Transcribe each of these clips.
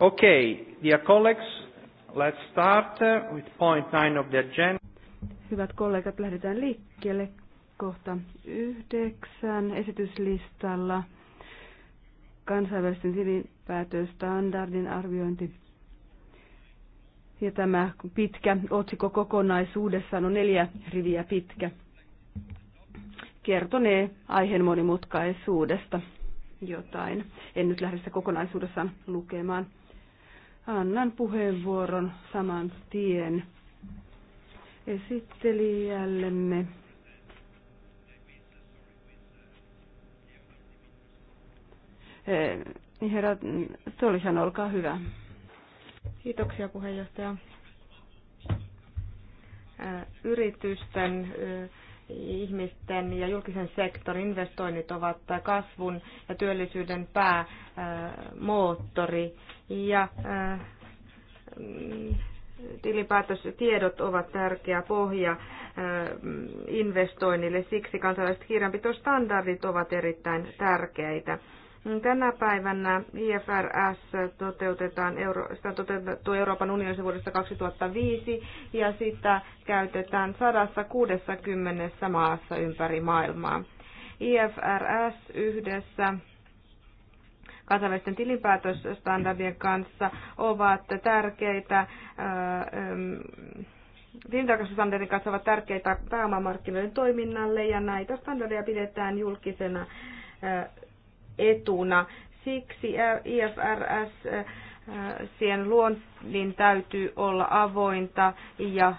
Okay, dear colleagues, let's start uh, with point nine of the agenda. Hyvät kollegat, lähdetään liikkeelle kohta yhdeksän esityslistalla. Kansainvälisten tilinpäätöstandardin arviointi. Ja tämä pitkä otsikko kokonaisuudessaan on neljä riviä pitkä. Kertonee aiheen monimutkaisuudesta jotain. En nyt lähde sitä kokonaisuudessaan lukemaan annan puheenvuoron saman tien esittelijällemme. Eh, herra Tolisan, olkaa hyvä. Kiitoksia puheenjohtaja. Yritysten ihmisten ja julkisen sektorin investoinnit ovat kasvun ja työllisyyden päämoottori. Ja äh, tilinpäätöstiedot ovat tärkeä pohja äh, investoinnille, siksi kansalaiset kirjanpitostandardit ovat erittäin tärkeitä. Tänä päivänä IFRS toteutetaan, sitä on toteutettu Euroopan unionissa vuodesta 2005 ja sitä käytetään 160 maassa ympäri maailmaa. IFRS yhdessä kansainvälisten tilinpäätösstandardien kanssa ovat tärkeitä Tilintarkastusstandardit katsovat tärkeitä pääomamarkkinoiden toiminnalle ja näitä standardeja pidetään julkisena etuna. Siksi IFRS äh, sien luonnin täytyy olla avointa ja äh,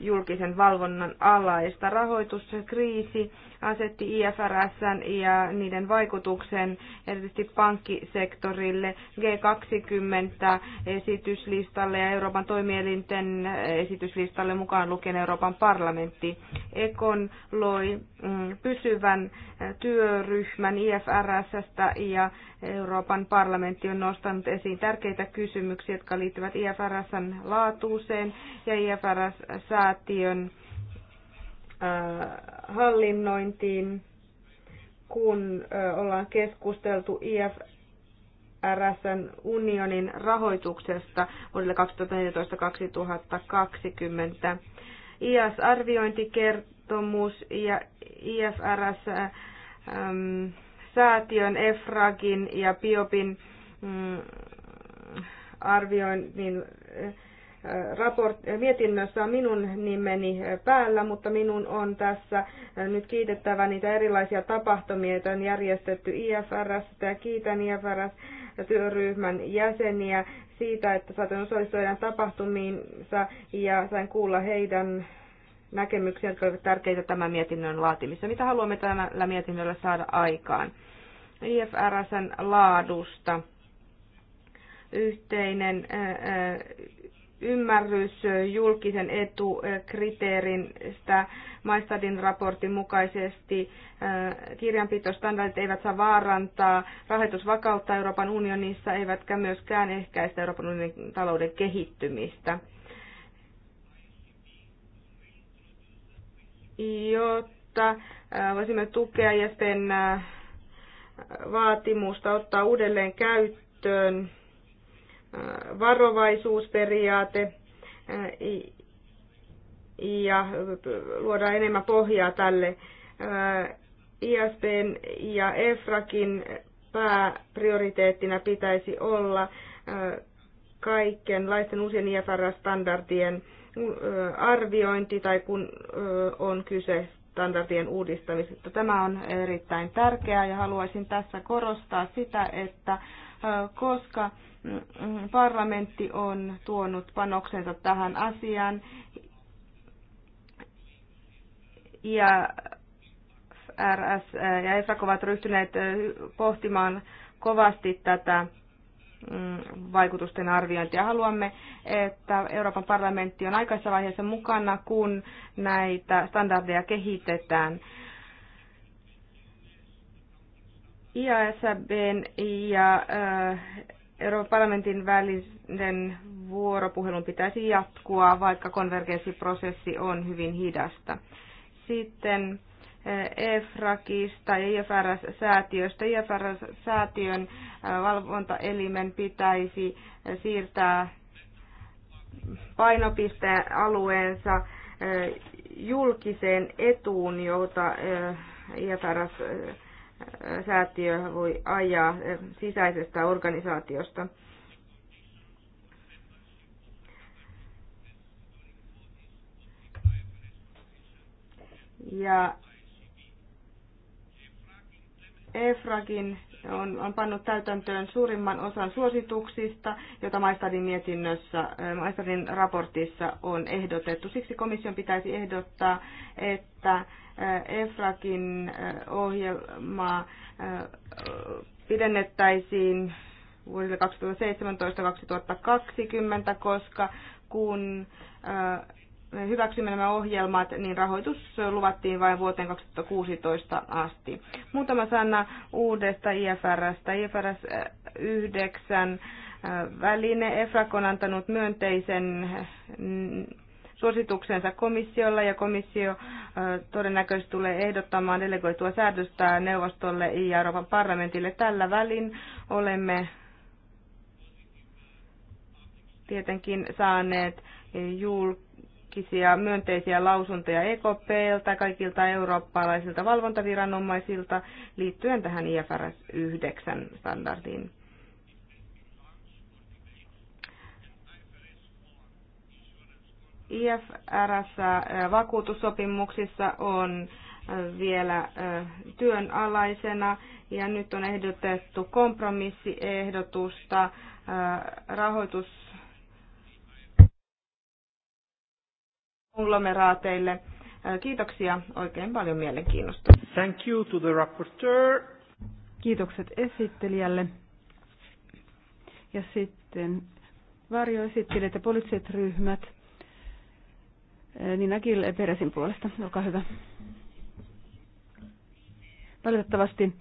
julkisen valvonnan alaista. Rahoituskriisi asetti IFRS ja niiden vaikutuksen erityisesti pankkisektorille G20-esityslistalle ja Euroopan toimielinten esityslistalle mukaan lukien Euroopan parlamentti. Ekon loi mm, pysyvän työryhmän IFRSstä ja Euroopan parlamentti on nostanut esiin tärkeitä kysymyksiä, jotka liittyvät IFRSn laatuuseen ja IFRS-säätiön hallinnointiin, kun ollaan keskusteltu IFRSn unionin rahoituksesta vuodelle 2014-2020. is arviointikertomus ja IFRS äm, säätiön, EFRAGin ja BIOPin mm, arvioinnin äh, raport, mietinnössä on minun nimeni päällä, mutta minun on tässä nyt kiitettävä niitä erilaisia tapahtumia, joita on järjestetty IFRS, ja kiitän IFRS-työryhmän jäseniä siitä, että saatan osallistua heidän tapahtumiinsa ja sain kuulla heidän näkemyksiä, jotka olivat tärkeitä tämän mietinnön laatimissa. Mitä haluamme tällä mietinnöllä saada aikaan? IFRSn laadusta. Yhteinen ymmärrys julkisen sitä Maistadin raportin mukaisesti. Kirjanpitostandardit eivät saa vaarantaa rahoitusvakautta Euroopan unionissa, eivätkä myöskään ehkäistä Euroopan unionin talouden kehittymistä. Jotta voisimme tukea jäsen vaatimusta ottaa uudelleen käyttöön varovaisuusperiaate ja luoda enemmän pohjaa tälle. ISBn ja EFRAKin pääprioriteettina pitäisi olla kaikenlaisten uusien IFRS-standardien arviointi tai kun on kyse standardien uudistamisesta. Tämä on erittäin tärkeää ja haluaisin tässä korostaa sitä, että koska mm, mm, parlamentti on tuonut panoksensa tähän asiaan. Ja RS ja EFRAK ovat ryhtyneet pohtimaan kovasti tätä mm, vaikutusten arviointia. Haluamme, että Euroopan parlamentti on aikaisessa vaiheessa mukana, kun näitä standardeja kehitetään. IASBn ja äh, Euroopan parlamentin välisen vuoropuhelun pitäisi jatkua, vaikka konvergenssiprosessi on hyvin hidasta. Sitten äh, EFRAKista ja IFRS-säätiöstä. IFRS-säätiön äh, valvontaelimen pitäisi siirtää painopisteen alueensa julkiseen etuun, jota IFRS säätiö voi ajaa eh, sisäisestä organisaatiosta. Ja EFRAGin on, on pannut täytäntöön suurimman osan suosituksista, joita Maistadin mietinnössä, äh, Maistadin raportissa on ehdotettu. Siksi komission pitäisi ehdottaa, että äh, EFRAKin äh, ohjelmaa pidennettäisiin vuosille 2017-2020, koska kun hyväksymme nämä ohjelmat, niin rahoitus luvattiin vain vuoteen 2016 asti. Muutama sana uudesta IFRstä. IFRS 9 äh, äh, väline. EFRAK on antanut myönteisen mm, suosituksensa komissiolla ja komissio äh, todennäköisesti tulee ehdottamaan delegoitua säädöstä neuvostolle ja Euroopan parlamentille. Tällä välin olemme tietenkin saaneet julk julkisia myönteisiä lausuntoja EKPltä, kaikilta eurooppalaisilta valvontaviranomaisilta liittyen tähän IFRS 9 standardiin. IFRS-vakuutussopimuksissa on äh, vielä äh, työn alaisena ja nyt on ehdotettu kompromissiehdotusta äh, rahoitus konglomeraateille. Kiitoksia oikein paljon mielenkiinnosta. Thank you to the rapporteur. Kiitokset esittelijälle. Ja sitten varjoesittelijät ja poliittiset ryhmät. Nina Gill Peresin puolesta, olkaa hyvä. Valitettavasti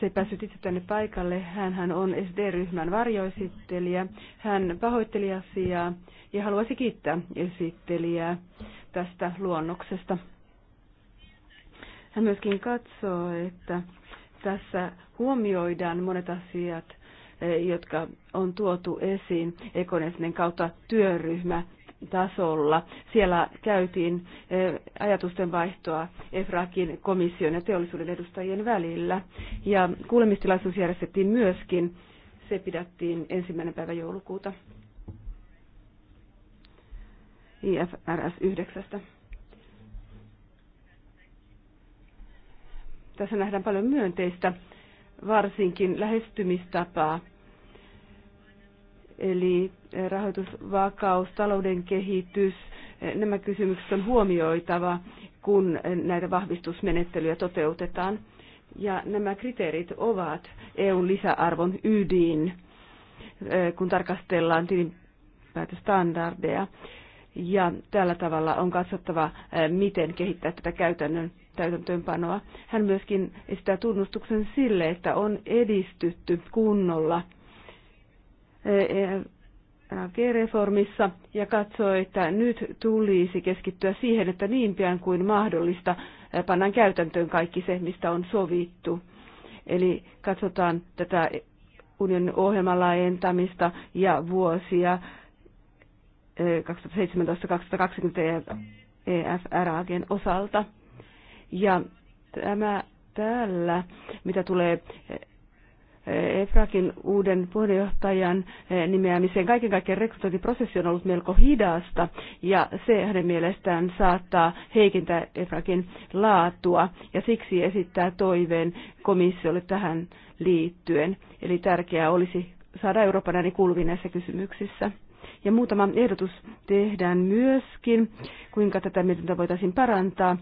se ei päässyt itse tänne paikalle. Hän on SD-ryhmän varjoesittelijä. Hän pahoitteli asiaa ja haluaisi kiittää esittelijää tästä luonnoksesta. Hän myöskin katsoo, että tässä huomioidaan monet asiat, eh, jotka on tuotu esiin Ekonesinen kautta työryhmä tasolla. Siellä käytiin eh, ajatusten vaihtoa EFRAKin komission ja teollisuuden edustajien välillä. Ja kuulemistilaisuus järjestettiin myöskin. Se pidettiin ensimmäinen päivä joulukuuta IFRS 9. Tässä nähdään paljon myönteistä, varsinkin lähestymistapaa. Eli eh, rahoitusvakaus, talouden kehitys, eh, nämä kysymykset on huomioitava, kun eh, näitä vahvistusmenettelyjä toteutetaan. Ja nämä kriteerit ovat EUn lisäarvon ydin, kun tarkastellaan tilinpäätöstandardeja ja tällä tavalla on katsottava, miten kehittää tätä käytännön täytäntöönpanoa. Hän myöskin esittää tunnustuksen sille, että on edistytty kunnolla reformissa ja katsoo, että nyt tulisi keskittyä siihen, että niin pian kuin mahdollista pannaan käytäntöön kaikki se, mistä on sovittu. Eli katsotaan tätä unionin ohjelman laajentamista ja vuosia 2017-2020 EFRAGen osalta. Ja tämä täällä, mitä tulee EFRAGin uuden puheenjohtajan nimeämiseen. Kaiken kaikkiaan rekrytointiprosessi on ollut melko hidasta ja se hänen mielestään saattaa heikentää EFRAGin laatua ja siksi esittää toiveen komissiolle tähän liittyen. Eli tärkeää olisi saada Euroopan ääni kuuluviin näissä kysymyksissä. Ja muutama ehdotus tehdään myöskin, kuinka tätä mietintä voitaisiin parantaa.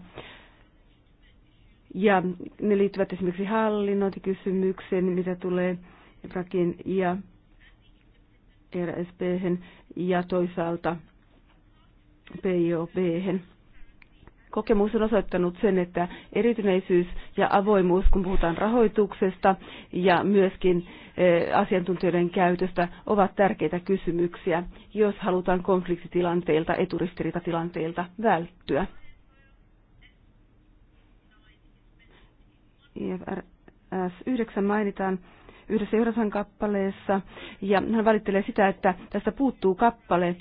Ja ne liittyvät esimerkiksi hallinnointikysymykseen, mitä tulee Irakin ja RSP ja toisaalta PIOP kokemus on osoittanut sen, että erityneisyys ja avoimuus, kun puhutaan rahoituksesta ja myöskin eh, asiantuntijoiden käytöstä, ovat tärkeitä kysymyksiä, jos halutaan konfliktitilanteilta, eturistiriitatilanteilta välttyä. IFRS 9 mainitaan yhdessä Johdansan kappaleessa, ja hän valittelee sitä, että tästä puuttuu kappale,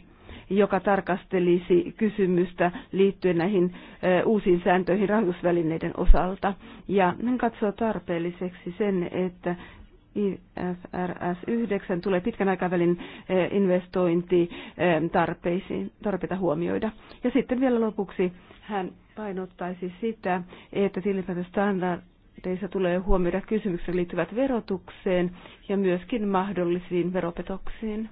joka tarkastelisi kysymystä liittyen näihin uusiin sääntöihin rahoitusvälineiden osalta. Ja hän katsoo tarpeelliseksi sen, että IFRS 9 tulee pitkän aikavälin investointitarpeisiin, tarpeita huomioida. Ja sitten vielä lopuksi hän painottaisi sitä, että tilinpäätöstandard raporteissa tulee huomioida kysymykset liittyvät verotukseen ja myöskin mahdollisiin veropetoksiin.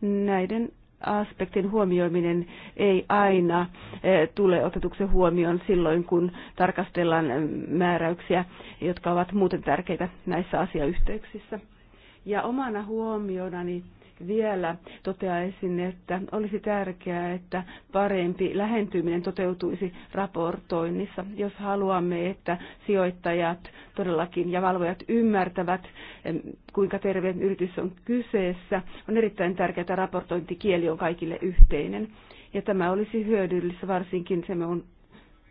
Näiden aspektin huomioiminen ei aina eh, tule otetuksi huomioon silloin, kun tarkastellaan määräyksiä, jotka ovat muuten tärkeitä näissä asiayhteyksissä. Ja omana huomionani vielä toteaisin, että olisi tärkeää, että parempi lähentyminen toteutuisi raportoinnissa, jos haluamme, että sijoittajat todellakin ja valvojat ymmärtävät, kuinka terveen yritys on kyseessä. On erittäin tärkeää, että raportointikieli on kaikille yhteinen. Ja tämä olisi hyödyllistä varsinkin se on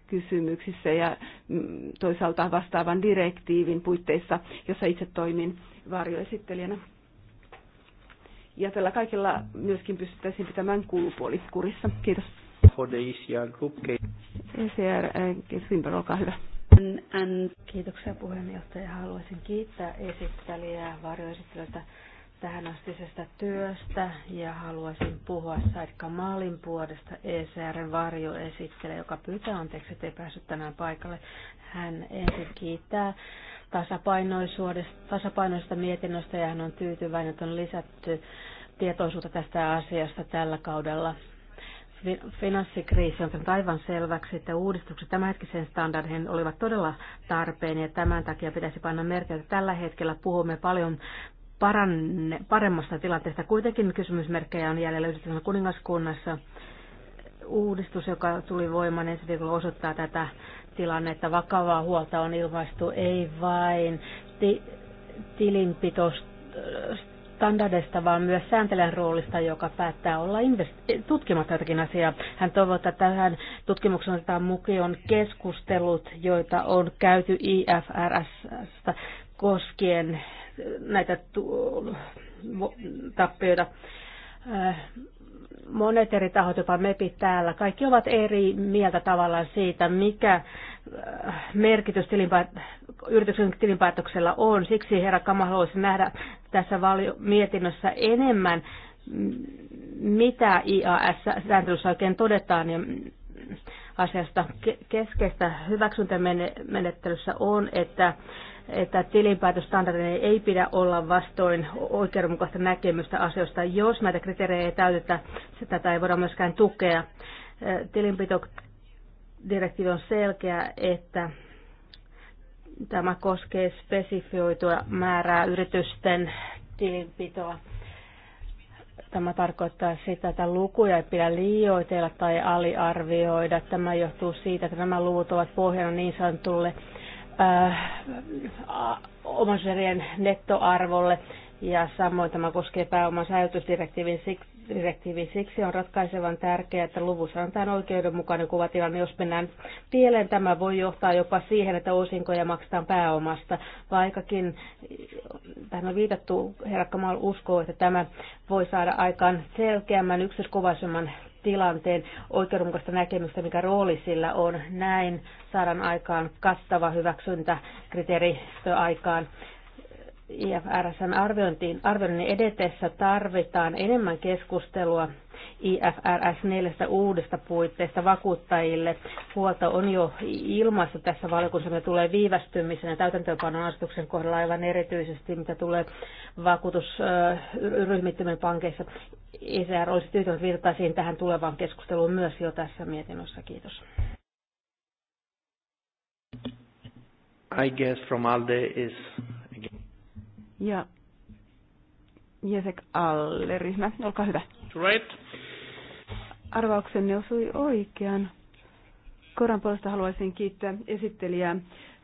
kysymyksissä ja mm, toisaalta vastaavan direktiivin puitteissa, jossa itse toimin varjoesittelijänä. Ja tällä kaikilla myöskin pystyttäisiin pitämään kulupuoli kurissa. Kiitos. For the ECR Group. E eh, olkaa hyvä. Kiitoksia puheenjohtaja. Haluaisin kiittää esittelijää, varjoesittelijöitä tähänastisesta työstä ja haluaisin puhua Saitka Maalin puolesta ECRn varjoesittelijä, joka pyytää anteeksi, että ei päässyt tänään paikalle. Hän ensin kiittää Tasapainoista tasapainoisesta mietinnöstä ja hän on tyytyväinen, että on lisätty tietoisuutta tästä asiasta tällä kaudella. Finanssikriisi on tullut aivan selväksi, että uudistukset tämänhetkisen standardin olivat todella tarpeen ja tämän takia pitäisi panna merkille, että tällä hetkellä puhumme paljon paranne, paremmasta tilanteesta. Kuitenkin kysymysmerkkejä on jäljellä yhdistyneessä kuningaskunnassa. Uudistus, joka tuli voimaan ensi viikolla, osoittaa tätä tilannetta, vakavaa huolta on ilmaistu ei vain ti- tilinpitostandardista, vaan myös sääntelijän roolista, joka päättää olla invest- tutkimatta jotakin asiaa. Hän toivoo, että tähän tutkimukseen otetaan mukion keskustelut, joita on käyty IFRS koskien näitä tu- tappioita äh, monet eri tahot, jopa MEPit täällä, kaikki ovat eri mieltä tavallaan siitä, mikä äh, merkitys tilinpäät- yrityksen tilinpäätöksellä on. Siksi herra Kama haluaisi nähdä tässä valio- mietinnössä enemmän, mitä IAS-sääntelyssä oikein todetaan ja asiasta keskeistä hyväksyntämenettelyssä on, että että tilinpäätöstandardin ei pidä olla vastoin oikeudenmukaista näkemystä asioista. Jos näitä kriteerejä ei täytetä, tätä ei voida myöskään tukea. Tilinpitodirektiivi on selkeä, että tämä koskee spesifioitua määrää yritysten tilinpitoa. Tämä tarkoittaa sitä, että lukuja ei pidä liioitella tai aliarvioida. Tämä johtuu siitä, että nämä luvut ovat pohjana niin sanotulle Äh, omaisuuserien nettoarvolle ja samoin tämä koskee pääoman säilytysdirektiivin direktiivin. Siksi on ratkaisevan tärkeää, että luvussa on tämän oikeudenmukainen kuvatilanne. Jos mennään pieleen, tämä voi johtaa jopa siihen, että osinkoja maksetaan pääomasta. Vaikkakin tähän on viitattu, herra Kamal uskoo, että tämä voi saada aikaan selkeämmän, yksityiskuvaisemman tilanteen oikeudenmukaista näkemystä, mikä rooli sillä on. Näin saadaan aikaan kattava hyväksyntä kriteeristöaikaan. aikaan IFRSn arviointiin. Arvioinnin edetessä tarvitaan enemmän keskustelua IFRS 4 uudesta puitteista vakuuttajille. Huolta on jo ilmassa tässä valiokunnassa, me tulee ja täytäntöönpanon asetuksen kohdalla aivan erityisesti, mitä tulee vakuutusryhmittymien pankeissa. ICR olisi tyytynyt virtaisiin tähän tulevaan keskusteluun myös jo tässä mietinnössä. Kiitos. I guess from Alde is ja Jesek Allerisma, olkaa hyvä. Right. Arvauksenne osui oikean. Koran puolesta haluaisin kiittää esittelijää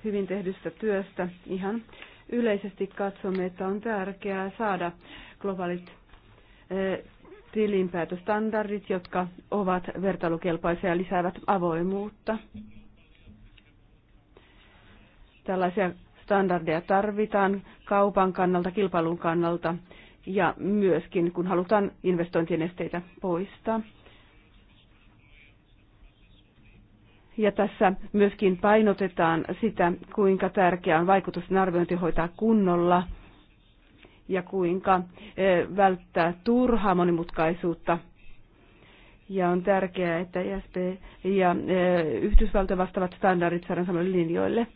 hyvin tehdystä työstä. Ihan yleisesti katsomme, että on tärkeää saada globaalit eh, tilinpäätöstandardit, jotka ovat vertailukelpoisia ja lisäävät avoimuutta. Tällaisia Standardeja tarvitaan kaupan kannalta, kilpailun kannalta ja myöskin kun halutaan investointien esteitä poistaa. Ja tässä myöskin painotetaan sitä, kuinka tärkeää on vaikutusten arviointi hoitaa kunnolla ja kuinka e, välttää turhaa monimutkaisuutta. Ja on tärkeää, että ISP e ja e, Yhdysvaltojen vastaavat standardit saadaan samalle linjoille.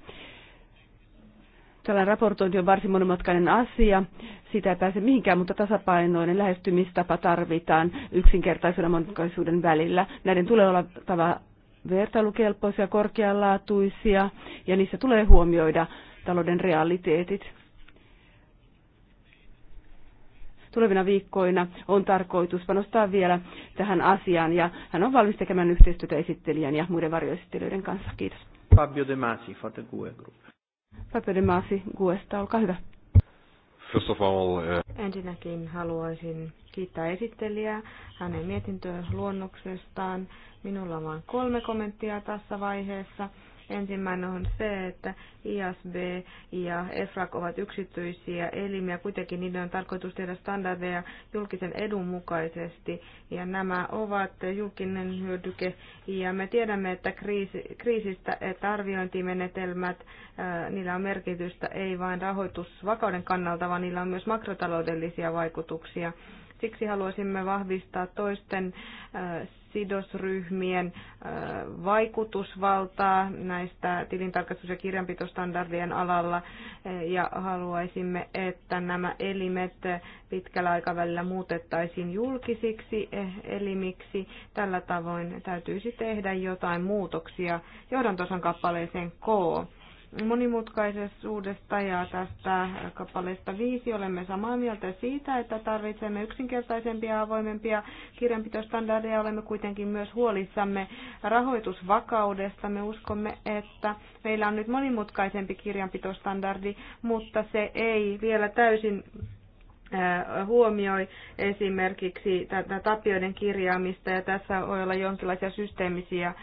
Tällainen raportointi on varsin monimutkainen asia. sitä ei pääse mihinkään, mutta tasapainoinen lähestymistapa tarvitaan yksinkertaisuuden ja monimutkaisuuden välillä. Näiden tulee olla tava vertailukelpoisia, korkeanlaatuisia ja niissä tulee huomioida talouden realiteetit. Tulevina viikkoina on tarkoitus panostaa vielä tähän asiaan ja hän on valmis tekemään yhteistyötä esittelijän ja muiden varjoesittelijöiden kanssa. Kiitos. Fabio De Masi, Paperimaasi Guesta, olkaa hyvä. First of all, uh... Ensinnäkin haluaisin kiittää esittelijää hänen mietintöluonnoksestaan. Minulla on vain kolme kommenttia tässä vaiheessa. Ensimmäinen on se, että ISB ja EFRAC ovat yksityisiä elimiä, kuitenkin niiden on tarkoitus tehdä standardeja julkisen edun mukaisesti, ja nämä ovat julkinen hyödyke, ja me tiedämme, että kriisi, kriisistä, että arviointimenetelmät, niillä on merkitystä ei vain rahoitusvakauden kannalta, vaan niillä on myös makrotaloudellisia vaikutuksia Siksi haluaisimme vahvistaa toisten äh, sidosryhmien äh, vaikutusvaltaa näistä tilintarkastus- ja kirjanpitostandardien alalla äh, ja haluaisimme, että nämä elimet pitkällä aikavälillä muutettaisiin julkisiksi eh, elimiksi. Tällä tavoin täytyisi tehdä jotain muutoksia johdantosan kappaleeseen K monimutkaisuudesta ja tästä kappaleesta viisi olemme samaa mieltä siitä, että tarvitsemme yksinkertaisempia ja avoimempia kirjanpitostandardeja. Olemme kuitenkin myös huolissamme rahoitusvakaudesta. Me uskomme, että meillä on nyt monimutkaisempi kirjanpitostandardi, mutta se ei vielä täysin äh, huomioi esimerkiksi tätä tapioiden kirjaamista ja tässä voi olla jonkinlaisia systeemisiä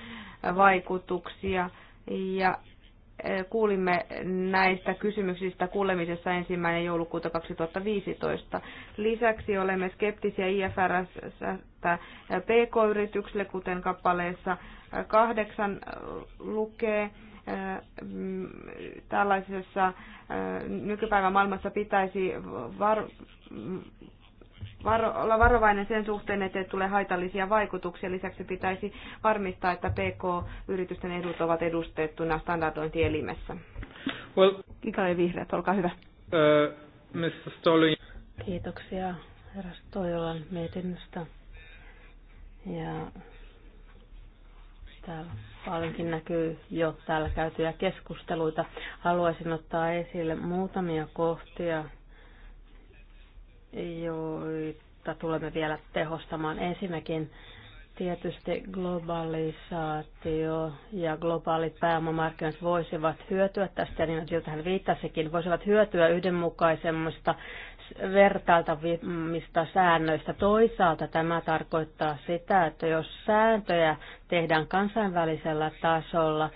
vaikutuksia. Ja kuulimme näistä kysymyksistä kuulemisessa ensimmäinen joulukuuta 2015. Lisäksi olemme skeptisiä IFRS PK-yrityksille, kuten kappaleessa kahdeksan lukee. Mm, tällaisessa nykypäivän maailmassa pitäisi var- varo, olla varovainen sen suhteen, ettei tule haitallisia vaikutuksia. Lisäksi pitäisi varmistaa, että PK-yritysten edut ovat edustettuna standardointielimessä. Well, Mikael Vihreät, olkaa hyvä. Uh, äh, Mr. Kiitoksia herra Stoilan mietinnöstä. Ja täällä paljonkin näkyy jo täällä käytyjä keskusteluita. Haluaisin ottaa esille muutamia kohtia, joita tulemme vielä tehostamaan. Ensinnäkin tietysti globalisaatio ja globaalit pääomamarkkinat voisivat hyötyä tästä, niin jota hän viittasikin, voisivat hyötyä yhdenmukaisemmasta vertailtavimmista säännöistä. Toisaalta tämä tarkoittaa sitä, että jos sääntöjä tehdään kansainvälisellä tasolla,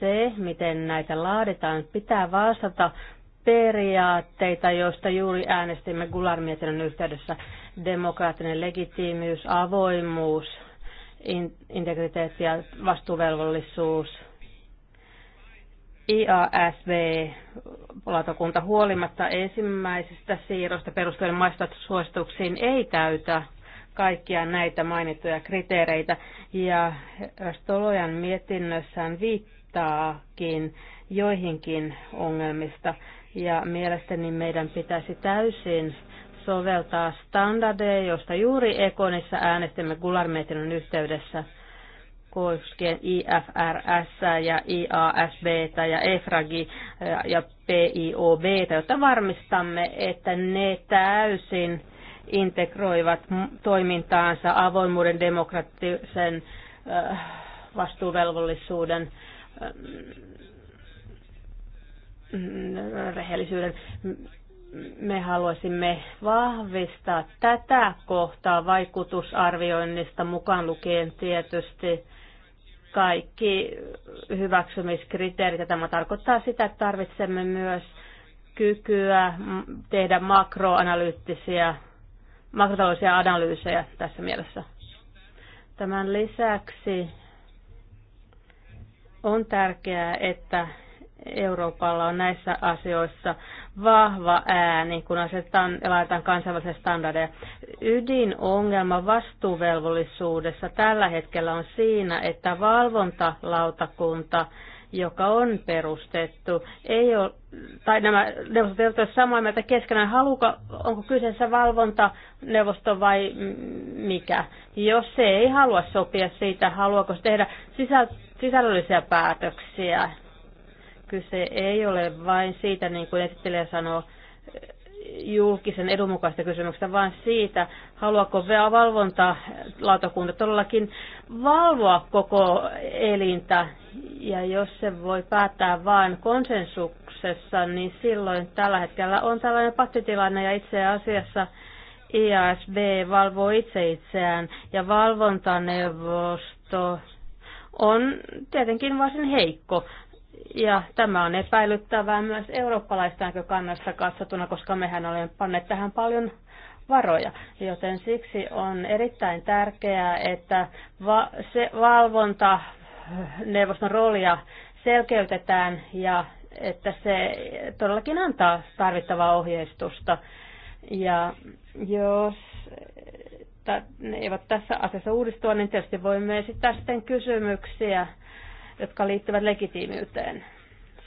se, miten näitä laaditaan, pitää vastata periaatteita, joista juuri äänestimme Gular-mietinnön yhteydessä. Demokraattinen legitiimiys, avoimuus, integriteetti ja vastuuvelvollisuus. IASV-lautakunta huolimatta ensimmäisestä siirrosta perustuen maistatussuosituksiin ei täytä kaikkia näitä mainittuja kriteereitä. Ja Stolojan mietinnössään viittaakin joihinkin ongelmista. Ja mielestäni meidän pitäisi täysin soveltaa standardeja, joista juuri Ekonissa äänestimme Gularmetinon yhteydessä koskien IFRS ja IASB ja EFRAGI ja PIOB, jotta varmistamme, että ne täysin integroivat toimintaansa avoimuuden demokraattisen äh, vastuuvelvollisuuden äh, Mm, rehellisyyden. Me haluaisimme vahvistaa tätä kohtaa vaikutusarvioinnista mukaan lukien tietysti kaikki hyväksymiskriteerit. Ja tämä tarkoittaa sitä, että tarvitsemme myös kykyä tehdä makroanalyyttisiä, makrotaloudellisia analyysejä tässä mielessä. Tämän lisäksi on tärkeää, että Euroopalla on näissä asioissa vahva ääni, kun asetetaan ja laitetaan kansainvälisiä standardeja. Ydinongelma vastuuvelvollisuudessa tällä hetkellä on siinä, että valvontalautakunta joka on perustettu, ei ole, tai nämä neuvostot eivät ole samaa mieltä keskenään, haluka, onko kyseessä valvontaneuvosto vai mikä. Jos se ei halua sopia siitä, haluako se tehdä sisällöllisiä päätöksiä, Kyse ei ole vain siitä, niin kuin esittelijä sanoo, julkisen edunmukaista kysymyksestä, vaan siitä, haluaako valvontalautakunta todellakin valvoa koko elintä. Ja jos se voi päättää vain konsensuksessa, niin silloin tällä hetkellä on tällainen pattitilanne ja itse asiassa IASB valvoo itse itseään ja valvontaneuvosto on tietenkin varsin heikko. Ja tämä on epäilyttävää myös eurooppalaista näkökannasta katsotuna, koska mehän olemme panneet tähän paljon varoja. Joten siksi on erittäin tärkeää, että va- se valvonta neuvoston roolia selkeytetään ja että se todellakin antaa tarvittavaa ohjeistusta. Ja jos ne eivät tässä asiassa uudistua, niin tietysti voimme esittää sitten kysymyksiä jotka liittyvät legitiimiyteen.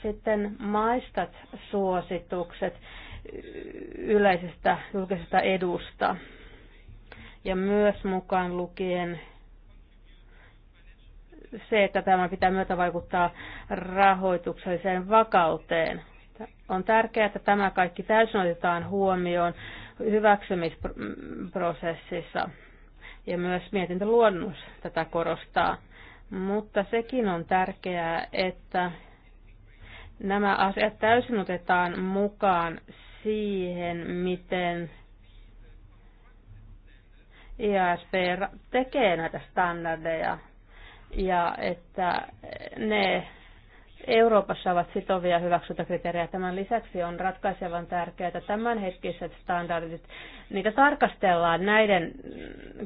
Sitten maistat suositukset yleisestä julkisesta edusta ja myös mukaan lukien se, että tämä pitää myötä vaikuttaa rahoitukselliseen vakauteen. On tärkeää, että tämä kaikki täysin otetaan huomioon hyväksymisprosessissa ja myös mietintöluonnos tätä korostaa. Mutta sekin on tärkeää, että nämä asiat täysin otetaan mukaan siihen, miten IASP tekee näitä standardeja ja että ne Euroopassa ovat sitovia hyväksyntäkriteerejä. Tämän lisäksi on ratkaisevan tärkeää, että tämänhetkiset standardit, niitä tarkastellaan näiden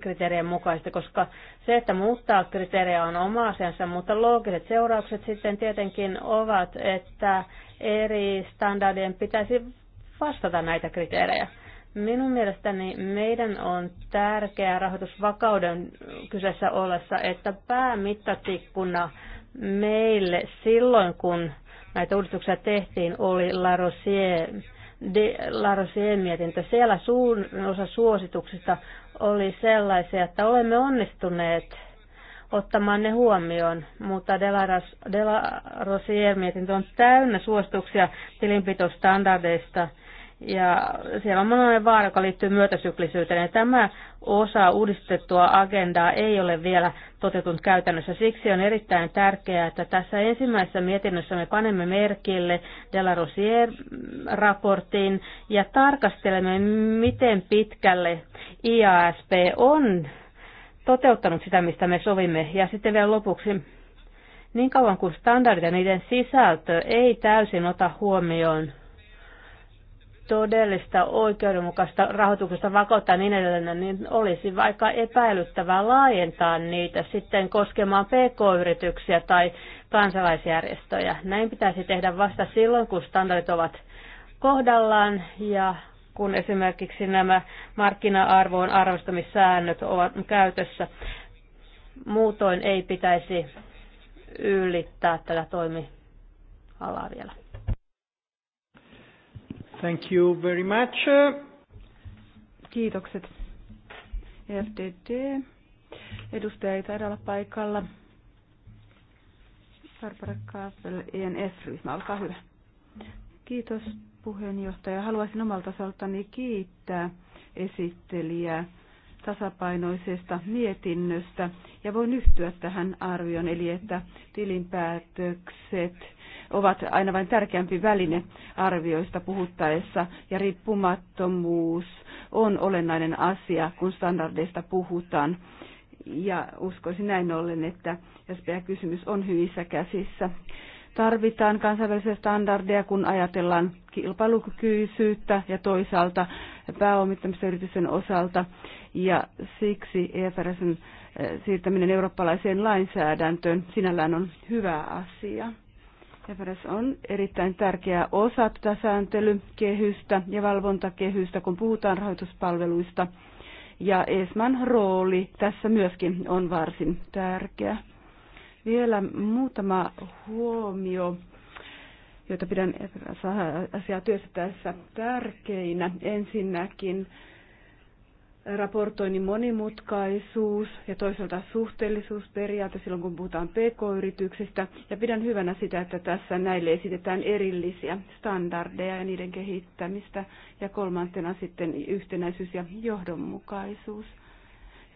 kriteerien mukaisesti, koska se, että muuttaa kriteerejä on oma asiansa, mutta loogiset seuraukset sitten tietenkin ovat, että eri standardien pitäisi vastata näitä kriteerejä. Minun mielestäni meidän on tärkeää rahoitusvakauden kyseessä ollessa, että päämittatikkuna meille silloin, kun näitä uudistuksia tehtiin, oli La Rosier, de, Rosier mietintö. Siellä suurin osa suosituksista oli sellaisia, että olemme onnistuneet ottamaan ne huomioon, mutta De La Rosier mietintö on täynnä suosituksia tilinpitostandardeista – ja siellä on monenlainen vaara, joka liittyy myötäsyklisyyteen. Ja tämä osa uudistettua agendaa ei ole vielä toteutunut käytännössä. Siksi on erittäin tärkeää, että tässä ensimmäisessä mietinnössä me panemme merkille La raportin ja tarkastelemme, miten pitkälle IASP on toteuttanut sitä, mistä me sovimme. Ja sitten vielä lopuksi, niin kauan kuin standardit ja niiden sisältö ei täysin ota huomioon todellista oikeudenmukaista rahoituksesta vakauttaa niin edelleen, niin olisi vaikka epäilyttävää laajentaa niitä sitten koskemaan pk-yrityksiä tai kansalaisjärjestöjä. Näin pitäisi tehdä vasta silloin, kun standardit ovat kohdallaan ja kun esimerkiksi nämä markkina-arvoon arvostamissäännöt ovat käytössä. Muutoin ei pitäisi ylittää tätä toimialaa vielä. Thank you very much. Kiitokset. FDD. Edustaja ei taida olla paikalla. Barbara Kaapel, ENF-ryhmä, olkaa hyvä. Kiitos puheenjohtaja. Haluaisin omalta osaltani kiittää esittelijää tasapainoisesta mietinnöstä ja voin yhtyä tähän arvioon, eli että tilinpäätökset ovat aina vain tärkeämpi väline arvioista puhuttaessa ja riippumattomuus on olennainen asia, kun standardeista puhutaan. Ja uskoisin näin ollen, että SPA-kysymys on hyvissä käsissä tarvitaan kansainvälisiä standardeja, kun ajatellaan kilpailukykyisyyttä ja toisaalta pääomittamista yritysten osalta. Ja siksi EFRSn eh, siirtäminen eurooppalaiseen lainsäädäntöön sinällään on hyvä asia. TFRS on erittäin tärkeä osa tätä sääntelykehystä ja valvontakehystä, kun puhutaan rahoituspalveluista. Ja ESMAn rooli tässä myöskin on varsin tärkeä. Vielä muutama huomio, joita pidän asiaa työstettäessä tärkeinä. Ensinnäkin raportoinnin monimutkaisuus ja toisaalta suhteellisuusperiaate silloin, kun puhutaan pk-yrityksistä. Ja pidän hyvänä sitä, että tässä näille esitetään erillisiä standardeja ja niiden kehittämistä. Ja kolmantena sitten yhtenäisyys ja johdonmukaisuus.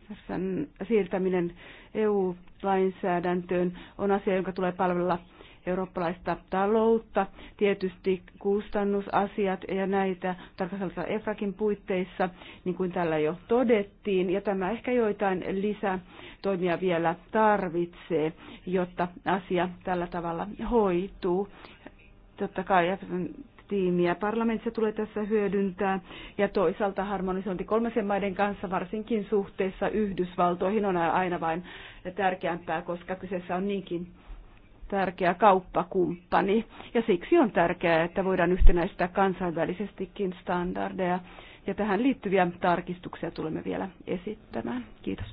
Tässä siirtäminen EU-lainsäädäntöön on asia, jonka tulee palvella eurooppalaista taloutta, tietysti kustannusasiat ja näitä tarkastellaan EFRAKin puitteissa, niin kuin tällä jo todettiin. Ja tämä ehkä joitain lisätoimia vielä tarvitsee, jotta asia tällä tavalla hoituu. Totta kai tiimiä. Parlamentissa tulee tässä hyödyntää ja toisaalta harmonisointi kolmasen maiden kanssa varsinkin suhteessa Yhdysvaltoihin on aina vain tärkeämpää, koska kyseessä on niinkin tärkeä kauppakumppani ja siksi on tärkeää, että voidaan yhtenäistää kansainvälisestikin standardeja ja tähän liittyviä tarkistuksia tulemme vielä esittämään. Kiitos.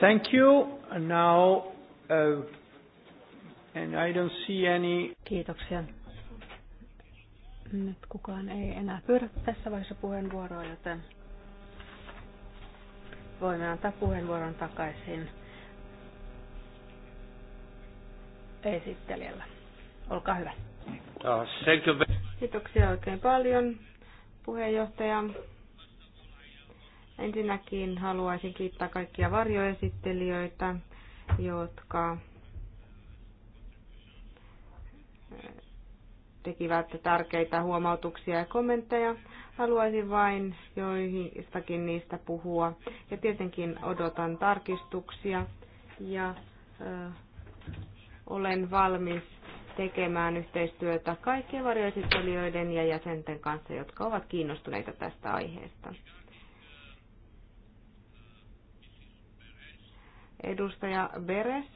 Thank you. Now, uh, and I don't see any... Kiitoksia. Nyt kukaan ei enää pyydä tässä vaiheessa puheenvuoroa, joten voimme antaa puheenvuoron takaisin esittelijällä. Olkaa hyvä. Oh, Kiitoksia oikein paljon puheenjohtaja. Ensinnäkin haluaisin kiittää kaikkia varjoesittelijöitä, jotka eh, tekivät tärkeitä huomautuksia ja kommentteja. Haluaisin vain joistakin niistä puhua. Ja tietenkin odotan tarkistuksia ja ö, olen valmis tekemään yhteistyötä kaikkien varjoesittelijöiden ja jäsenten kanssa, jotka ovat kiinnostuneita tästä aiheesta. Edustaja Beres,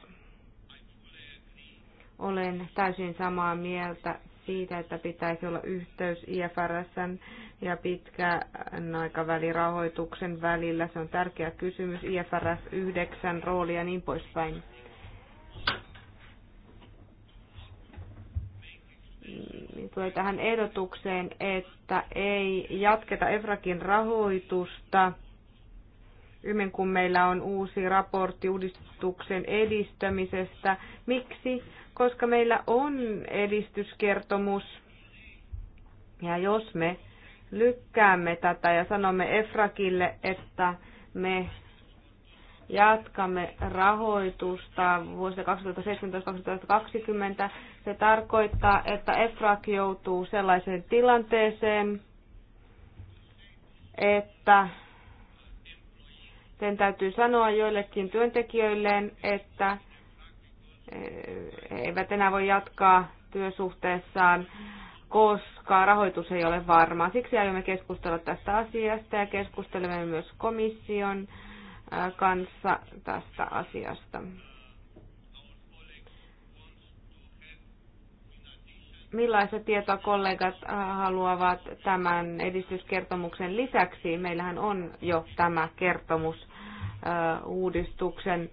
olen täysin samaa mieltä siitä, että pitäisi olla yhteys IFRS ja pitkän aikavälin rahoituksen välillä. Se on tärkeä kysymys, IFRS 9 rooli ja niin poispäin. Niin tulee tähän ehdotukseen, että ei jatketa EFRAKin rahoitusta kun meillä on uusi raportti uudistuksen edistämisestä. Miksi? koska meillä on edistyskertomus. Ja jos me lykkäämme tätä ja sanomme Efrakille, että me jatkamme rahoitusta vuosina 2017-2020. Se tarkoittaa, että EFRAK joutuu sellaiseen tilanteeseen, että sen täytyy sanoa joillekin työntekijöilleen, että eivät enää voi jatkaa työsuhteessaan, koska rahoitus ei ole varma. Siksi aiomme keskustella tästä asiasta ja keskustelemme myös komission kanssa tästä asiasta. millaista tietoa kollegat haluavat tämän edistyskertomuksen lisäksi. Meillähän on jo tämä kertomus uudistuksen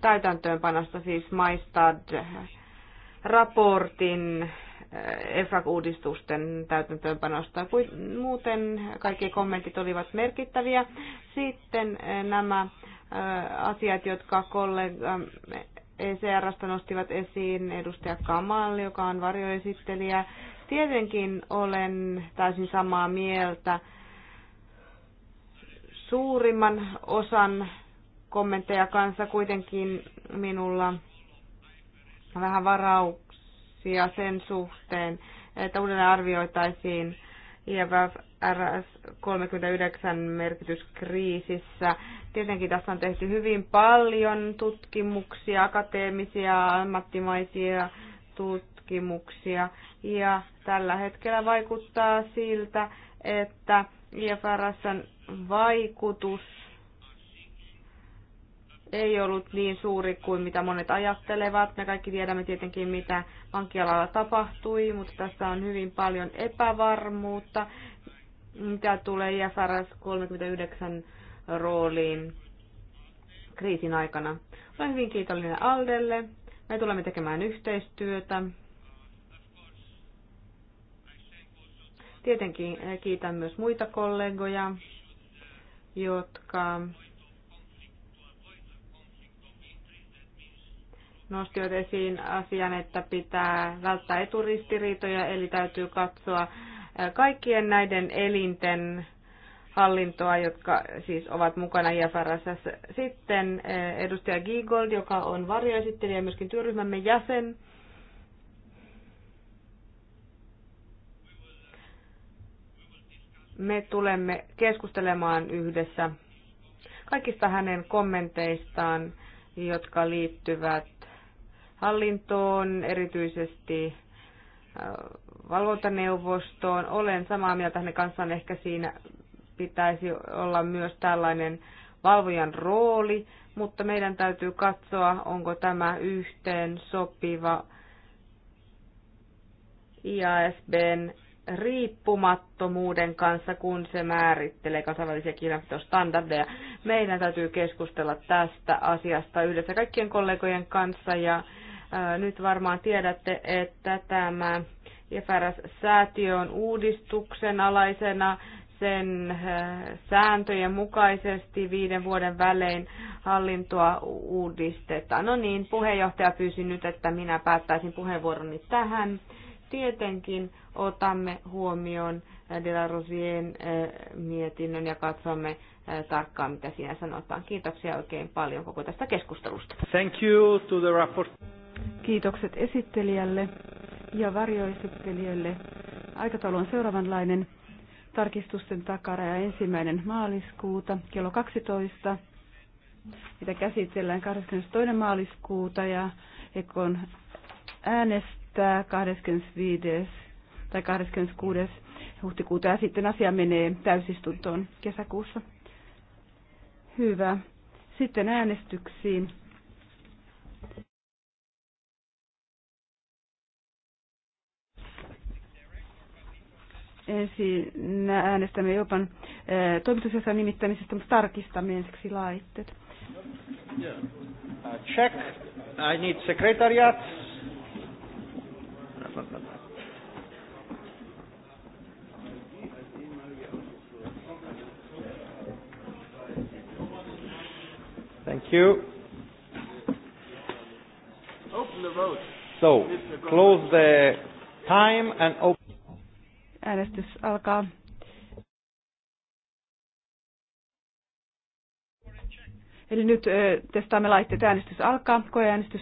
täytäntöönpanosta, siis Maistad-raportin eh, EFRAG-uudistusten täytäntöönpanosta. Muuten kaikki kommentit olivat merkittäviä. Sitten eh, nämä eh, asiat, jotka kollega ECRstä e nostivat esiin edustaja Kamal, joka on varjoesittelijä. Tietenkin olen täysin samaa mieltä. Suurimman osan kommentteja kanssa. Kuitenkin minulla vähän varauksia sen suhteen, että uudelleen arvioitaisiin IFF RS 39 merkityskriisissä. Tietenkin tässä on tehty hyvin paljon tutkimuksia, akateemisia, ammattimaisia tutkimuksia. Ja tällä hetkellä vaikuttaa siltä, että IFRS vaikutus ei ollut niin suuri kuin mitä monet ajattelevat. Me kaikki tiedämme tietenkin, mitä pankkialalla tapahtui, mutta tässä on hyvin paljon epävarmuutta, mitä tulee IFRS 39 rooliin kriisin aikana. Olen hyvin kiitollinen Aldelle. Me tulemme tekemään yhteistyötä. Tietenkin kiitän myös muita kollegoja, jotka nostivat esiin asian, että pitää välttää eturistiriitoja, eli täytyy katsoa kaikkien näiden elinten hallintoa, jotka siis ovat mukana IFRS. Sitten edustaja Giegold, joka on varjoesittelijä ja myöskin työryhmämme jäsen. Me tulemme keskustelemaan yhdessä kaikista hänen kommenteistaan, jotka liittyvät hallintoon, erityisesti äh, valvontaneuvostoon. Olen samaa mieltä hänen kanssaan, ehkä siinä pitäisi olla myös tällainen valvojan rooli, mutta meidän täytyy katsoa, onko tämä yhteen sopiva IASBn riippumattomuuden kanssa, kun se määrittelee kansainvälisiä kirjanpitostandardeja. Meidän täytyy keskustella tästä asiasta yhdessä kaikkien kollegojen kanssa ja nyt varmaan tiedätte, että tämä IFRS-säätiö on uudistuksen alaisena sen sääntöjen mukaisesti viiden vuoden välein hallintoa uudistetaan. No niin, puheenjohtaja pyysi nyt, että minä päättäisin puheenvuoroni tähän. Tietenkin otamme huomioon De La Rosien mietinnön ja katsomme tarkkaan, mitä siinä sanotaan. Kiitoksia oikein paljon koko tästä keskustelusta. Thank you to the Kiitokset esittelijälle ja varjoesittelijöille. Aikataulu on seuraavanlainen. Tarkistusten takara ja ensimmäinen maaliskuuta kello 12. Mitä käsitellään 22. maaliskuuta ja Ekon äänestää 25. tai 26. huhtikuuta ja sitten asia menee täysistuntoon kesäkuussa. Hyvä. Sitten äänestyksiin. Ensin äänestämme jopa eh, toimitusjohtajan nimittämisestä, mutta tarkistamme ensiksi laitteet. Uh, check. I need secretariat. Thank you. Open the vote. So, close the time and open. Äänestys alkaa. Eli nyt testaamme laitteet. Äänestys alkaa. Koeäänestys.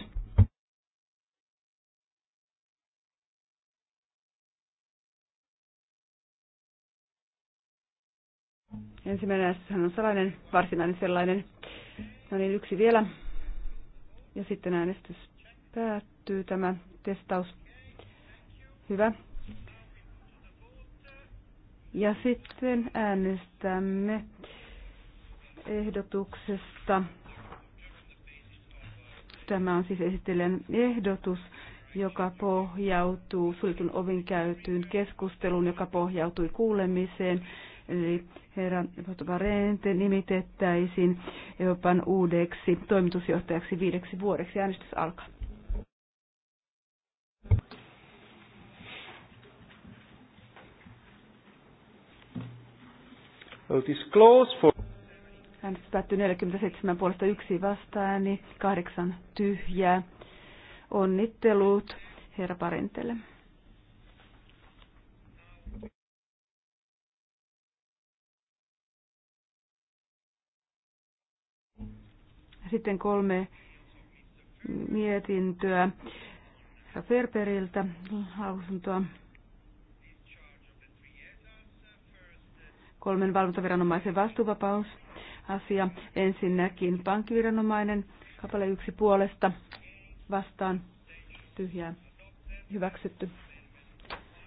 Ensimmäinen äänestyshän on salainen, varsinainen sellainen. No niin, yksi vielä. Ja sitten äänestys päättyy tämä testaus. Hyvä. Ja sitten äänestämme ehdotuksesta. Tämä on siis esittelen ehdotus, joka pohjautuu suljetun ovin käytyyn keskusteluun, joka pohjautui kuulemiseen. Eli herra Varente nimitettäisiin Euroopan uudeksi toimitusjohtajaksi viideksi vuodeksi. Äänestys alkaa. Vote is close for... Äänestys päättyi 47 puolesta yksi vastaan, niin kahdeksan tyhjää. Onnittelut herra Parintele. Sitten kolme mietintöä Ferberiltä lausuntoa kolmen valvontaviranomaisen vastuuvapaus asia. Ensinnäkin pankkiviranomainen kappale yksi puolesta vastaan tyhjää hyväksytty.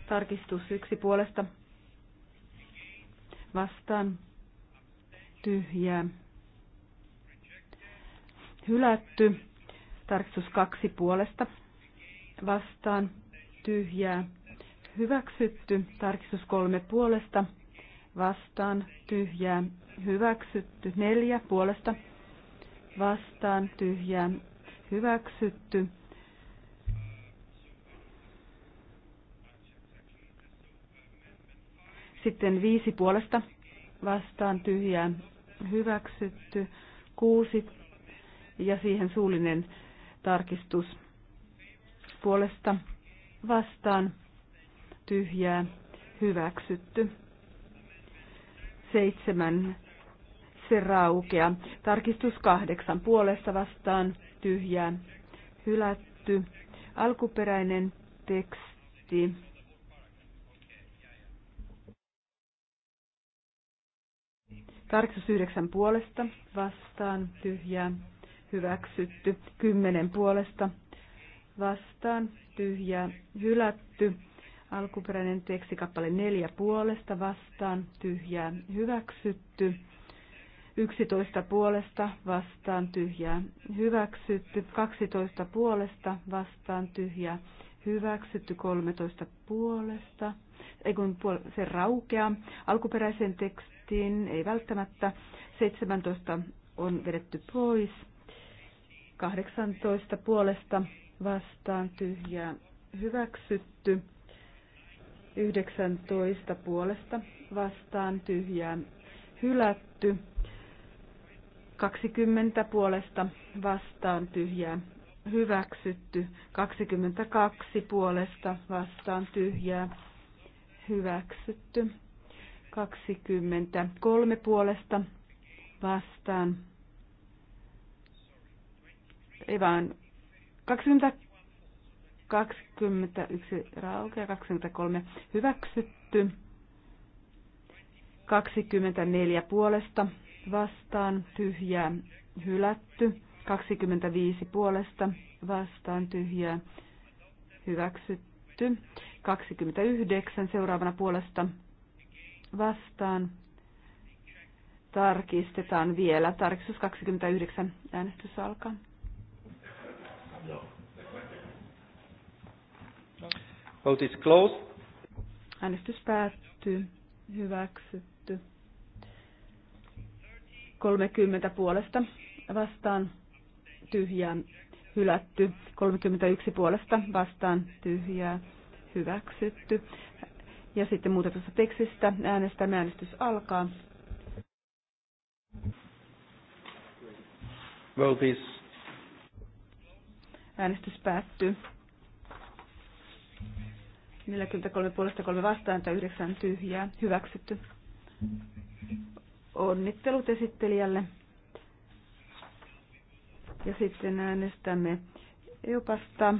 Tarkistus yksi puolesta vastaan tyhjää hylätty. Tarkistus kaksi puolesta vastaan tyhjää hyväksytty. Tarkistus kolme puolesta vastaan tyhjää hyväksytty. Neljä puolesta vastaan tyhjää hyväksytty. Sitten viisi puolesta vastaan tyhjää hyväksytty. Kuusi ja siihen suullinen tarkistus puolesta vastaan tyhjää hyväksytty seitsemän se raukea. Tarkistus kahdeksan puolesta vastaan tyhjää hylätty. Alkuperäinen teksti. Tarkistus yhdeksän puolesta vastaan tyhjää hyväksytty. Kymmenen puolesta vastaan tyhjää hylätty. Alkuperäinen tekstikappale neljä puolesta vastaan tyhjää hyväksytty. 11 puolesta vastaan tyhjää hyväksytty. 12 puolesta vastaan tyhjää hyväksytty. 13 puolesta, ei kun se raukeaa. Alkuperäisen tekstin ei välttämättä. 17 on vedetty pois. 18 puolesta vastaan tyhjää hyväksytty. 19 puolesta vastaan tyhjää hylätty. 20 puolesta vastaan tyhjää hyväksytty. 22 puolesta vastaan tyhjää hyväksytty. 23 puolesta vastaan. Ei vaan 20 21 raukea, 23 hyväksytty, 24 puolesta vastaan tyhjää hylätty, 25 puolesta vastaan tyhjää hyväksytty, 29 seuraavana puolesta vastaan tarkistetaan vielä. Tarkistus 29 äänestys alkaa. No. Vote is closed. Äänestys päättyy. Hyväksytty. 30 puolesta vastaan tyhjää hylätty. 31 puolesta vastaan tyhjää hyväksytty. Ja sitten muutetusta tekstistä äänestämme. Äänestys alkaa. Vote is. Äänestys päättyy. 43 puolesta 3 vastaan tai 9 tyhjää. Hyväksytty. Onnittelut esittelijälle. Ja sitten äänestämme EUPasta.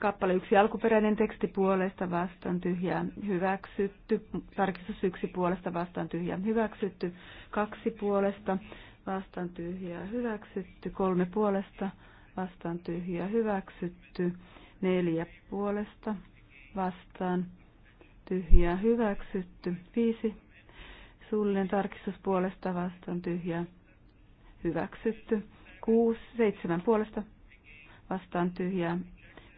Kappale yksi alkuperäinen teksti puolesta vastaan tyhjää hyväksytty. Tarkistus yksi puolesta vastaan tyhjää hyväksytty. Kaksi puolesta vastaan tyhjää hyväksytty. Kolme puolesta vastaan tyhjä hyväksytty. Neljä puolesta vastaan tyhjä hyväksytty. Viisi suullinen tarkistus puolesta vastaan tyhjä hyväksytty. Kuusi, seitsemän puolesta vastaan tyhjä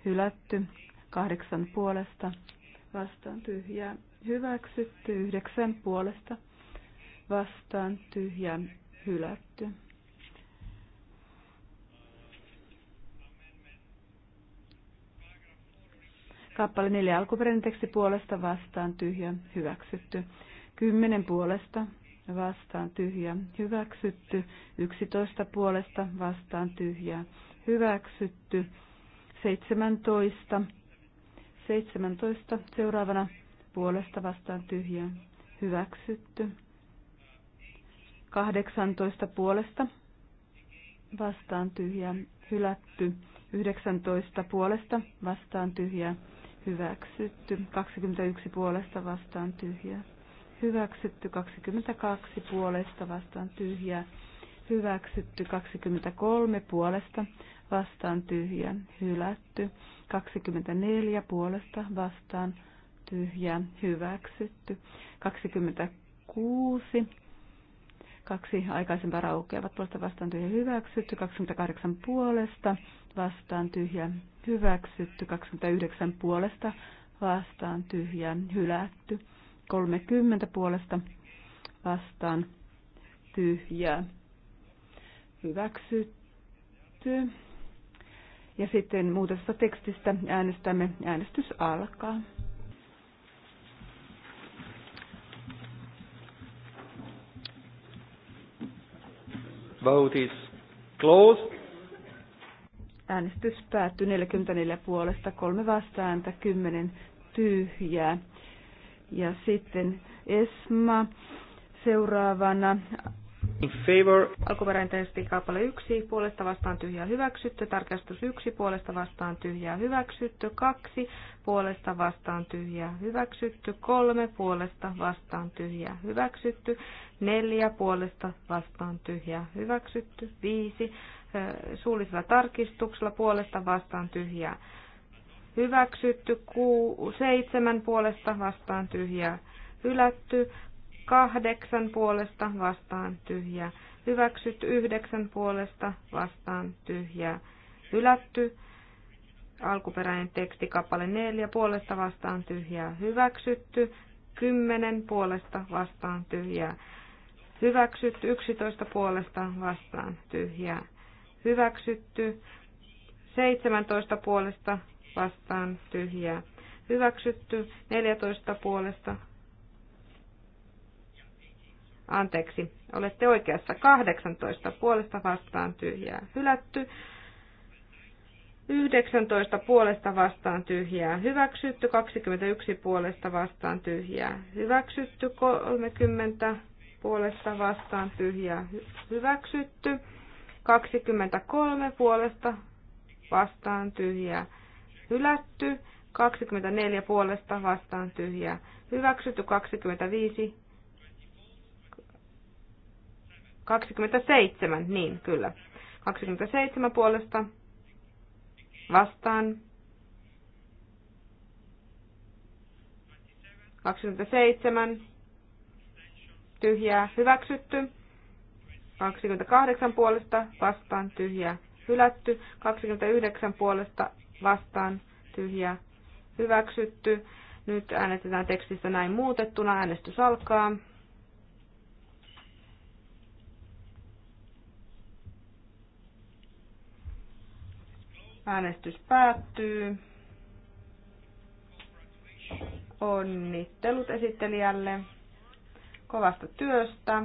hylätty. Kahdeksan puolesta vastaan tyhjä hyväksytty. Yhdeksän puolesta vastaan tyhjä hylätty. Kappale 4 alkuperäinen teksti puolesta vastaan tyhjä hyväksytty. 10 puolesta vastaan tyhjä hyväksytty. 11 puolesta vastaan tyhjä hyväksytty. 17. 17 seuraavana puolesta vastaan tyhjä hyväksytty. 18 puolesta vastaan tyhjä hylätty. 19 puolesta vastaan tyhjä hyväksytty 21 puolesta vastaan tyhjä. hyväksytty 22 puolesta vastaan tyhjä. hyväksytty 23 puolesta vastaan tyhjä. hylätty 24 puolesta vastaan tyhjä. hyväksytty 26 Kaksi aikaisempaa ovat puolesta vastaan tyhjä hyväksytty, 28 puolesta vastaan tyhjä hyväksytty, 29 puolesta vastaan tyhjä hylätty, 30 puolesta vastaan tyhjä hyväksytty. Ja sitten muutosta tekstistä äänestämme. Äänestys alkaa. Vote is closed. Äänestys päättyi 44 puolesta, kolme vastaääntä, 10 tyhjää. Ja sitten ESMA seuraavana In favor. Alkuperäinen teksti kappale 1, puolesta vastaan tyhjää hyväksytty. Tarkastus 1, puolesta vastaan tyhjää hyväksytty. 2, puolesta vastaan tyhjää hyväksytty. 3, puolesta vastaan tyhjää hyväksytty. 4, puolesta vastaan tyhjää hyväksytty. 5, suullisella tarkistuksella puolesta vastaan tyhjää hyväksytty. 7, puolesta vastaan tyhjää hylätty, kahdeksan puolesta vastaan tyhjä, Hyväksyt yhdeksän puolesta vastaan tyhjä, Hylätty alkuperäinen teksti kappale neljä puolesta vastaan tyhjää. Hyväksytty kymmenen puolesta vastaan tyhjää. Hyväksytty yksitoista puolesta vastaan tyhjää. Hyväksytty seitsemäntoista puolesta vastaan tyhjää. Hyväksytty 14 puolesta Anteeksi, olette oikeassa. 18 puolesta vastaan tyhjää hylätty. 19 puolesta vastaan tyhjää hyväksytty, 21 puolesta vastaan tyhjää hyväksytty, 30 puolesta vastaan tyhjää hyväksytty, 23 puolesta vastaan tyhjää hylätty, 24 puolesta vastaan tyhjää hyväksytty, 25 27, niin kyllä. 27 puolesta vastaan. 27 tyhjää hyväksytty. 28 puolesta vastaan tyhjää hylätty. 29 puolesta vastaan tyhjää hyväksytty. Nyt äänestetään tekstistä näin muutettuna. Äänestys alkaa. Äänestys päättyy. Onnittelut esittelijälle kovasta työstä.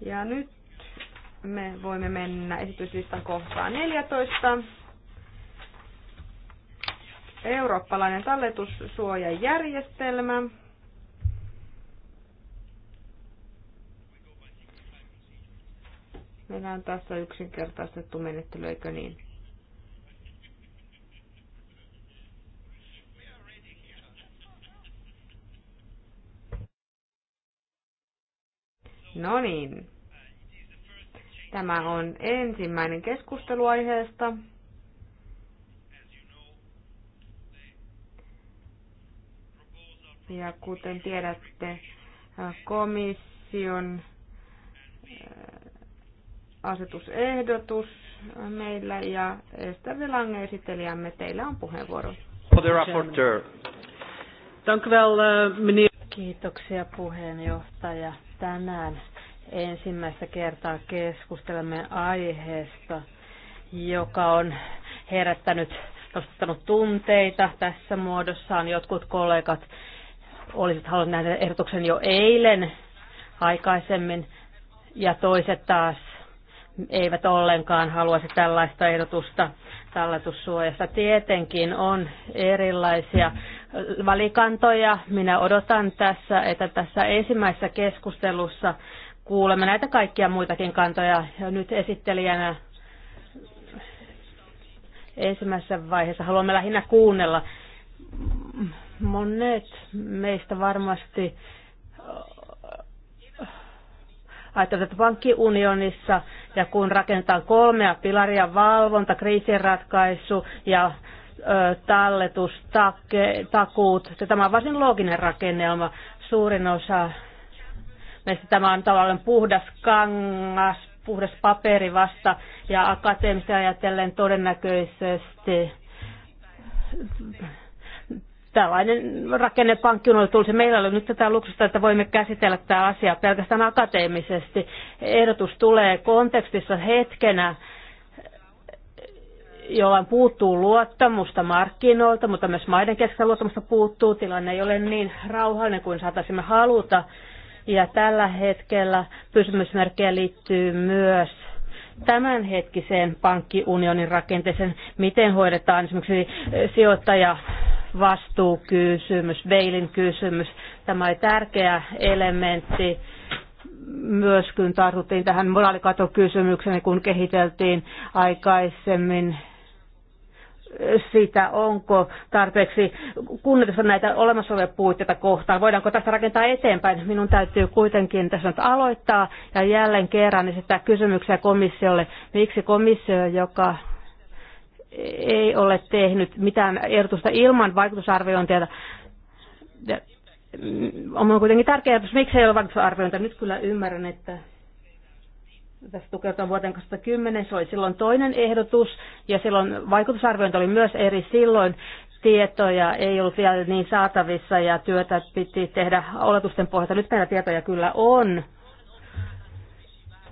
Ja nyt me voimme mennä esityslistan kohtaan 14. Eurooppalainen talletussuojajärjestelmä. Meillä on tässä yksinkertaistettu menettely, eikö niin? No niin. Tämä on ensimmäinen keskustelu aiheesta. Ja kuten tiedätte, komission asetusehdotus meillä ja Ester Lange esittelijämme, teillä on puheenvuoro. Eh, Kiitoksia puheenjohtaja. Tänään ensimmäistä kertaa keskustelemme aiheesta, joka on herättänyt, nostanut tunteita tässä muodossaan. Jotkut kollegat olisivat halunneet nähdä ehdotuksen jo eilen aikaisemmin ja toiset taas eivät ollenkaan haluaisi tällaista ehdotusta talletussuojasta. Tietenkin on erilaisia valikantoja. Minä odotan tässä, että tässä ensimmäisessä keskustelussa kuulemme näitä kaikkia muitakin kantoja. Ja nyt esittelijänä ensimmäisessä vaiheessa haluamme lähinnä kuunnella. Monet meistä varmasti ajattelevat, että pankkiunionissa ja kun rakennetaan kolmea pilaria, valvonta, kriisinratkaisu ja ö, talletus, take, takuut. Tämä on varsin looginen rakennelma. Suurin osa meistä tämä on tavallaan puhdas kangas, puhdas paperi vasta ja akateemisesti ajatellen todennäköisesti tällainen rakennepankki on tullut. Meillä oli nyt tätä luksusta, että voimme käsitellä tämä asia pelkästään akateemisesti. Ehdotus tulee kontekstissa hetkenä, jollain puuttuu luottamusta markkinoilta, mutta myös maiden keskellä luottamusta puuttuu. Tilanne ei ole niin rauhallinen kuin saataisimme haluta. Ja tällä hetkellä pysymysmerkkejä liittyy myös tämänhetkiseen pankkiunionin rakenteeseen, miten hoidetaan esimerkiksi sijoittaja vastuukysymys, veilin kysymys. Tämä oli tärkeä elementti. Myöskin tartuttiin tähän moraalikatokysymykseen, kun kehiteltiin aikaisemmin sitä, onko tarpeeksi kunnioitusta näitä olemassa olevia puitteita kohtaan. Voidaanko tästä rakentaa eteenpäin? Minun täytyy kuitenkin tässä nyt aloittaa ja jälleen kerran esittää kysymyksiä komissiolle. Miksi komissio, joka ei ole tehnyt mitään ehdotusta ilman vaikutusarviointia. Mm, on kuitenkin tärkeää, ehdotus, miksi ei ole vaikutusarviointia. Nyt kyllä ymmärrän, että tässä tukeudutaan vuoteen 2010, se oli silloin toinen ehdotus, ja silloin vaikutusarviointi oli myös eri silloin. Tietoja ei ollut vielä niin saatavissa ja työtä piti tehdä oletusten pohjalta. Nyt näitä tietoja kyllä on.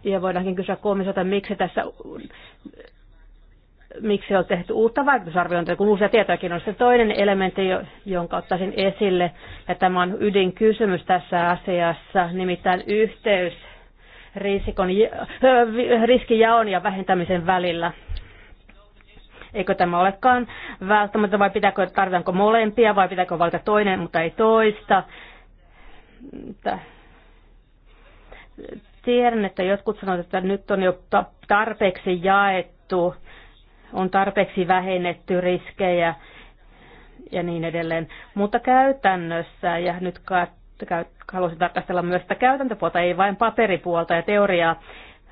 Ja voidaankin kysyä komissiota, miksi tässä miksi on tehty uutta vaikutusarviointia, kun uusia tietojakin on. Se toinen elementti, jonka ottaisin esille, ja tämä on ydinkysymys tässä asiassa, nimittäin yhteys riskon, äh, riskijaon ja vähentämisen välillä. Eikö tämä olekaan välttämättä, vai pitääkö, tarvitaanko molempia, vai pitääkö valita toinen, mutta ei toista? Tiedän, että jotkut sanovat, että nyt on jo tarpeeksi jaettu on tarpeeksi vähennetty riskejä ja niin edelleen. Mutta käytännössä, ja nyt haluaisin tarkastella myös sitä käytäntöpuolta, ei vain paperipuolta ja teoriaa,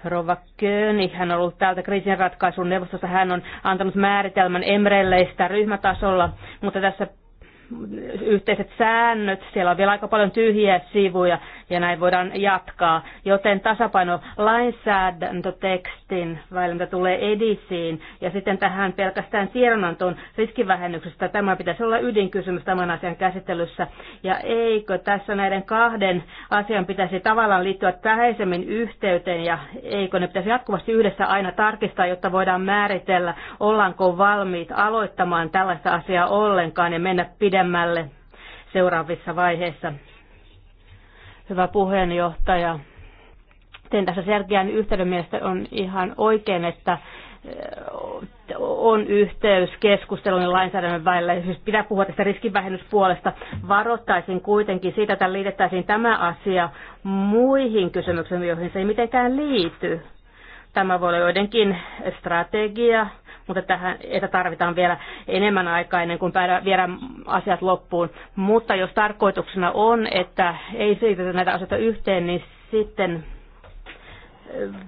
Rova Köni, hän on ollut täältä kriisinratkaisun neuvostossa, hän on antanut määritelmän emrelleistä ryhmätasolla, mutta tässä yhteiset säännöt, siellä on vielä aika paljon tyhjiä sivuja, ja näin voidaan jatkaa. Joten tasapaino lainsäädäntötekstin välillä tulee edisiin ja sitten tähän pelkästään tiedonantoon riskivähennyksestä. Tämä pitäisi olla ydinkysymys tämän asian käsittelyssä. Ja eikö tässä näiden kahden asian pitäisi tavallaan liittyä tähäisemmin yhteyteen ja eikö ne pitäisi jatkuvasti yhdessä aina tarkistaa, jotta voidaan määritellä, ollaanko valmiit aloittamaan tällaista asiaa ollenkaan ja mennä pidemmälle seuraavissa vaiheissa. Hyvä puheenjohtaja, teen tässä selkeän yhteyden. on ihan oikein, että eh, on yhteys keskustelun ja lainsäädännön välillä. Siis pitää puhua tästä riskivähennyspuolesta, Varoittaisin kuitenkin siitä, että liitettäisiin tämä asia muihin kysymyksiin, joihin se ei mitenkään liity. Tämä voi olla joidenkin strategia, mutta tähän, että tarvitaan vielä enemmän aikaa ennen kuin vielä asiat loppuun. Mutta jos tarkoituksena on, että ei siirretä näitä asioita yhteen, niin sitten äh,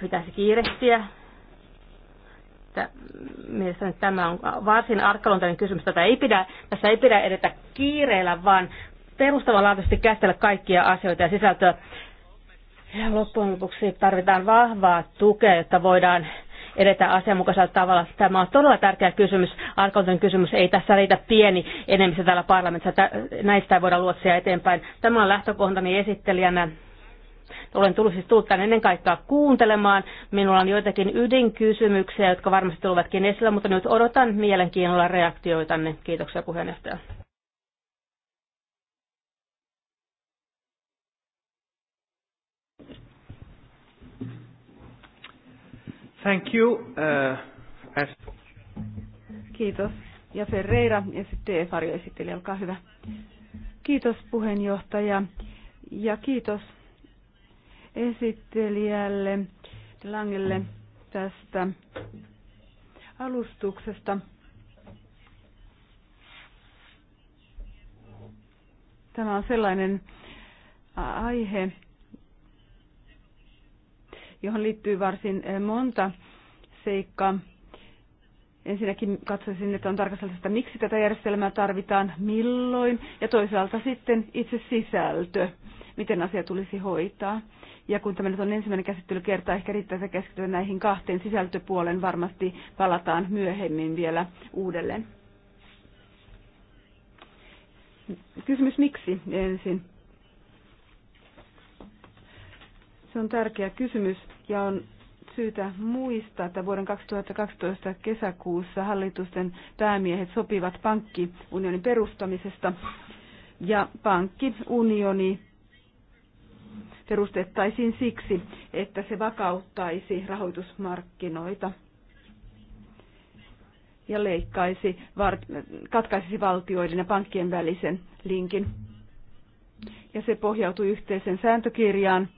pitäisi kiirehtiä. Mielestäni tämä on varsin arkaluontainen kysymys. Tätä ei pidä, tässä ei pidä edetä kiireellä, vaan perustavanlaatuisesti käsitellä kaikkia asioita ja sisältöä. Ja loppujen lopuksi tarvitaan vahvaa tukea, jotta voidaan edetään asianmukaisella tavalla. Tämä on todella tärkeä kysymys, arkaluontoinen kysymys. Ei tässä riitä pieni enemmistö täällä parlamentissa. Näistä ei voida luotsia eteenpäin. Tämä on lähtökohtani esittelijänä. Olen tullut siis tullut tänne ennen kaikkea kuuntelemaan. Minulla on joitakin ydinkysymyksiä, jotka varmasti tulevatkin esillä, mutta nyt odotan mielenkiinnolla reaktioitanne. Kiitoksia puheenjohtaja. Thank you. Uh, as... Kiitos. Ja Ferreira ja sitten Farjo esitteli, olkaa hyvä. Kiitos puheenjohtaja ja kiitos esittelijälle Langelle tästä alustuksesta. Tämä on sellainen aihe, johon liittyy varsin eh, monta seikkaa. Ensinnäkin katsoisin, että on tarkasteltu sitä, miksi tätä järjestelmää tarvitaan, milloin, ja toisaalta sitten itse sisältö, miten asia tulisi hoitaa. Ja kun tämä nyt on ensimmäinen käsittelykerta, ehkä riittää se keskittyä näihin kahteen sisältöpuolen, varmasti palataan myöhemmin vielä uudelleen. Kysymys miksi ensin. Se on tärkeä kysymys ja on syytä muistaa, että vuoden 2012 kesäkuussa hallitusten päämiehet sopivat pankkiunionin perustamisesta ja pankkiunioni perustettaisiin siksi, että se vakauttaisi rahoitusmarkkinoita ja leikkaisi, katkaisisi valtioiden ja pankkien välisen linkin. Ja se pohjautui yhteiseen sääntökirjaan,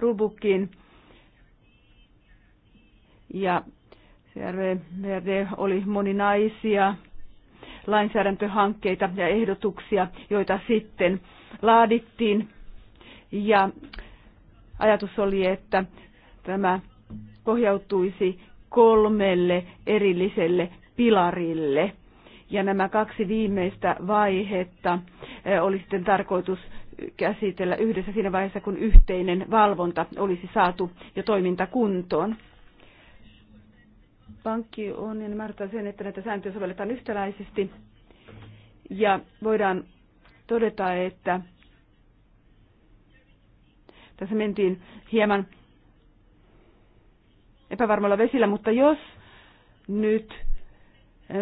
Rubukin. Ja CRVRD oli moninaisia lainsäädäntöhankkeita ja ehdotuksia, joita sitten laadittiin. Ja ajatus oli, että tämä pohjautuisi kolmelle erilliselle pilarille. Ja nämä kaksi viimeistä vaihetta eh, oli sitten tarkoitus käsitellä yhdessä siinä vaiheessa, kun yhteinen valvonta olisi saatu jo toimintakuntoon. Pankki on ymmärtää sen, että näitä sääntöjä sovelletaan yhtäläisesti ja voidaan todeta, että tässä mentiin hieman epävarmoilla vesillä, mutta jos nyt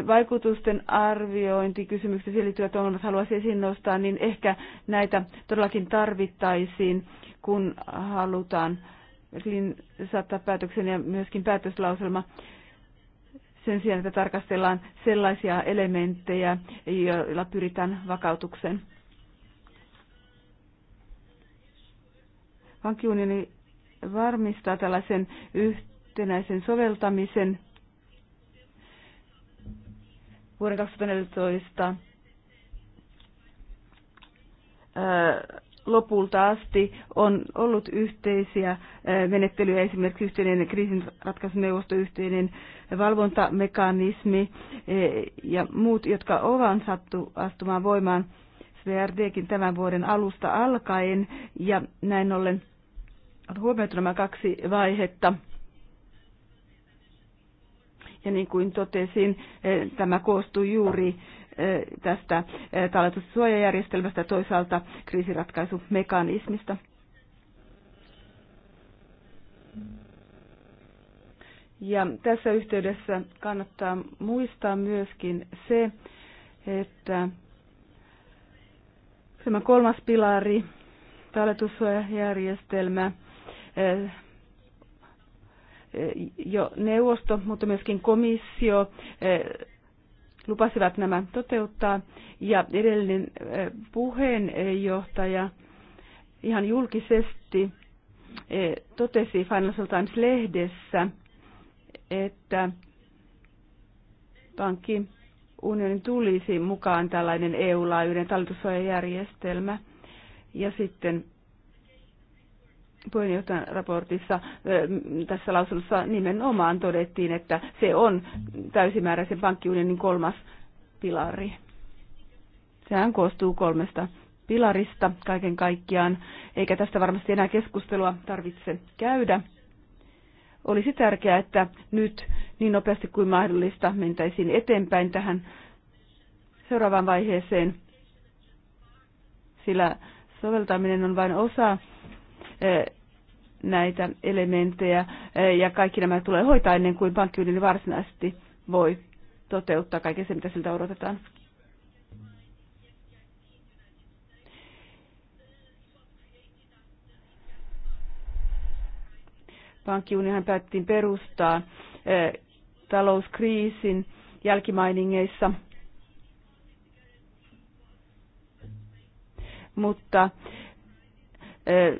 vaikutusten arviointikysymykset ja liittyvät ongelmat haluaisin esiin nostaa, niin ehkä näitä todellakin tarvittaisiin, kun halutaan saattaa päätöksen ja myöskin päätöslauselma sen sijaan, että tarkastellaan sellaisia elementtejä, joilla pyritään vakautukseen. Pankkiunioni varmistaa tällaisen yhtenäisen soveltamisen vuoden 2014 lopulta asti on ollut yhteisiä menettelyjä, esimerkiksi yhteinen kriisinratkaisuneuvosto, yhteinen valvontamekanismi ja muut, jotka ovat sattu astumaan voimaan SVRDkin tämän vuoden alusta alkaen. Ja näin ollen on huomioitu nämä kaksi vaihetta ja niin kuin totesin, eh, tämä koostuu juuri eh, tästä eh, talletussuojajärjestelmästä toisaalta kriisiratkaisumekanismista. Ja tässä yhteydessä kannattaa muistaa myöskin se, että tämä kolmas pilari, talletussuojajärjestelmä, jo neuvosto, mutta myöskin komissio eh, lupasivat nämä toteuttaa. Ja edellinen eh, puheenjohtaja ihan julkisesti eh, totesi Financial Times-lehdessä, että pankki unionin tulisi mukaan tällainen EU-laajuinen talletussuojajärjestelmä. Ja sitten puheenjohtajan raportissa tässä lausunnossa nimenomaan todettiin, että se on täysimääräisen pankkiunionin kolmas pilari. Sehän koostuu kolmesta pilarista kaiken kaikkiaan, eikä tästä varmasti enää keskustelua tarvitse käydä. Olisi tärkeää, että nyt niin nopeasti kuin mahdollista mentäisiin eteenpäin tähän seuraavaan vaiheeseen, sillä soveltaminen on vain osa näitä elementtejä eh, ja kaikki nämä tulee hoitaa ennen kuin pankkiunioni varsinaisesti voi toteuttaa kaiken sen, mitä siltä odotetaan. Pankkiunihan päättiin perustaa eh, talouskriisin jälkimainingeissa, mutta eh,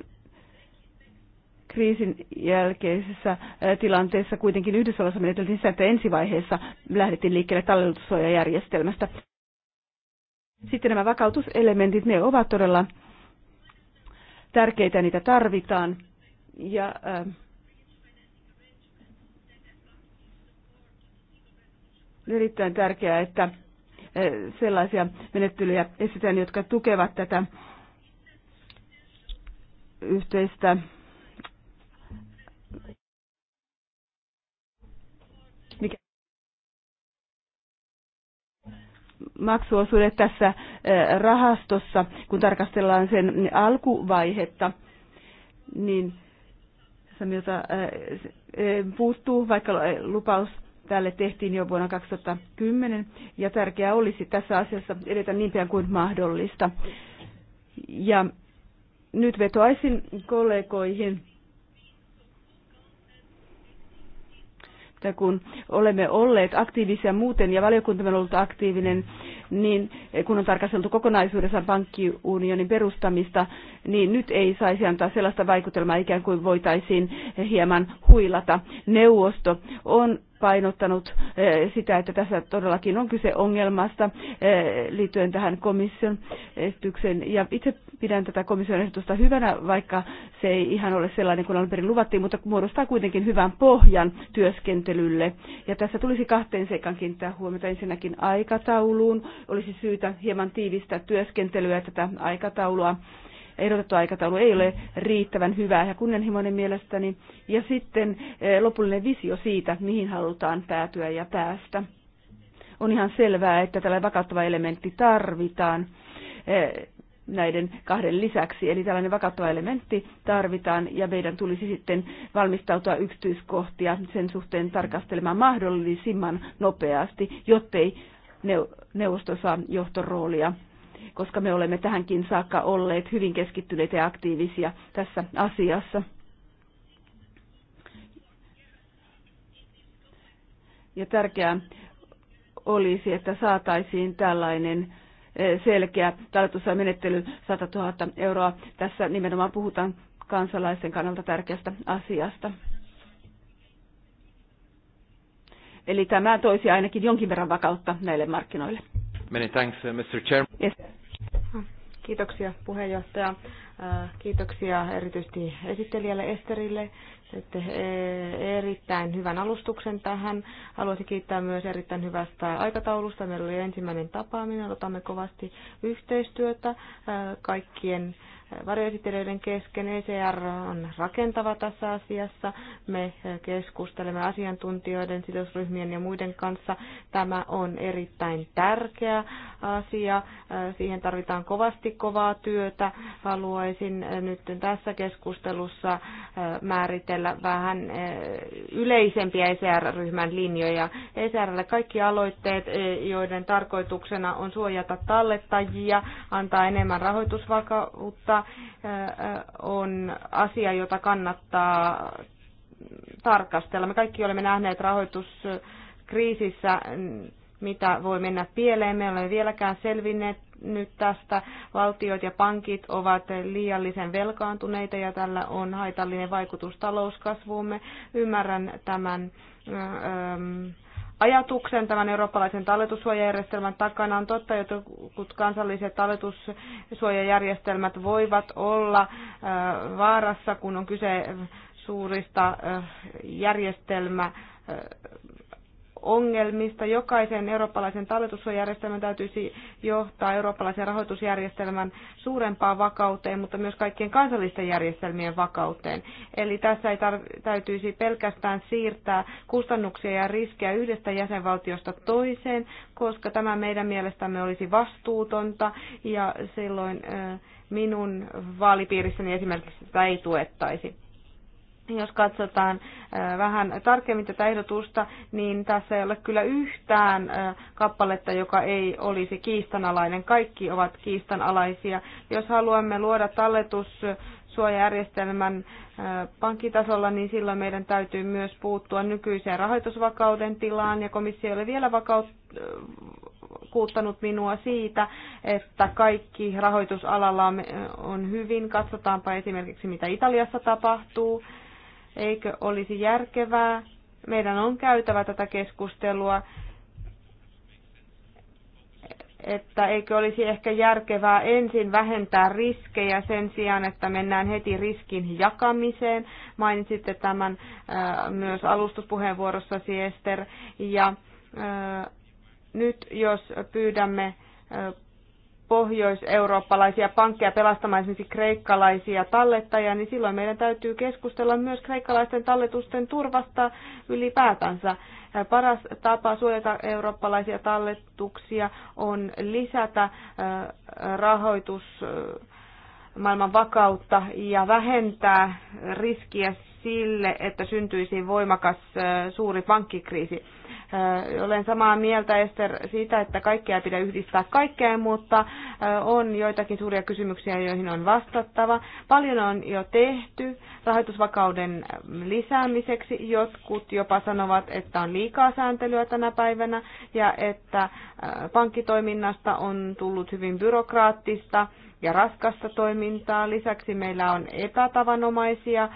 kriisin jälkeisessä tilanteessa kuitenkin Yhdysvalloissa meneteltiin sitä, että ensivaiheessa lähdettiin liikkeelle talletussuojajärjestelmästä. Sitten nämä vakautuselementit, ne ovat todella tärkeitä, niitä tarvitaan. Ja, äh, erittäin tärkeää, että sellaisia menettelyjä esitän, jotka tukevat tätä yhteistä maksuosuudet tässä eh, rahastossa, kun tarkastellaan sen alkuvaihetta, niin jota eh, eh, puuttuu, vaikka lupaus tälle tehtiin jo vuonna 2010, ja tärkeää olisi tässä asiassa edetä niin pian kuin mahdollista. Ja nyt vetoaisin kollegoihin että kun olemme olleet aktiivisia muuten ja valiokunta on ollut aktiivinen, niin kun on tarkasteltu kokonaisuudessaan pankkiunionin perustamista, niin nyt ei saisi antaa sellaista vaikutelmaa ikään kuin voitaisiin hieman huilata. Neuvosto on painottanut eh, sitä, että tässä todellakin on kyse ongelmasta eh, liittyen tähän komission esitykseen. Ja itse pidän tätä komission ehdotusta hyvänä, vaikka se ei ihan ole sellainen kuin alun perin luvattiin, mutta muodostaa kuitenkin hyvän pohjan työskentelylle. Ja tässä tulisi kahteen seikan kiinnittää huomiota. Ensinnäkin aikatauluun. Olisi syytä hieman tiivistää työskentelyä tätä aikataulua ehdotettu aikataulu ei ole riittävän hyvä ja kunnianhimoinen mielestäni. Ja sitten eh, lopullinen visio siitä, mihin halutaan päätyä ja päästä. On ihan selvää, että tällainen vakauttava elementti tarvitaan eh, näiden kahden lisäksi. Eli tällainen vakauttava elementti tarvitaan ja meidän tulisi sitten valmistautua yksityiskohtia sen suhteen tarkastelemaan mahdollisimman nopeasti, jottei neuvosto saa johtoroolia koska me olemme tähänkin saakka olleet hyvin keskittyneitä ja aktiivisia tässä asiassa. Ja tärkeää olisi, että saataisiin tällainen e, selkeä talletussa menettely 100 000 euroa. Tässä nimenomaan puhutaan kansalaisten kannalta tärkeästä asiasta. Eli tämä toisi ainakin jonkin verran vakautta näille markkinoille. Many thanks, uh, Mr. Chairman. Yes. Kiitoksia puheenjohtaja. Äh, kiitoksia erityisesti esittelijälle Esterille. että äh, erittäin hyvän alustuksen tähän. Haluaisin kiittää myös erittäin hyvästä aikataulusta. Meillä oli ensimmäinen tapaaminen. Otamme kovasti yhteistyötä äh, kaikkien varjoesittelijöiden kesken. ECR on rakentava tässä asiassa. Me keskustelemme asiantuntijoiden, sidosryhmien ja muiden kanssa. Tämä on erittäin tärkeä asia. Siihen tarvitaan kovasti kovaa työtä. Haluaisin nyt tässä keskustelussa määritellä vähän yleisempiä ECR-ryhmän linjoja. ECRlle kaikki aloitteet, joiden tarkoituksena on suojata tallettajia, antaa enemmän rahoitusvakautta, on asia, jota kannattaa tarkastella. Me kaikki olemme nähneet rahoituskriisissä, mitä voi mennä pieleen. Me olemme vieläkään selvinneet nyt tästä. Valtiot ja pankit ovat liiallisen velkaantuneita ja tällä on haitallinen vaikutus talouskasvuumme. Ymmärrän tämän. Öö, ajatuksen tämän eurooppalaisen talletussuojajärjestelmän takana. On totta, että jotkut kansalliset talletussuojajärjestelmät voivat olla äh, vaarassa, kun on kyse suurista äh, järjestelmä äh, ongelmista. Jokaisen eurooppalaisen talletussuojajärjestelmän täytyisi johtaa eurooppalaisen rahoitusjärjestelmän suurempaan vakauteen, mutta myös kaikkien kansallisten järjestelmien vakauteen. Eli tässä ei tar- täytyisi pelkästään siirtää kustannuksia ja riskejä yhdestä jäsenvaltiosta toiseen, koska tämä meidän mielestämme olisi vastuutonta ja silloin minun vaalipiirissäni esimerkiksi sitä ei tuettaisi jos katsotaan äh, vähän tarkemmin tätä ehdotusta, niin tässä ei ole kyllä yhtään äh, kappaletta, joka ei olisi kiistanalainen. Kaikki ovat kiistanalaisia. Jos haluamme luoda talletus suojajärjestelmän äh, pankkitasolla, niin silloin meidän täytyy myös puuttua nykyiseen rahoitusvakauden tilaan, ja komissio ei ole vielä vakuuttanut minua siitä, että kaikki rahoitusalalla on hyvin. Katsotaanpa esimerkiksi, mitä Italiassa tapahtuu. Eikö olisi järkevää? Meidän on käytävä tätä keskustelua, että eikö olisi ehkä järkevää ensin vähentää riskejä sen sijaan, että mennään heti riskin jakamiseen. Mainitsitte tämän äh, myös alustuspuheenvuorossa Siester. Ja äh, nyt jos pyydämme äh, pohjois pankkeja pelastamaan esimerkiksi kreikkalaisia tallettajia, niin silloin meidän täytyy keskustella myös kreikkalaisten talletusten turvasta ylipäätänsä. Paras tapa suojata eurooppalaisia talletuksia on lisätä rahoitus maailman vakautta ja vähentää riskiä sille, että syntyisi voimakas suuri pankkikriisi. Olen samaa mieltä Ester siitä, että kaikkea ei pidä yhdistää kaikkeen, mutta on joitakin suuria kysymyksiä, joihin on vastattava. Paljon on jo tehty rahoitusvakauden lisäämiseksi. Jotkut jopa sanovat, että on liikaa sääntelyä tänä päivänä ja että pankkitoiminnasta on tullut hyvin byrokraattista ja raskasta toimintaa. Lisäksi meillä on epätavanomaisia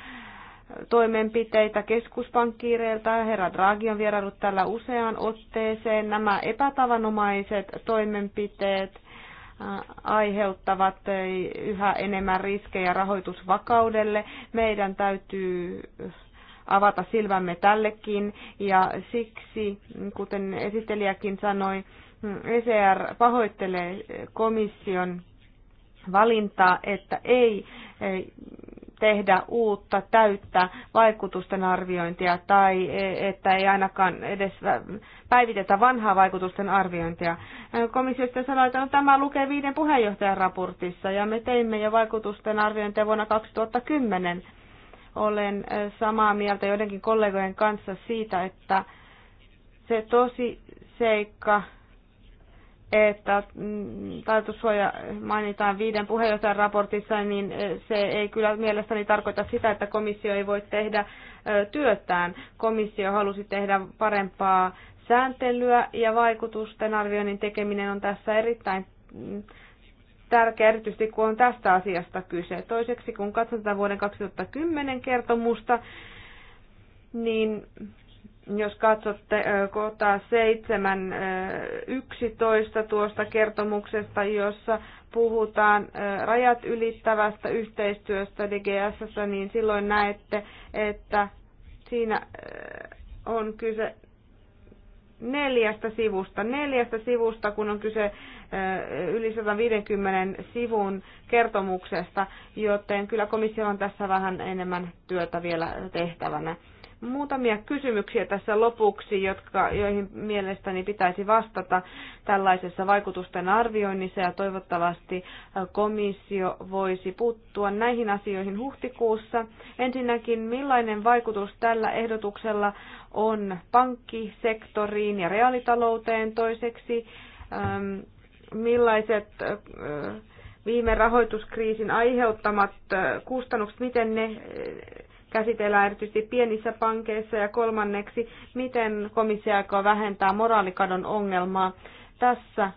toimenpiteitä keskuspankkiireilta. Herra Draghi on vierailut tällä useaan otteeseen. Nämä epätavanomaiset toimenpiteet aiheuttavat yhä enemmän riskejä rahoitusvakaudelle. Meidän täytyy avata silmämme tällekin ja siksi, kuten esittelijäkin sanoi, ECR pahoittelee komission valintaa, että ei tehdä uutta täyttä vaikutusten arviointia tai e, että ei ainakaan edes päivitetä vanhaa vaikutusten arviointia. Komissio sitten sanoi, että no, tämä lukee viiden puheenjohtajan raportissa ja me teimme jo vaikutusten arviointia vuonna 2010. Olen e, samaa mieltä joidenkin kollegojen kanssa siitä, että se tosi seikka, että mm, taitosuoja mainitaan viiden puheenjohtajan raportissa, niin eh, se ei kyllä mielestäni tarkoita sitä, että komissio ei voi tehdä eh, työtään. Komissio halusi tehdä parempaa sääntelyä ja vaikutusten arvioinnin tekeminen on tässä erittäin mm, tärkeä, erityisesti kun on tästä asiasta kyse. Toiseksi, kun katsotaan vuoden 2010 kertomusta, niin jos katsotte kohtaa 7.11 tuosta kertomuksesta, jossa puhutaan rajat ylittävästä yhteistyöstä DGSS, niin silloin näette, että siinä on kyse neljästä sivusta. Neljästä sivusta, kun on kyse yli 150 sivun kertomuksesta, joten kyllä komissio on tässä vähän enemmän työtä vielä tehtävänä. Muutamia kysymyksiä tässä lopuksi, jotka, joihin mielestäni pitäisi vastata tällaisessa vaikutusten arvioinnissa ja toivottavasti komissio voisi puuttua näihin asioihin huhtikuussa. Ensinnäkin, millainen vaikutus tällä ehdotuksella on pankkisektoriin ja reaalitalouteen toiseksi, ähm, millaiset äh, viime rahoituskriisin aiheuttamat äh, kustannukset, miten ne äh, käsitellään erityisesti pienissä pankeissa ja kolmanneksi, miten komissio aikoo vähentää moraalikadon ongelmaa. Tässä äh,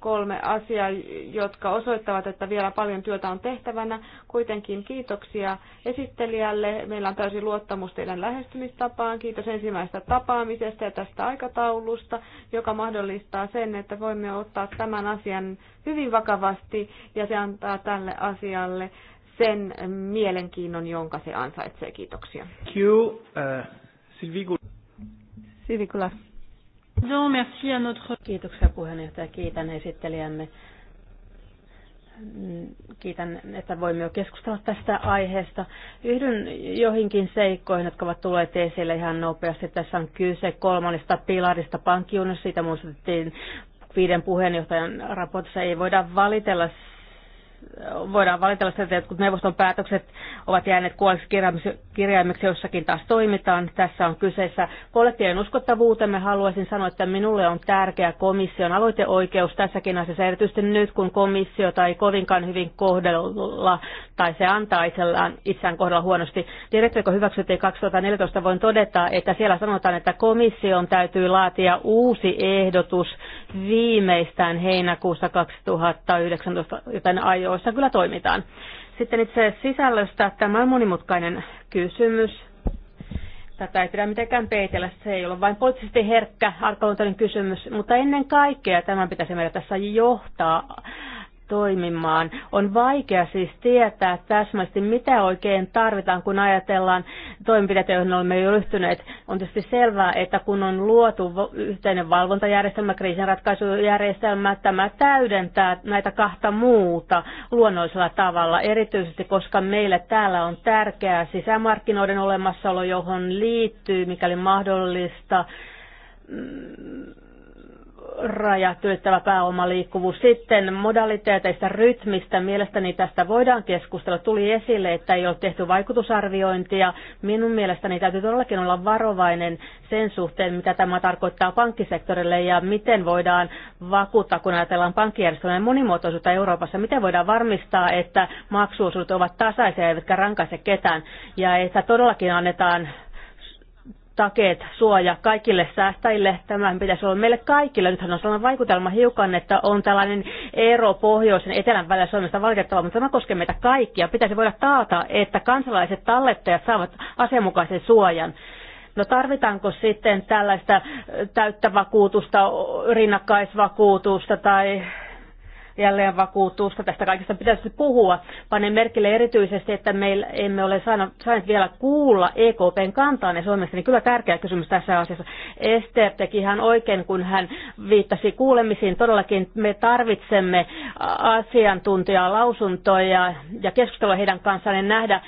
kolme asiaa, jotka osoittavat, että vielä paljon työtä on tehtävänä. Kuitenkin kiitoksia esittelijälle. Meillä on täysin luottamus teidän lähestymistapaan. Kiitos ensimmäisestä tapaamisesta ja tästä aikataulusta, joka mahdollistaa sen, että voimme ottaa tämän asian hyvin vakavasti ja se antaa tälle asialle sen mielenkiinnon, jonka se ansaitsee. Kiitoksia. Q, uh, Kiitoksia puheenjohtaja. Kiitän esittelijämme. Kiitän, että voimme jo keskustella tästä aiheesta. Yhdyn joihinkin seikkoihin, jotka ovat tulleet esille ihan nopeasti. Tässä on kyse kolmannesta pilarista pankkiunnossa. Siitä muistettiin viiden puheenjohtajan raportissa. Ei voida valitella voidaan valitella sitä, että jotkut neuvoston päätökset ovat jääneet kuolleeksi kirjaimeksi, jossakin taas toimitaan. Tässä on kyseessä kollektiivinen uskottavuutemme. Haluaisin sanoa, että minulle on tärkeä komission aloiteoikeus tässäkin asiassa, erityisesti nyt, kun komissio tai kovinkaan hyvin kohdella tai se antaa itsellään, itseään kohdalla huonosti. direktiiko hyväksyttiin 2014, voin todeta, että siellä sanotaan, että komission täytyy laatia uusi ehdotus viimeistään heinäkuussa 2019, joten ajo joissa kyllä toimitaan. Sitten itse sisällöstä. Tämä on monimutkainen kysymys. Tätä ei pidä mitenkään peitellä, se ei ole vain poliittisesti herkkä arkaluontoinen kysymys, mutta ennen kaikkea tämän pitäisi meidän tässä johtaa toimimaan. On vaikea siis tietää täsmästi, mitä oikein tarvitaan, kun ajatellaan toimenpiteitä, joihin olemme jo yhtyneet. On tietysti selvää, että kun on luotu yhteinen valvontajärjestelmä, kriisinratkaisujärjestelmä, tämä täydentää näitä kahta muuta luonnollisella tavalla, erityisesti koska meille täällä on tärkeää sisämarkkinoiden olemassaolo, johon liittyy, mikäli mahdollista, mm, rajat ylittävä pääomaliikkuvuus. Sitten modaliteeteista rytmistä, mielestäni tästä voidaan keskustella. Tuli esille, että ei ole tehty vaikutusarviointia. Minun mielestäni täytyy todellakin olla varovainen sen suhteen, mitä tämä tarkoittaa pankkisektorille ja miten voidaan vakuuttaa, kun ajatellaan pankkijärjestelmän monimuotoisuutta Euroopassa, miten voidaan varmistaa, että maksuosuudet ovat tasaisia eivätkä rankaise ketään ja että todellakin annetaan takeet, suoja kaikille säästäjille. tämä pitäisi olla meille kaikille. Nythän on sellainen vaikutelma hiukan, että on tällainen ero pohjoisen etelän välillä Suomesta valitettava, mutta tämä koskee meitä kaikkia. Pitäisi voida taata, että kansalaiset tallettajat saavat asianmukaisen suojan. No tarvitaanko sitten tällaista täyttä vakuutusta, rinnakkaisvakuutusta tai jälleen vakuutusta. Tästä kaikesta pitäisi puhua. Panen merkille erityisesti, että meillä emme ole saaneet vielä kuulla EKPn kantaa, Ne Suomessa, niin kyllä tärkeä kysymys tässä asiassa. Ester teki ihan oikein, kun hän viittasi kuulemisiin. Todellakin me tarvitsemme asiantuntijalausuntoja ja keskustelua heidän kanssaan niin nähdä,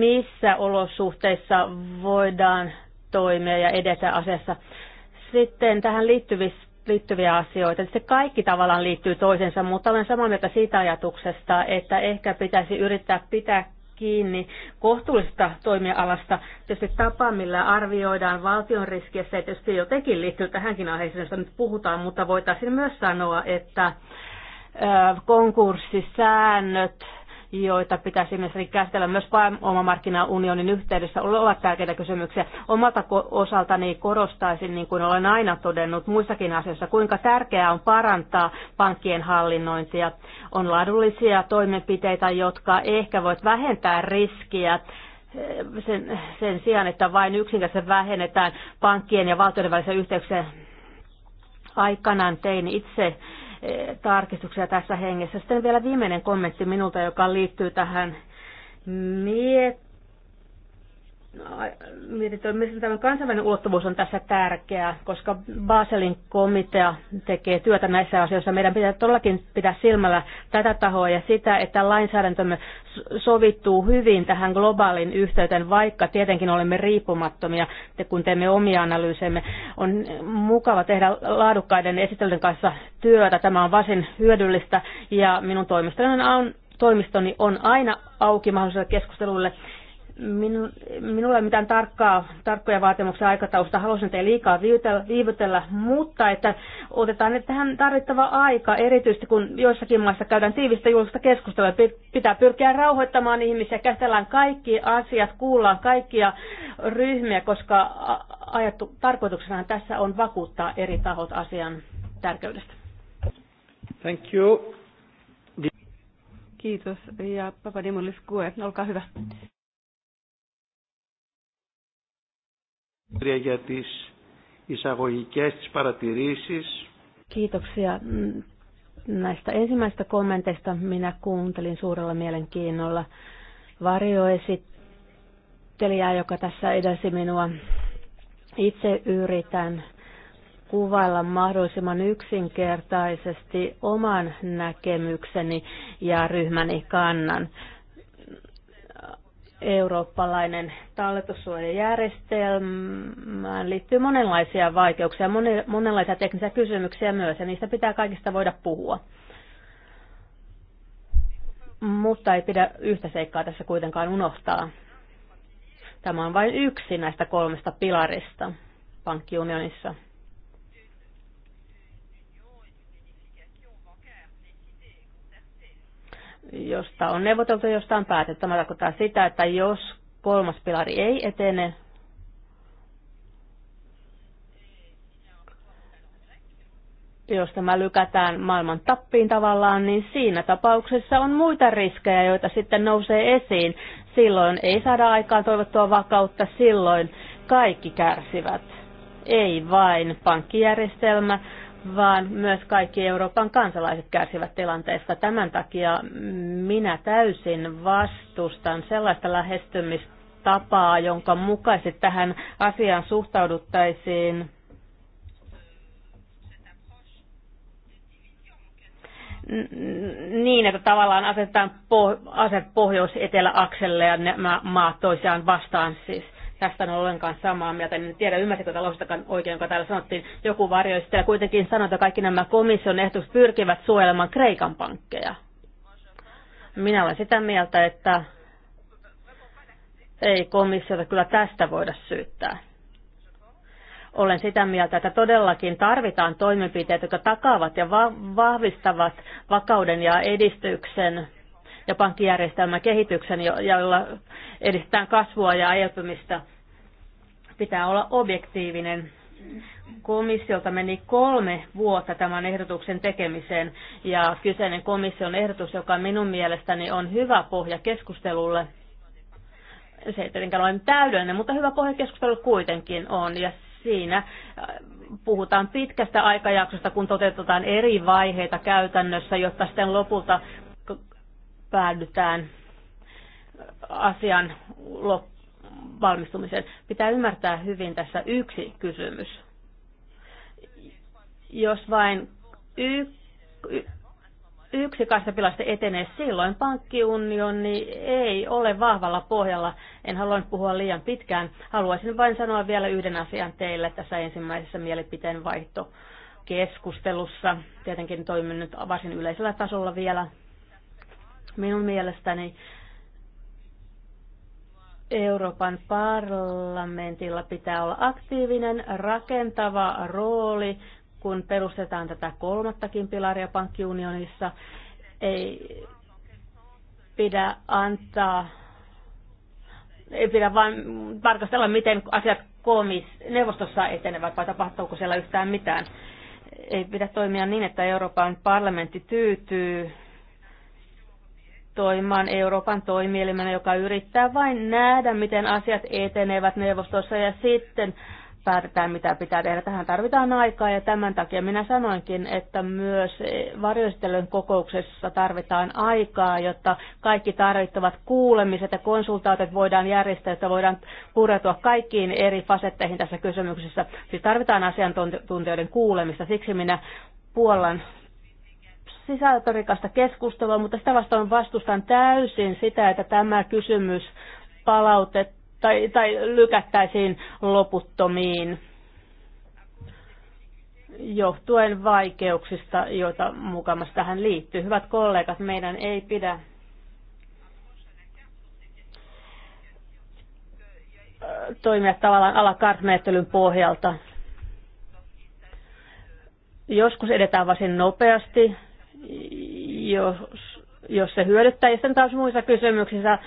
missä olosuhteissa voidaan toimia ja edetä asiassa. Sitten tähän liittyvissä liittyviä asioita. Se kaikki tavallaan liittyy toisensa, mutta olen samaa mieltä siitä ajatuksesta, että ehkä pitäisi yrittää pitää kiinni kohtuullisesta toimialasta. Tietysti tapa, millä arvioidaan valtion riskiä, se tietysti jotenkin liittyy tähänkin aiheeseen, josta nyt puhutaan, mutta voitaisiin myös sanoa, että konkurssisäännöt joita pitäisi esimerkiksi käsitellä myös pääomamarkkinaunionin yhteydessä, ovat tärkeitä kysymyksiä. Omalta osaltani korostaisin, niin kuin olen aina todennut muissakin asioissa, kuinka tärkeää on parantaa pankkien hallinnointia. On laadullisia toimenpiteitä, jotka ehkä voivat vähentää riskiä eh, sen, sen sijaan, että vain yksinkertaisesti vähennetään pankkien ja valtioiden välisen yhteyksiä. Aikanaan tein itse Eh, tarkistuksia tässä hengessä. Sitten vielä viimeinen kommentti minulta, joka liittyy tähän miet tämä kansainvälinen ulottuvuus on tässä tärkeää, koska Baselin komitea tekee työtä näissä asioissa. Meidän pitää todellakin pitää silmällä tätä tahoa ja sitä, että lainsäädäntömme sovittuu hyvin tähän globaalin yhteyteen, vaikka tietenkin olemme riippumattomia, kun teemme omia analyysejä. On mukava tehdä laadukkaiden esittelyiden kanssa työtä. Tämä on varsin hyödyllistä ja minun toimistoni on, toimistoni on aina auki mahdollisille keskusteluille. Minu, minulla ei mitään tarkkaa, tarkkoja vaatimuksia aikataulusta, haluaisin teille liikaa viivytellä, mutta että otetaan että tähän tarvittava aika, erityisesti kun joissakin maissa käydään tiivistä julkista keskustelua, pitää pyrkiä rauhoittamaan ihmisiä, käsitellään kaikki asiat, kuullaan kaikkia ryhmiä, koska ajattu, tarkoituksena tässä on vakuuttaa eri tahot asian tärkeydestä. Thank you. Kiitos ja Papadimolis Kue, olkaa hyvä. για τις εισαγωγικές τις παρατηρήσεις. Kiitoksia näistä ensimmäisistä kommenteista. Minä kuuntelin suurella mielenkiinnolla varjoesittelijää, joka tässä edesi minua. Itse yritän kuvailla mahdollisimman yksinkertaisesti oman näkemykseni ja ryhmäni kannan eurooppalainen talletussuojajärjestelmään liittyy monenlaisia vaikeuksia, monenlaisia teknisiä kysymyksiä myös, ja niistä pitää kaikista voida puhua. Mutta ei pidä yhtä seikkaa tässä kuitenkaan unohtaa. Tämä on vain yksi näistä kolmesta pilarista pankkiunionissa – josta on neuvoteltu, josta on päätetty. Tämä tarkoittaa sitä, että jos kolmas pilari ei etene, jos tämä lykätään maailman tappiin tavallaan, niin siinä tapauksessa on muita riskejä, joita sitten nousee esiin. Silloin ei saada aikaan toivottua vakautta, silloin kaikki kärsivät. Ei vain pankkijärjestelmä, vaan myös kaikki Euroopan kansalaiset kärsivät tilanteesta. Tämän takia minä täysin vastustan sellaista lähestymistapaa, jonka mukaisesti tähän asiaan suhtauduttaisiin niin, että tavallaan asetetaan aset pohjois-etelä-akselle ja nämä maat toisiaan vastaan siis. Tästä on ollenkaan samaa mieltä. En tiedä, ymmärsikö taloustakaan oikein, jonka täällä sanottiin. Joku varjoista ja kuitenkin sanotaan, että kaikki nämä komission ehdotukset pyrkivät suojelemaan Kreikan pankkeja. Minä olen sitä mieltä, että ei komissiota kyllä tästä voida syyttää olen sitä mieltä, että todellakin tarvitaan toimenpiteitä, jotka takaavat ja vahvistavat vakauden ja edistyksen ja pankkijärjestelmän kehityksen, jolla edistetään kasvua ja elpymistä. Pitää olla objektiivinen. Komissiolta meni kolme vuotta tämän ehdotuksen tekemiseen ja kyseinen komission ehdotus, joka minun mielestäni on hyvä pohja keskustelulle, se ei tietenkään ole täydellinen, mutta hyvä pohja keskustelulle kuitenkin on ja siinä äh, puhutaan pitkästä aikajaksosta, kun toteutetaan eri vaiheita käytännössä, jotta sitten lopulta päädytään asian valmistumiseen. Pitää ymmärtää hyvin tässä yksi kysymys. Jos vain y- y- yksi kassapilasta etenee, silloin pankkiunioni ei ole vahvalla pohjalla. En halua puhua liian pitkään. Haluaisin vain sanoa vielä yhden asian teille tässä ensimmäisessä mielipiteen vaihto keskustelussa. Tietenkin toimin nyt varsin yleisellä tasolla vielä Minun mielestäni Euroopan parlamentilla pitää olla aktiivinen, rakentava rooli, kun perustetaan tätä kolmattakin pilaria pankkiunionissa. Ei pidä antaa, ei pidä vain tarkastella, miten asiat komis, neuvostossa etenevät vai tapahtuuko siellä yhtään mitään. Ei pidä toimia niin, että Euroopan parlamentti tyytyy toimimaan Euroopan toimielimenä, joka yrittää vain nähdä, miten asiat etenevät neuvostossa ja sitten päätetään, mitä pitää tehdä. Tähän tarvitaan aikaa ja tämän takia minä sanoinkin, että myös varjoistelun kokouksessa tarvitaan aikaa, jotta kaikki tarvittavat kuulemiset ja konsultaatit voidaan järjestää, että voidaan pureutua kaikkiin eri fasetteihin tässä kysymyksessä. Siis tarvitaan asiantuntijoiden kuulemista, siksi minä puollan sisältörikasta keskustelua, mutta sitä vastaan vastustan täysin sitä, että tämä kysymys palautet tai, tai lykättäisiin loputtomiin johtuen vaikeuksista, joita mukamassa tähän liittyy. Hyvät kollegat, meidän ei pidä toimia tavallaan alakartmenettelyn pohjalta. Joskus edetään varsin nopeasti, jos, jos se hyödyttää. Ja sitten taas muissa kysymyksissä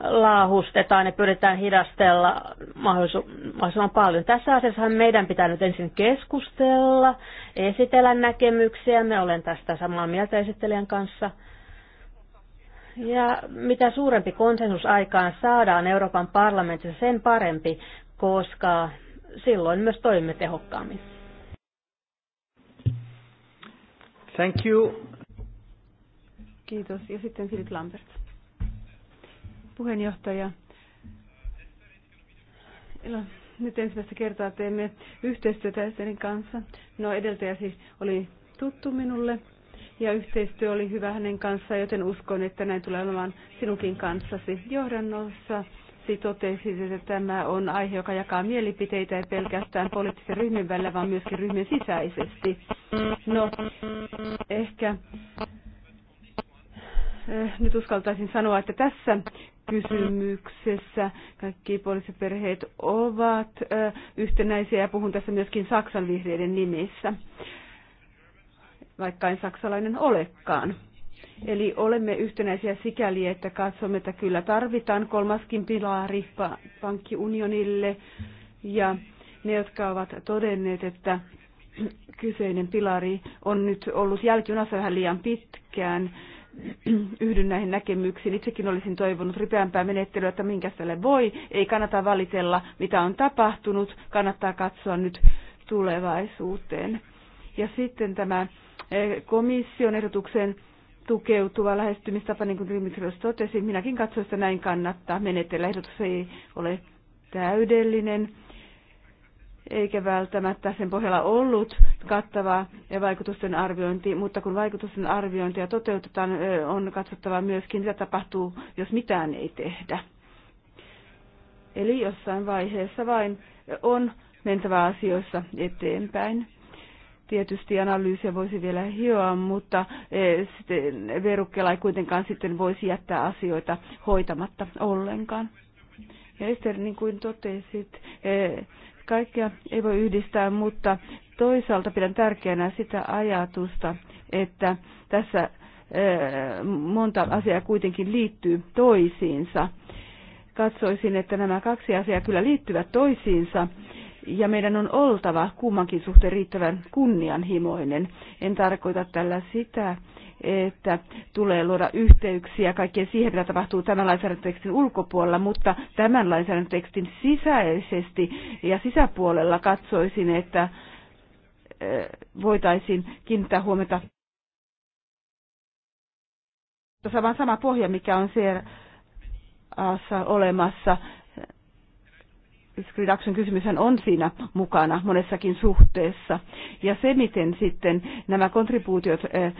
laahustetaan ja pyritään hidastella mahdollisimman paljon. Tässä asiassa meidän pitää nyt ensin keskustella, esitellä näkemyksiä. Me olen tästä samaa mieltä esittelijän kanssa. Ja mitä suurempi konsensus aikaan saadaan Euroopan parlamentissa, sen parempi, koska silloin myös toimimme tehokkaammin. Thank you. Kiitos. Ja sitten Philip Lambert. Puheenjohtaja. Nyt ensimmäistä kertaa teemme yhteistyötä Esterin kanssa. No edeltäjä siis oli tuttu minulle ja yhteistyö oli hyvä hänen kanssaan, joten uskon, että näin tulee olemaan sinunkin kanssasi johdannossa. Totesit, että tämä on aihe, joka jakaa mielipiteitä ei pelkästään poliittisen ryhmän välillä, vaan myöskin ryhmän sisäisesti. No, ehkä Äh, nyt uskaltaisin sanoa, että tässä kysymyksessä kaikki poliisiperheet ovat äh, yhtenäisiä ja puhun tässä myöskin Saksan vihreiden nimissä, vaikka en saksalainen olekaan. Eli olemme yhtenäisiä sikäli, että katsomme, että kyllä tarvitaan kolmaskin pilari pankkiunionille ja ne, jotka ovat todenneet, että kyseinen pilari on nyt ollut jälkijunassa vähän liian pitkään, yhdyn näihin näkemyksiin. Itsekin olisin toivonut ripeämpää menettelyä, että minkä tälle voi. Ei kannata valitella, mitä on tapahtunut. Kannattaa katsoa nyt tulevaisuuteen. Ja sitten tämä eh, komission ehdotuksen tukeutuva lähestymistapa, niin kuin Dimitrios totesi, minäkin katsoin, että näin kannattaa menetellä. Ehdotus ei ole täydellinen eikä välttämättä sen pohjalla ollut kattavaa eh, vaikutusten arviointi, mutta kun vaikutusten arviointia toteutetaan, eh, on katsottava myöskin, mitä tapahtuu, jos mitään ei tehdä. Eli jossain vaiheessa vain on mentävä asioissa eteenpäin. Tietysti analyysiä voisi vielä hioa, mutta eh, sitten verukkeella ei kuitenkaan sitten voisi jättää asioita hoitamatta ollenkaan. Ja Ester, niin kuin totesit, Kaikkea ei voi yhdistää, mutta toisaalta pidän tärkeänä sitä ajatusta, että tässä eh, monta asiaa kuitenkin liittyy toisiinsa. Katsoisin, että nämä kaksi asiaa kyllä liittyvät toisiinsa ja meidän on oltava kummankin suhteen riittävän kunnianhimoinen. En tarkoita tällä sitä, että tulee luoda yhteyksiä kaikkeen siihen, mitä tapahtuu tämän lainsäädäntötekstin ulkopuolella, mutta tämän lainsäädäntötekstin sisäisesti ja sisäpuolella katsoisin, että äh, voitaisiin kiinnittää huomiota saman sama pohja, mikä on siellä olemassa Skridaksen kysymyshän on siinä mukana monessakin suhteessa. Ja se, miten sitten nämä kontribuutiot eh, eh,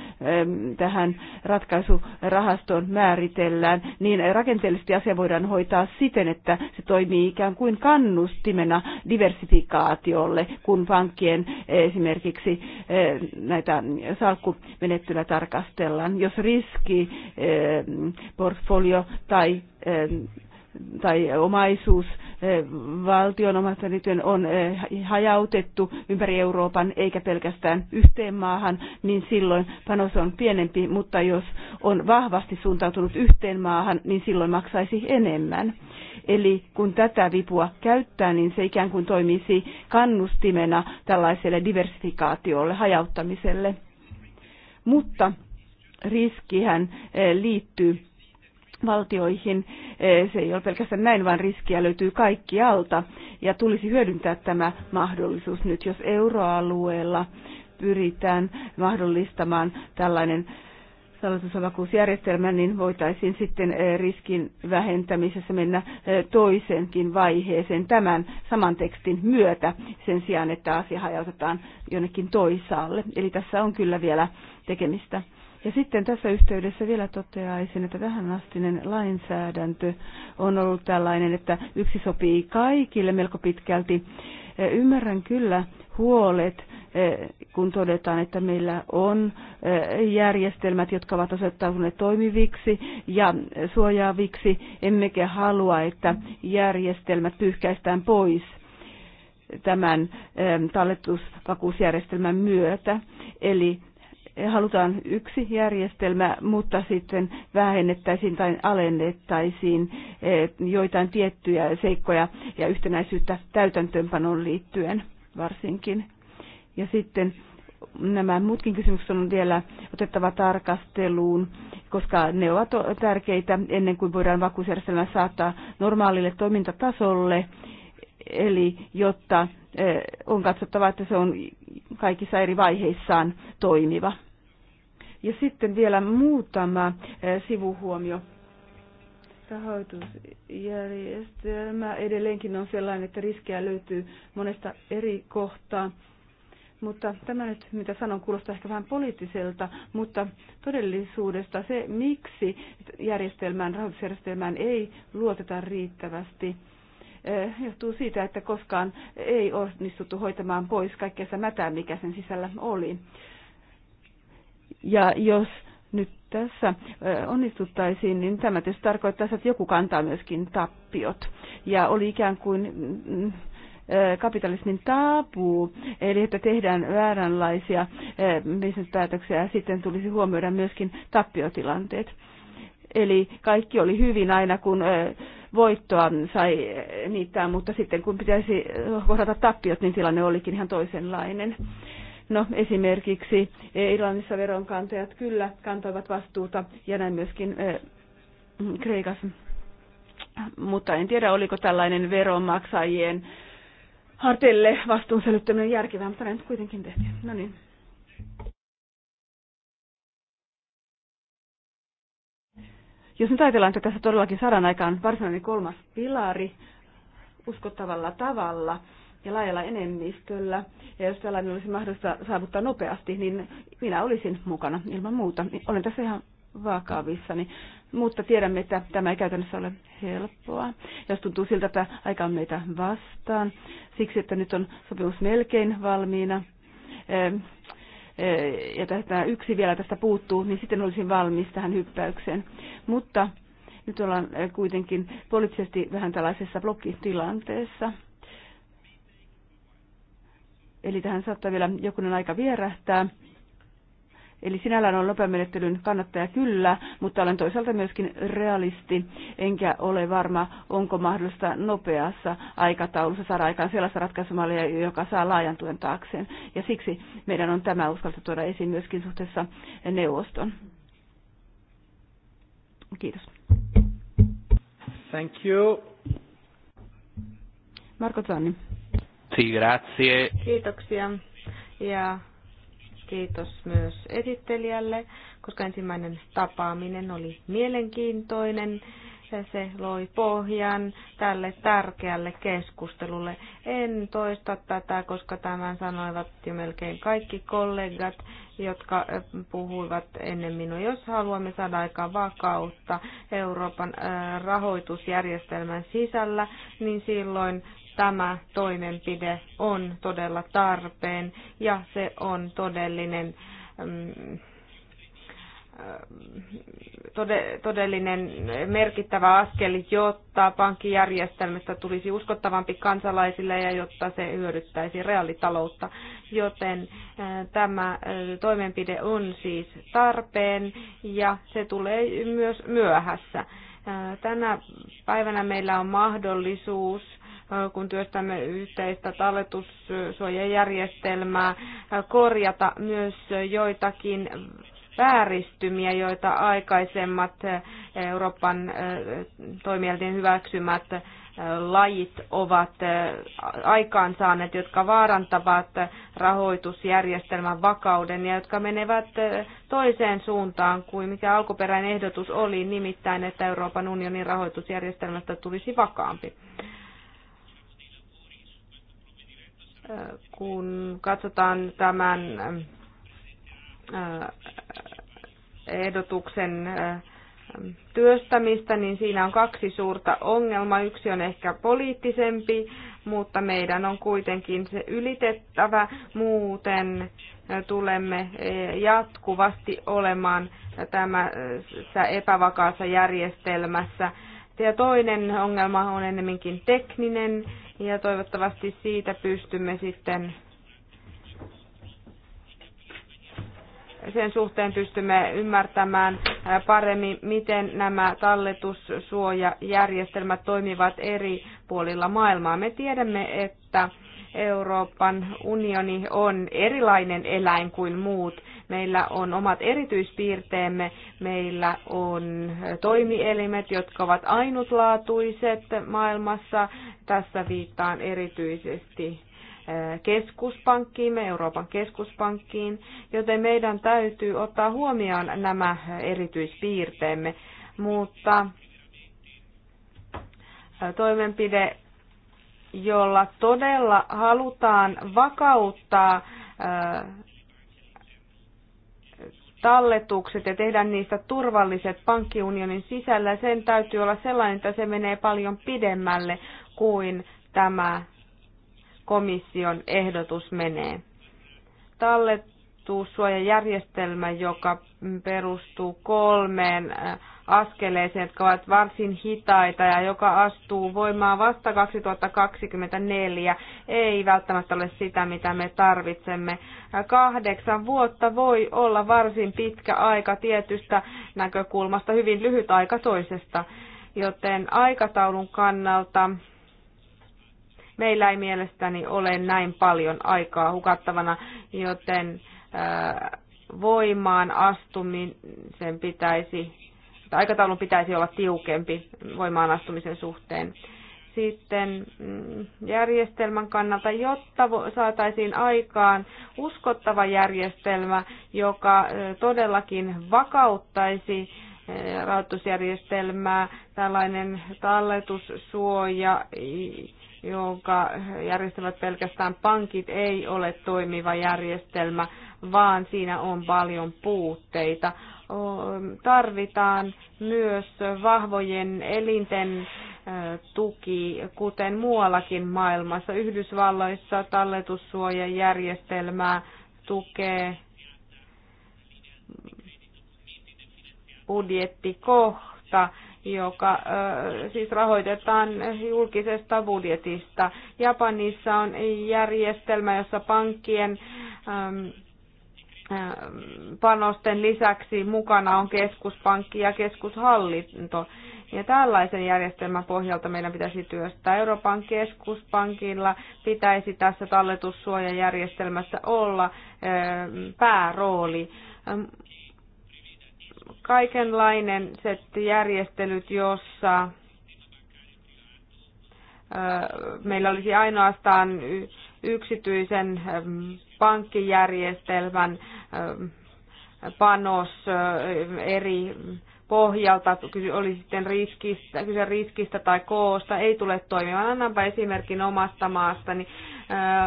tähän ratkaisurahastoon määritellään, niin rakenteellisesti asia voidaan hoitaa siten, että se toimii ikään kuin kannustimena diversifikaatiolle, kun pankkien esimerkiksi eh, näitä salkkumenettelyä tarkastellaan. Jos riski, portfolio tai tai omaisuus eh, valtion omasta liittyen on eh, hajautettu ympäri Euroopan eikä pelkästään yhteen maahan, niin silloin panos on pienempi, mutta jos on vahvasti suuntautunut yhteen maahan, niin silloin maksaisi enemmän. Eli kun tätä vipua käyttää, niin se ikään kuin toimisi kannustimena tällaiselle diversifikaatiolle, hajauttamiselle. Mutta riskihän eh, liittyy valtioihin. E, se ei ole pelkästään näin, vaan riskiä löytyy kaikkialta ja tulisi hyödyntää tämä mahdollisuus nyt, jos euroalueella pyritään mahdollistamaan tällainen salatusvakuusjärjestelmä, niin voitaisiin sitten e, riskin vähentämisessä mennä e, toisenkin vaiheeseen tämän saman tekstin myötä sen sijaan, että asia hajautetaan jonnekin toisaalle. Eli tässä on kyllä vielä tekemistä. Ja sitten tässä yhteydessä vielä toteaisin, että tähän astinen lainsäädäntö on ollut tällainen, että yksi sopii kaikille melko pitkälti. Eh, ymmärrän kyllä huolet, eh, kun todetaan, että meillä on eh, järjestelmät, jotka ovat osoittautuneet toimiviksi ja suojaaviksi, emmekä halua, että järjestelmät pyyhkäistään pois tämän talletusvakuusjärjestelmän myötä. Eli halutaan yksi järjestelmä, mutta sitten vähennettäisiin tai alennettaisiin eh, joitain tiettyjä seikkoja ja yhtenäisyyttä täytäntöönpanoon liittyen varsinkin. Ja sitten nämä muutkin kysymykset on vielä otettava tarkasteluun, koska ne ovat tärkeitä ennen kuin voidaan vakuusjärjestelmä saattaa normaalille toimintatasolle, eli jotta eh, on katsottava, että se on kaikissa eri vaiheissaan toimiva. Ja sitten vielä muutama eh, sivuhuomio. Rahoitusjärjestelmä edelleenkin on sellainen, että riskejä löytyy monesta eri kohtaa. Mutta tämä nyt, mitä sanon, kuulostaa ehkä vähän poliittiselta, mutta todellisuudesta se, miksi järjestelmään, rahoitusjärjestelmään ei luoteta riittävästi, eh, johtuu siitä, että koskaan ei onnistuttu hoitamaan pois kaikkea sitä mätää, mikä sen sisällä oli. Ja jos nyt tässä onnistuttaisiin, niin tämä tietysti tarkoittaisi, että joku kantaa myöskin tappiot. Ja oli ikään kuin mm, kapitalismin taapuu, eli että tehdään vääränlaisia bisnespäätöksiä ja sitten tulisi huomioida myöskin tappiotilanteet. Eli kaikki oli hyvin aina, kun voittoa sai niittää, mutta sitten kun pitäisi kohdata tappiot, niin tilanne olikin ihan toisenlainen. No esimerkiksi Irlannissa veronkantajat kyllä kantoivat vastuuta ja näin myöskin eh, Kreikassa. Mutta en tiedä, oliko tällainen veronmaksajien harteille vastuun sälyttäminen järkevää, mutta näin kuitenkin tehtiin. No niin. Jos nyt ajatellaan, että tässä todellakin saadaan aikaan varsinainen kolmas pilari uskottavalla tavalla, ja laajalla enemmistöllä. Ja jos tällainen olisi mahdollista saavuttaa nopeasti, niin minä olisin mukana ilman muuta. Niin olen tässä ihan vakavissani, mutta tiedämme, että tämä ei käytännössä ole helppoa. Jos tuntuu siltä, että aika on meitä vastaan, siksi että nyt on sopimus melkein valmiina, eh, eh, ja tästä yksi vielä tästä puuttuu, niin sitten olisin valmis tähän hyppäykseen. Mutta nyt ollaan eh, kuitenkin poliittisesti vähän tällaisessa blokkitilanteessa. Eli tähän saattaa vielä jokunen aika vierähtää. Eli sinällään on lopamenettelyn kannattaja kyllä, mutta olen toisaalta myöskin realisti, enkä ole varma, onko mahdollista nopeassa aikataulussa saada aikaan sellaista ratkaisumallia, joka saa laajan tuen taakseen. Ja siksi meidän on tämä uskalta tuoda esiin myöskin suhteessa neuvoston. Kiitos. Thank you. Marko Zanni grazie. Kiitoksia ja kiitos myös esittelijälle, koska ensimmäinen tapaaminen oli mielenkiintoinen. Se loi pohjan tälle tärkeälle keskustelulle. En toista tätä, koska tämän sanoivat jo melkein kaikki kollegat, jotka puhuivat ennen minua. Jos haluamme saada aikaan vakautta Euroopan rahoitusjärjestelmän sisällä, niin silloin tämä toimenpide on todella tarpeen ja se on todellinen mm, mm, todellinen merkittävä askel, jotta pankkijärjestelmästä tulisi uskottavampi kansalaisille ja jotta se hyödyttäisi reaalitaloutta. Joten äh, tämä äh, toimenpide on siis tarpeen ja se tulee myös myöhässä. Äh, tänä päivänä meillä on mahdollisuus kun työstämme yhteistä talletussuojajärjestelmää, korjata myös joitakin vääristymiä, joita aikaisemmat Euroopan toimielten hyväksymät lajit ovat aikaansaaneet, jotka vaarantavat rahoitusjärjestelmän vakauden ja jotka menevät toiseen suuntaan kuin mikä alkuperäinen ehdotus oli, nimittäin että Euroopan unionin rahoitusjärjestelmästä tulisi vakaampi kun katsotaan tämän ehdotuksen työstämistä, niin siinä on kaksi suurta ongelmaa. Yksi on ehkä poliittisempi, mutta meidän on kuitenkin se ylitettävä, muuten tulemme jatkuvasti olemaan tämässä epävakaassa järjestelmässä. Ja toinen ongelma on enemminkin tekninen ja toivottavasti siitä pystymme sitten sen suhteen pystymme ymmärtämään paremmin, miten nämä talletussuojajärjestelmät toimivat eri puolilla maailmaa. Me tiedämme, että Euroopan unioni on erilainen eläin kuin muut Meillä on omat erityispiirteemme, meillä on toimielimet, jotka ovat ainutlaatuiset maailmassa. Tässä viittaan erityisesti eh, keskuspankkiimme, Euroopan keskuspankkiin, joten meidän täytyy ottaa huomioon nämä erityispiirteemme, mutta eh, toimenpide, jolla todella halutaan vakauttaa eh, talletukset ja tehdä niistä turvalliset pankkiunionin sisällä. Sen täytyy olla sellainen, että se menee paljon pidemmälle kuin tämä komission ehdotus menee. Talletussuojajärjestelmä, joka perustuu kolmeen askeleeseen, jotka ovat varsin hitaita ja joka astuu voimaan vasta 2024, ei välttämättä ole sitä, mitä me tarvitsemme. Kahdeksan vuotta voi olla varsin pitkä aika tietystä näkökulmasta, hyvin lyhyt aika toisesta, joten aikataulun kannalta meillä ei mielestäni ole näin paljon aikaa hukattavana, joten voimaan astumisen pitäisi aikataulun pitäisi olla tiukempi voimaan astumisen suhteen. Sitten mm, järjestelmän kannalta, jotta saataisiin aikaan uskottava järjestelmä, joka todellakin vakauttaisi rahoitusjärjestelmää, tällainen talletussuoja, jonka järjestävät pelkästään pankit, ei ole toimiva järjestelmä, vaan siinä on paljon puutteita tarvitaan myös vahvojen elinten tuki, kuten muuallakin maailmassa. Yhdysvalloissa talletussuojajärjestelmää tukee budjettikohta, joka siis rahoitetaan julkisesta budjetista. Japanissa on järjestelmä, jossa pankkien panosten lisäksi mukana on keskuspankki ja keskushallinto. Ja tällaisen järjestelmän pohjalta meidän pitäisi työstää. Euroopan keskuspankilla pitäisi tässä talletussuojajärjestelmässä olla päärooli. Kaikenlainen järjestelyt, jossa meillä olisi ainoastaan yksityisen pankkijärjestelmän panos eri pohjalta, oli sitten riskistä, kyse riskistä tai koosta, ei tule toimimaan. Annanpa esimerkin omasta maastani.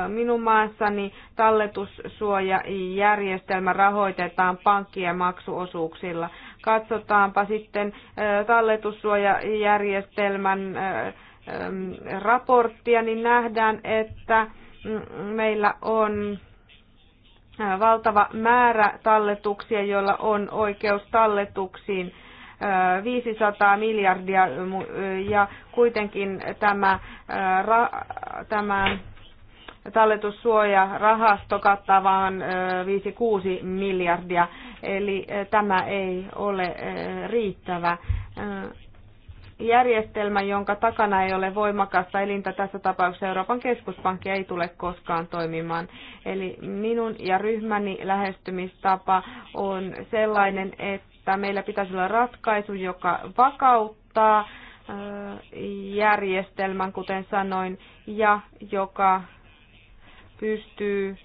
Minun maassani talletussuojajärjestelmä rahoitetaan pankkien maksuosuuksilla. Katsotaanpa sitten talletussuojajärjestelmän raporttia, niin nähdään, että mm, meillä on valtava määrä talletuksia, joilla on oikeus talletuksiin 500 miljardia ja kuitenkin tämä, tämä talletussuojarahasto kattaa vain 5-6 miljardia, eli tämä ei ole riittävä järjestelmä, jonka takana ei ole voimakasta elintä tässä tapauksessa Euroopan keskuspankki ei tule koskaan toimimaan. Eli minun ja ryhmäni lähestymistapa on sellainen, että meillä pitäisi olla ratkaisu, joka vakauttaa järjestelmän, kuten sanoin, ja joka pystyy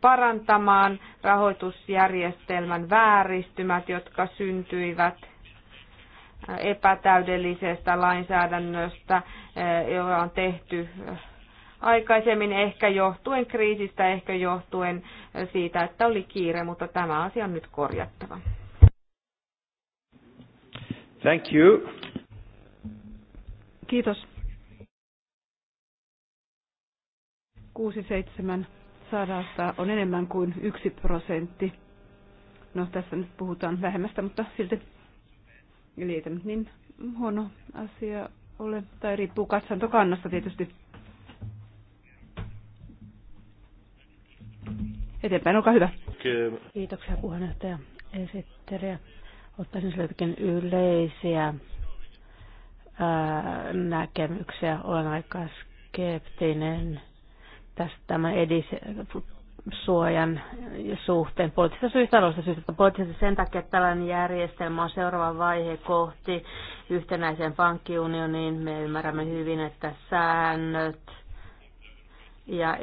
parantamaan rahoitusjärjestelmän vääristymät, jotka syntyivät – epätäydellisestä lainsäädännöstä, eh, joka on tehty eh, aikaisemmin ehkä johtuen kriisistä, ehkä johtuen eh, siitä, että oli kiire, mutta tämä asia on nyt korjattava. Thank you. Kiitos. 6-7 sadasta on enemmän kuin yksi prosentti. No tässä nyt puhutaan vähemmästä, mutta silti Eli ei tämä niin huono asia ole, tai riippuu katsantokannasta tietysti. Eteenpäin, olkaa hyvä. Kiitoksia puheenjohtaja esittelijä. Ottaisin sieltäkin yleisiä ää, näkemyksiä. Olen aika skeptinen tästä tämä edis, suojan suhteen poliittisista syistä, taloudellisista syistä. Poliittisesti sen takia että tällainen järjestelmä on seuraava vaihe kohti yhtenäiseen pankkiunioniin. Me ymmärrämme hyvin, että säännöt ja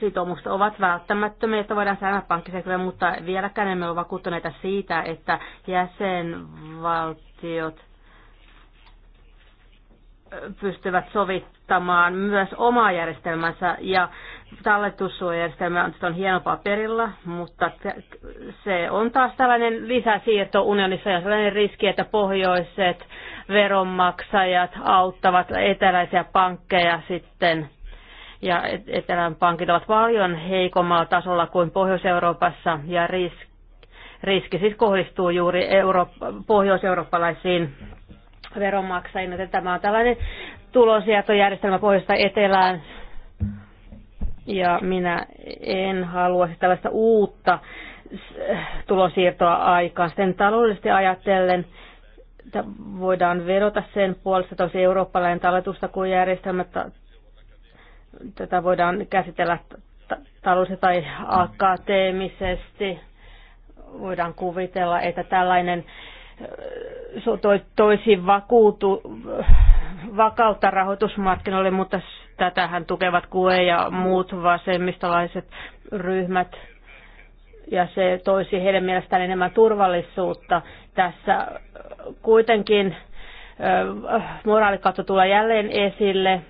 sitoumukset ovat välttämättömiä, että voidaan säännä pankkisektorille, mutta vieläkään emme ole vakuuttuneita siitä, että jäsenvaltiot pystyvät sovittamaan myös omaa järjestelmänsä ja talletussuojajärjestelmä on on hieno paperilla, mutta se on taas tällainen lisäsiirto unionissa ja sellainen riski, että pohjoiset veronmaksajat auttavat eteläisiä pankkeja sitten ja etelän pankit ovat paljon heikommalla tasolla kuin Pohjois-Euroopassa ja riski, riski siis kohdistuu juuri euro, pohjois-eurooppalaisiin veronmaksajiin. Tämä on tällainen tulosjärjestelmä pohjoista etelään ja minä en halua tällaista uutta tulosiirtoa aikaan. Sen taloudellisesti ajatellen voidaan vedota sen puolesta olisi eurooppalainen talletustakujärjestelmä. Tätä voidaan käsitellä taloudellisesti tai akateemisesti. Voidaan kuvitella, että tällainen toisiin vakuutu, vakautta rahoitusmarkkinoille, mutta tätähän tukevat KUE ja muut vasemmistolaiset ryhmät. Ja se toisi heidän mielestään enemmän turvallisuutta. Tässä kuitenkin moraalikatto tulee jälleen esille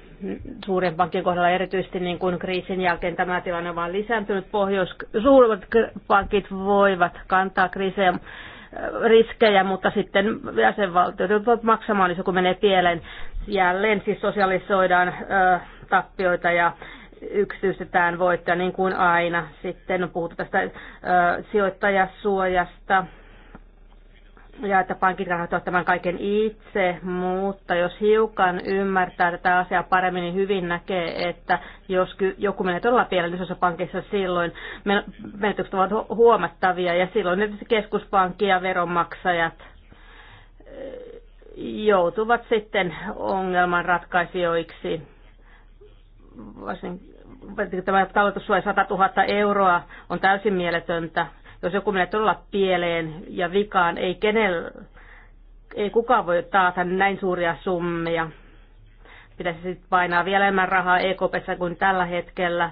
suuren pankin kohdalla erityisesti niin kuin kriisin jälkeen tämä tilanne on vain lisääntynyt. Pohjois- suuret pankit voivat kantaa kriisejä riskejä, mutta sitten jäsenvaltiot joutuvat maksamaan, jos joku menee pieleen. Jälleen siis sosialisoidaan ö, tappioita ja yksityistetään voittoja niin kuin aina. Sitten on puhuttu tästä ö, sijoittajasuojasta ja että pankit rahoittavat tämän kaiken itse, mutta jos hiukan ymmärtää tätä asiaa paremmin, niin hyvin näkee, että jos joku menee todella pieleen isossa pankissa, silloin menetykset ovat huomattavia ja silloin tietysti keskuspankki ja veronmaksajat eh, joutuvat sitten ongelman ratkaisijoiksi. tämä talletussuoja 100 000 euroa on täysin mieletöntä jos joku menee todella pieleen ja vikaan, ei, kenellä, ei kukaan voi taata näin suuria summia. Pitäisi sitten painaa vielä enemmän rahaa EKPssä kuin tällä hetkellä.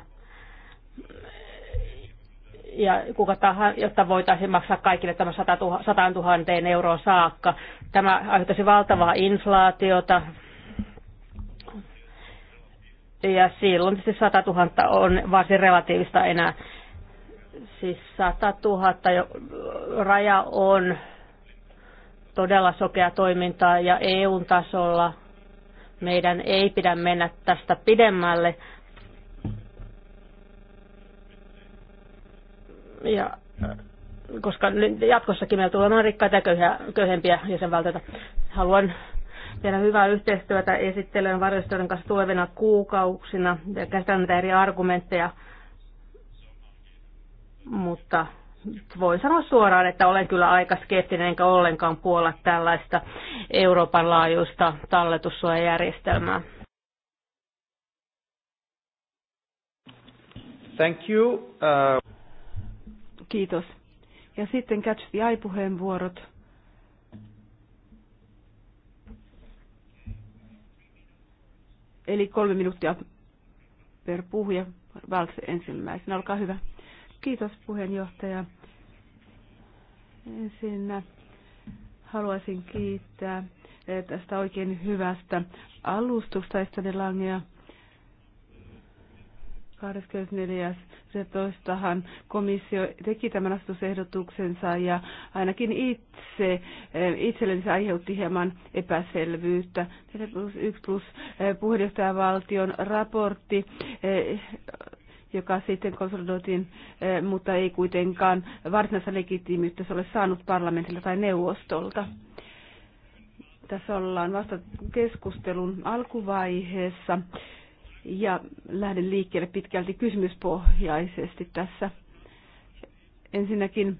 Ja kuka tahansa, jotta voitaisiin maksaa kaikille tämä 100 000 euroa saakka. Tämä aiheuttaisi valtavaa inflaatiota, ja silloin tietysti 100 000 on varsin relatiivista enää siis 100 000 raja on todella sokea toimintaa ja EUn tasolla meidän ei pidä mennä tästä pidemmälle. Ja, koska jatkossakin meillä tulee olemaan rikkaita ja köyhiä, köyhempiä jäsenvaltioita. Haluan tehdä hyvää yhteistyötä esittelyyn varjostoiden kanssa tulevina kuukausina ja käsitellä näitä eri argumentteja mutta voin sanoa suoraan, että olen kyllä aika skeptinen enkä ollenkaan puolla tällaista Euroopan laajuista talletussuojajärjestelmää. Thank you. Uh... Kiitos. Ja sitten Catch the Eye-puheenvuorot. Eli kolme minuuttia per puhuja. Valks ensimmäisenä, olkaa hyvä. Kiitos puheenjohtaja. Ensinnä haluaisin kiittää eh, tästä oikein hyvästä alustusta Estelle Langea. 24.11. komissio teki tämän asetusehdotuksensa ja ainakin itse, eh, itselleni se aiheutti hieman epäselvyyttä. 4 plus 1 plus eh, puheenjohtajavaltion raportti joka sitten konsolidoitiin, eh, mutta ei kuitenkaan varsinaista legitiimiyttä se ole saanut parlamentilta tai neuvostolta. Tässä ollaan vasta keskustelun alkuvaiheessa ja lähden liikkeelle pitkälti kysymyspohjaisesti tässä. Ensinnäkin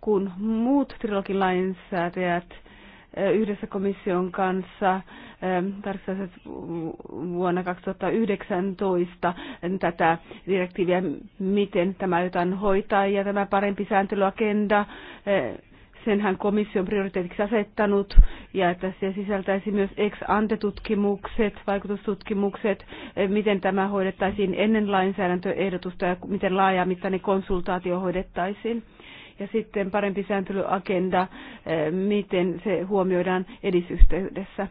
kun muut lainsäätäjät yhdessä komission kanssa tarkistaisivat vuonna 2019 tätä direktiiviä, miten tämä jotain hoitaa ja tämä parempi sääntelyagenda senhän komission prioriteetiksi asettanut, ja että se sisältäisi myös ex-ante-tutkimukset, vaikutustutkimukset, miten tämä hoidettaisiin ennen lainsäädäntöehdotusta ja miten laajamittainen konsultaatio hoidettaisiin ja sitten parempi sääntelyagenda, eh, miten se huomioidaan edisyhteydessä.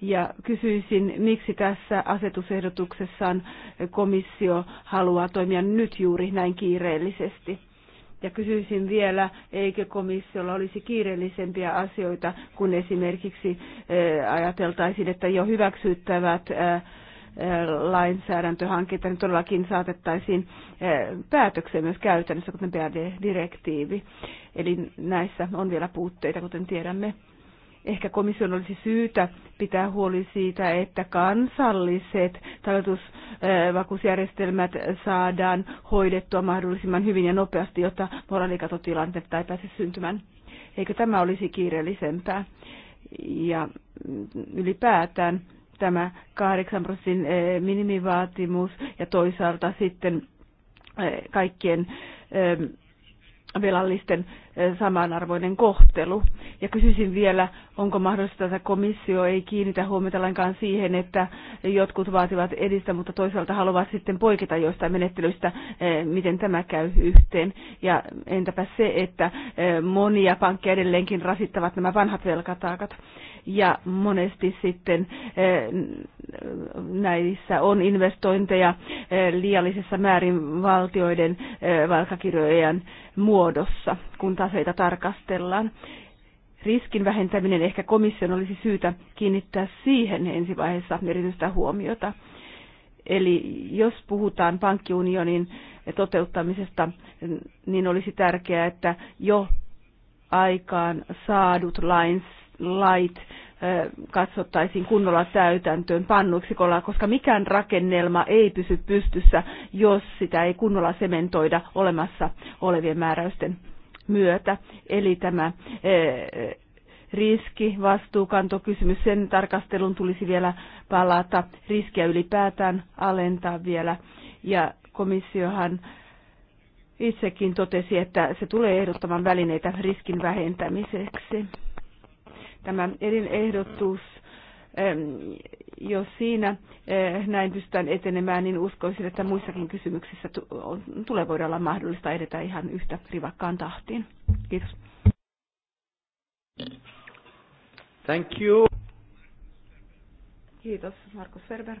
Ja kysyisin, miksi tässä asetusehdotuksessaan komissio haluaa toimia nyt juuri näin kiireellisesti. Ja kysyisin vielä, eikö komissiolla olisi kiireellisempiä asioita, kun esimerkiksi eh, ajateltaisiin, että jo hyväksyttävät eh, lainsäädäntöhankinta, niin todellakin saatettaisiin päätökseen myös käytännössä, kuten PRD-direktiivi. Eli näissä on vielä puutteita, kuten tiedämme. Ehkä komission olisi syytä pitää huoli siitä, että kansalliset talletusvakuusjärjestelmät saadaan hoidettua mahdollisimman hyvin ja nopeasti, jotta moraalikatotilannetta ei pääse syntymään. Eikö tämä olisi kiireellisempää? Ja ylipäätään tämä 8 prosentin eh, minimivaatimus ja toisaalta sitten eh, kaikkien eh, velallisten samanarvoinen kohtelu. Ja kysyisin vielä, onko mahdollista, että komissio ei kiinnitä huomiota lainkaan siihen, että jotkut vaativat edistä, mutta toisaalta haluavat sitten poiketa joistain menettelyistä, eh, miten tämä käy yhteen. Ja entäpä se, että eh, monia pankkeja edelleenkin rasittavat nämä vanhat velkataakat. Ja monesti sitten eh, näissä on investointeja liiallisessa määrin valtioiden valkakirjojen muodossa, kun taseita tarkastellaan. Riskin vähentäminen ehkä komission olisi syytä kiinnittää siihen ensi vaiheessa erityistä huomiota. Eli jos puhutaan pankkiunionin toteuttamisesta, niin olisi tärkeää, että jo aikaan saadut lains, lait katsottaisiin kunnolla täytäntöön pannuiksi, koska mikään rakennelma ei pysy pystyssä, jos sitä ei kunnolla sementoida olemassa olevien määräysten myötä. Eli tämä eh, riski, vastuukantokysymys, sen tarkastelun tulisi vielä palata, riskiä ylipäätään alentaa vielä. Ja komissiohan itsekin totesi, että se tulee ehdottamaan välineitä riskin vähentämiseksi. Tämä ehdotus jos siinä eh, näin pystytään etenemään, niin uskoisin, että muissakin kysymyksissä tulee voida olla mahdollista edetä ihan yhtä rivakkaan tahtiin. Kiitos. Thank you. Kiitos, Markus Ferber.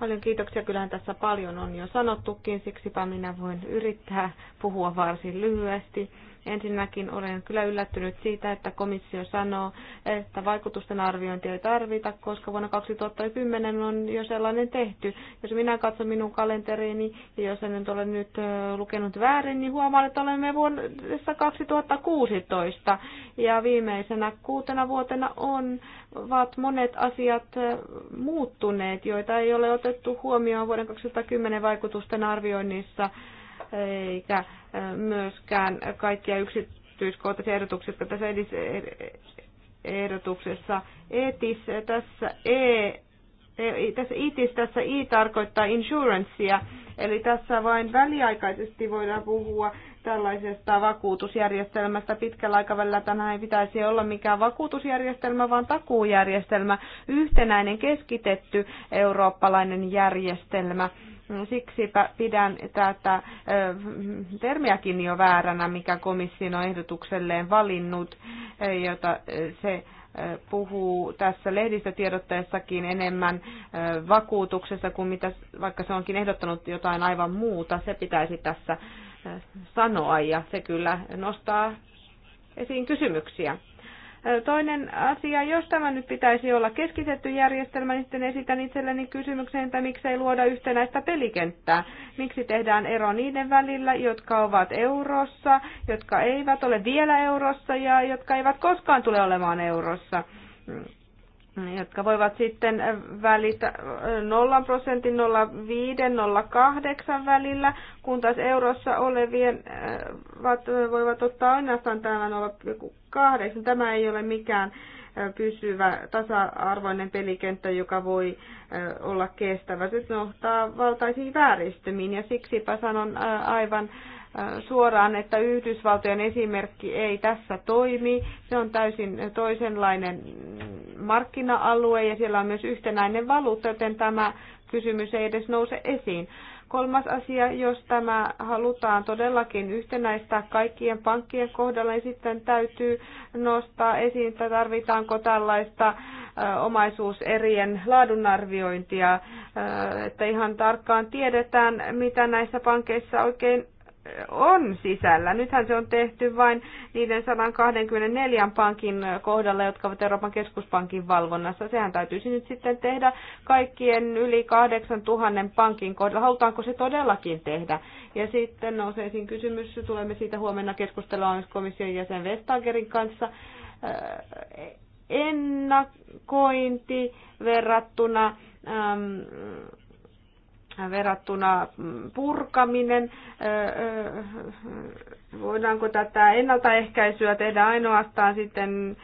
Paljon kiitoksia. Kyllähän tässä paljon on jo sanottukin, siksipä minä voin yrittää puhua varsin lyhyesti Ensinnäkin olen kyllä yllättynyt siitä, että komissio sanoo, että vaikutusten arviointia ei tarvita, koska vuonna 2010 on jo sellainen tehty. Jos minä katson minun kalenteriini ja jos en ole nyt lukenut väärin, niin huomaan, että olemme vuodessa 2016. Ja viimeisenä kuutena vuotena on, ovat monet asiat muuttuneet, joita ei ole otettu huomioon vuoden 2010 vaikutusten arvioinnissa eikä myöskään kaikkia yksityiskohtaisia ehdotuksia, jotka tässä edis, ehdotuksessa etis, tässä e, e tässä ITIS, tässä I tarkoittaa insurancea, eli tässä vain väliaikaisesti voidaan puhua tällaisesta vakuutusjärjestelmästä. Pitkällä aikavälillä tänään ei pitäisi olla mikään vakuutusjärjestelmä, vaan takuujärjestelmä, yhtenäinen keskitetty eurooppalainen järjestelmä. Mm, siksipä pidän tätä termiäkin jo vääränä, mikä komissio on ehdotukselleen valinnut, jota se puhuu tässä lehdistötiedotteessakin enemmän vakuutuksessa kuin mitä, vaikka se onkin ehdottanut jotain aivan muuta, se pitäisi tässä sanoa ja se kyllä nostaa esiin kysymyksiä. Toinen asia, jos tämä nyt pitäisi olla keskitetty järjestelmä, niin sitten esitän itselleni kysymyksen, että miksei luoda yhtenäistä pelikenttää. Miksi tehdään ero niiden välillä, jotka ovat eurossa, jotka eivät ole vielä eurossa ja jotka eivät koskaan tule olemaan eurossa? Mm jotka voivat sitten välitä 0 prosentin, 0,5, 0,8 välillä, kun taas eurossa olevien voivat ottaa ainoastaan tämä 0,8. Tämä ei ole mikään pysyvä tasa-arvoinen pelikenttä, joka voi olla kestävä. Se johtaa valtaisiin vääristymiin ja siksipä sanon aivan suoraan, että Yhdysvaltojen esimerkki ei tässä toimi. Se on täysin toisenlainen markkina-alue ja siellä on myös yhtenäinen valuutta, joten tämä kysymys ei edes nouse esiin. Kolmas asia, jos tämä halutaan todellakin yhtenäistää kaikkien pankkien kohdalla, niin sitten täytyy nostaa esiin, että tarvitaanko tällaista omaisuuserien laadunarviointia, että ihan tarkkaan tiedetään, mitä näissä pankeissa oikein on sisällä. Nythän se on tehty vain niiden 124 pankin kohdalla, jotka ovat Euroopan keskuspankin valvonnassa. Sehän täytyisi nyt sitten tehdä kaikkien yli 8000 pankin kohdalla. Halutaanko se todellakin tehdä? Ja sitten nouseisiin kysymys, tulemme siitä huomenna keskustelua komission jäsen Vestagerin kanssa. Äh, ennakointi verrattuna verrattuna mm, purkaminen. Voidaanko tätä ennaltaehkäisyä tehdä ainoastaan sitten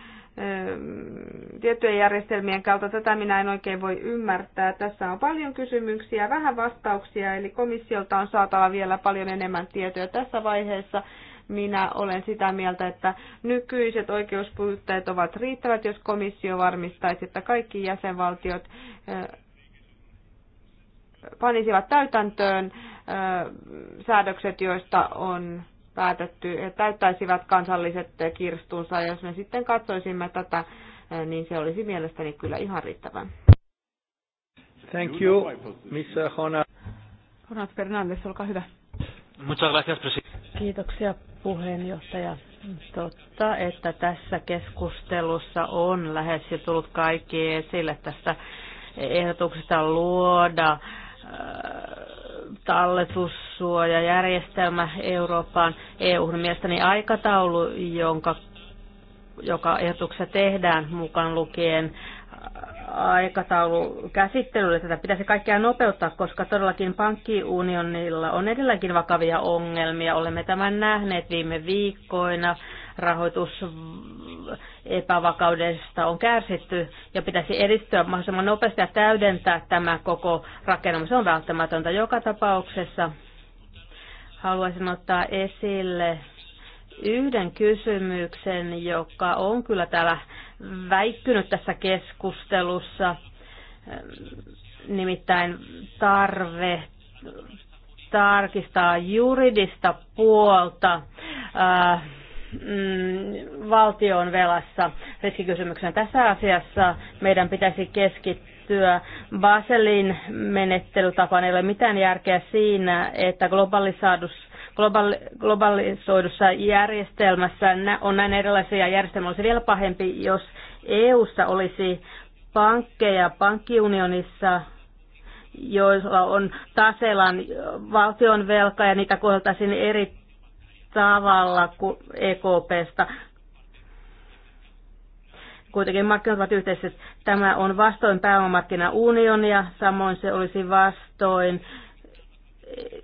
tiettyjen järjestelmien kautta. Tätä minä en oikein voi ymmärtää. Tässä on paljon kysymyksiä, vähän vastauksia, eli komissiolta on saatava vielä paljon enemmän tietoja tässä vaiheessa. Minä olen sitä mieltä, että nykyiset oikeuspuutteet ovat riittävät, jos komissio varmistaisi, että kaikki jäsenvaltiot panisivat täytäntöön säädökset, joista on päätetty, että täyttäisivät kansalliset kirstunsa. Jos me sitten katsoisimme tätä, niin se olisi mielestäni kyllä ihan riittävän. Thank you, Miss Hona. Hona Fernandes, olkaa hyvä. Muchas gracias, presidente. Kiitoksia puheenjohtaja. Totta, että tässä keskustelussa on lähes jo tullut kaikki esille tästä ehdotuksesta luoda äh, talletussuojajärjestelmä Eurooppaan EU-hun mielestäni aikataulu, jonka, joka ehdotuksessa tehdään mukaan lukien aikataulu käsittelylle. Tätä pitäisi kaikkea nopeuttaa, koska todellakin pankkiunionilla on edelläkin vakavia ongelmia. Olemme tämän nähneet viime viikkoina rahoitusepävakaudesta on kärsitty ja pitäisi edistyä mahdollisimman nopeasti ja täydentää tämä koko rakennelma. Se on välttämätöntä joka tapauksessa. Haluaisin ottaa esille yhden kysymyksen, joka on kyllä täällä väikkynyt tässä keskustelussa, nimittäin tarve tarkistaa juridista puolta. Äh, mm, valtion velassa riskikysymyksenä. Tässä asiassa meidän pitäisi keskittyä Baselin menettelytapaan. Ei ole mitään järkeä siinä, että globalisaadus globalisoidussa järjestelmässä on näin erilaisia järjestelmiä. Olisi vielä pahempi, jos EU:ssa olisi pankkeja pankkiunionissa, joilla on tasellaan valtion velka ja niitä kohdeltaisiin eri tavalla EKPstä. Kuitenkin markkinat ovat yhteiset. Tämä on vastoin pääomamarkkinaunionia, samoin se olisi vastoin eh,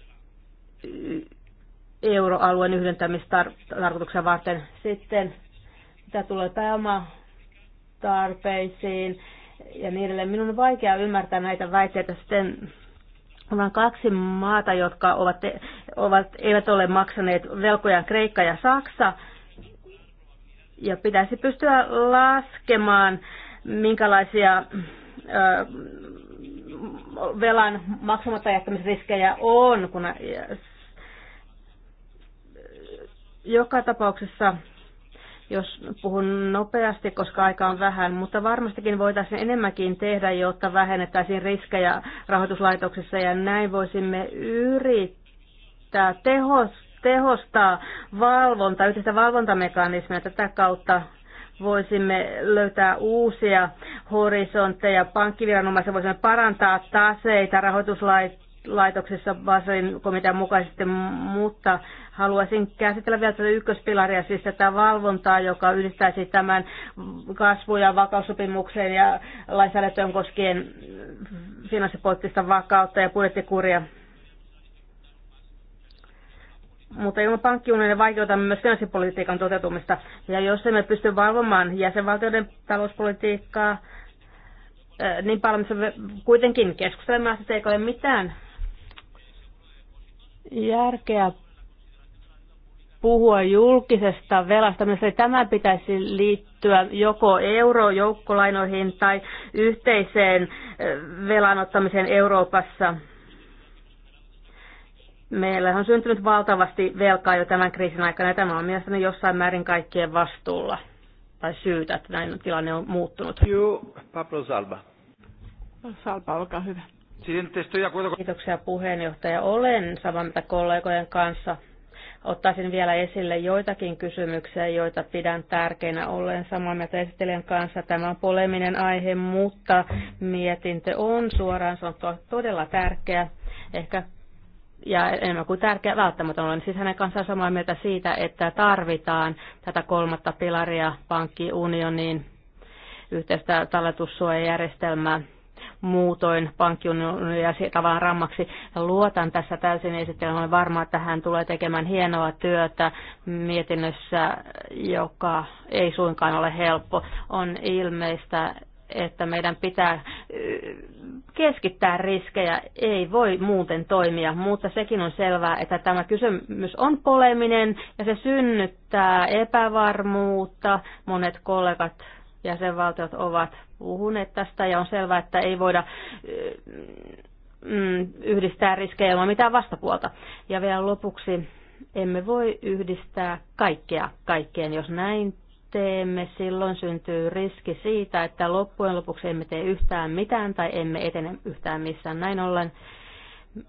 euroalueen yhdentämistarkoituksen varten. Sitten mitä tulee pääomatarpeisiin ja niin edelleen. Minun on vaikea ymmärtää näitä väitteitä. Sitten on kaksi maata, jotka ovat, ovat, eivät ole maksaneet velkojaan Kreikka ja Saksa. Ja pitäisi pystyä laskemaan, minkälaisia ö, velan maksamatta jättämisriskejä on, kun joka tapauksessa jos puhun nopeasti, koska aika on vähän, mutta varmastikin voitaisiin enemmänkin tehdä, jotta vähennettäisiin riskejä rahoituslaitoksissa ja näin voisimme yrittää tehostaa valvonta, yhteistä valvontamekanismia. Tätä kautta voisimme löytää uusia horisontteja. Pankkiviranomaisen voisimme parantaa taseita rahoituslait laitoksessa Baselin komitean mukaisesti, mutta haluaisin käsitellä vielä tätä ykköspilaria, siis tätä valvontaa, joka yhdistäisi tämän kasvu- ja vakaussopimukseen ja lainsäädäntöön koskien finanssipoliittista vakautta ja budjettikuria. Mutta ilman pankkiunionia vaikeuttaa myös finanssipolitiikan toteutumista. Ja jos emme pysty valvomaan jäsenvaltioiden talouspolitiikkaa, eh, niin paljon kuitenkin keskustelemme asiasta, ei ole mitään järkeä puhua julkisesta velasta. Mielestäni tämä pitäisi liittyä joko eurojoukkolainoihin tai yhteiseen velanottamiseen Euroopassa. Meillä on syntynyt valtavasti velkaa jo tämän kriisin aikana ja tämä on mielestäni jossain määrin kaikkien vastuulla tai syytä, että näin tilanne on muuttunut. Joo, Pablo Salva. Salva, olkaa hyvä. Kiitoksia puheenjohtaja. Olen samaa kollegojen kanssa. Ottaisin vielä esille joitakin kysymyksiä, joita pidän tärkeinä. Olen samaa mieltä esittelijän kanssa. Tämä on poleminen aihe, mutta mietintö on suoraan on todella tärkeä. Ehkä ja enemmän kuin tärkeä välttämätön olen siis hänen kanssaan samaa mieltä siitä, että tarvitaan tätä kolmatta pilaria pankkiunionin yhteistä talletussuojajärjestelmää muutoin pankkiunionin ja tavallaan rammaksi. Luotan tässä täysin esittelyyn. Olen varma, että hän tulee tekemään hienoa työtä mietinnössä, joka ei suinkaan ole helppo. On ilmeistä, että meidän pitää keskittää riskejä, ei voi muuten toimia, mutta sekin on selvää, että tämä kysymys on poleminen ja se synnyttää epävarmuutta. Monet kollegat jäsenvaltiot ovat puhuneet tästä ja on selvää, että ei voida mm, yhdistää riskejä ilman mitään vastapuolta. Ja vielä lopuksi, emme voi yhdistää kaikkea kaikkeen. Jos näin teemme, silloin syntyy riski siitä, että loppujen lopuksi emme tee yhtään mitään tai emme etene yhtään missään. Näin ollen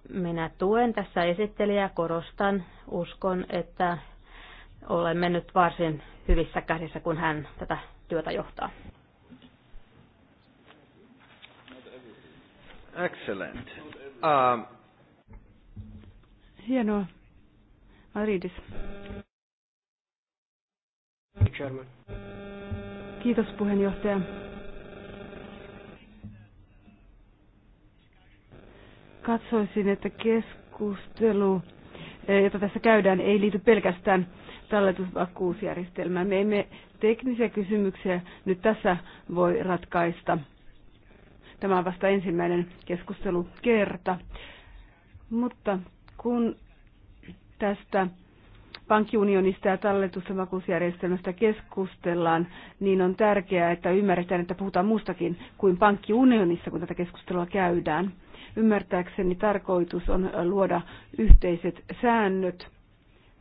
minä tuen tässä esittelijää, korostan, uskon, että olemme nyt varsin hyvissä käsissä, kun hän tätä työtä johtaa. Excellent. Um, Hienoa. Aridis. Chairman. Kiitos puheenjohtaja. Katsoisin, että keskustelu, eh, jota tässä käydään, ei liity pelkästään talletusvakuusjärjestelmään. Me emme teknisiä kysymyksiä nyt tässä voi ratkaista – Tämä on vasta ensimmäinen keskustelukerta. Mutta kun tästä pankkiunionista ja talletusvakuusjärjestelmästä keskustellaan, niin on tärkeää, että ymmärretään, että puhutaan muustakin kuin pankkiunionissa, kun tätä keskustelua käydään. Ymmärtääkseni tarkoitus on luoda yhteiset säännöt,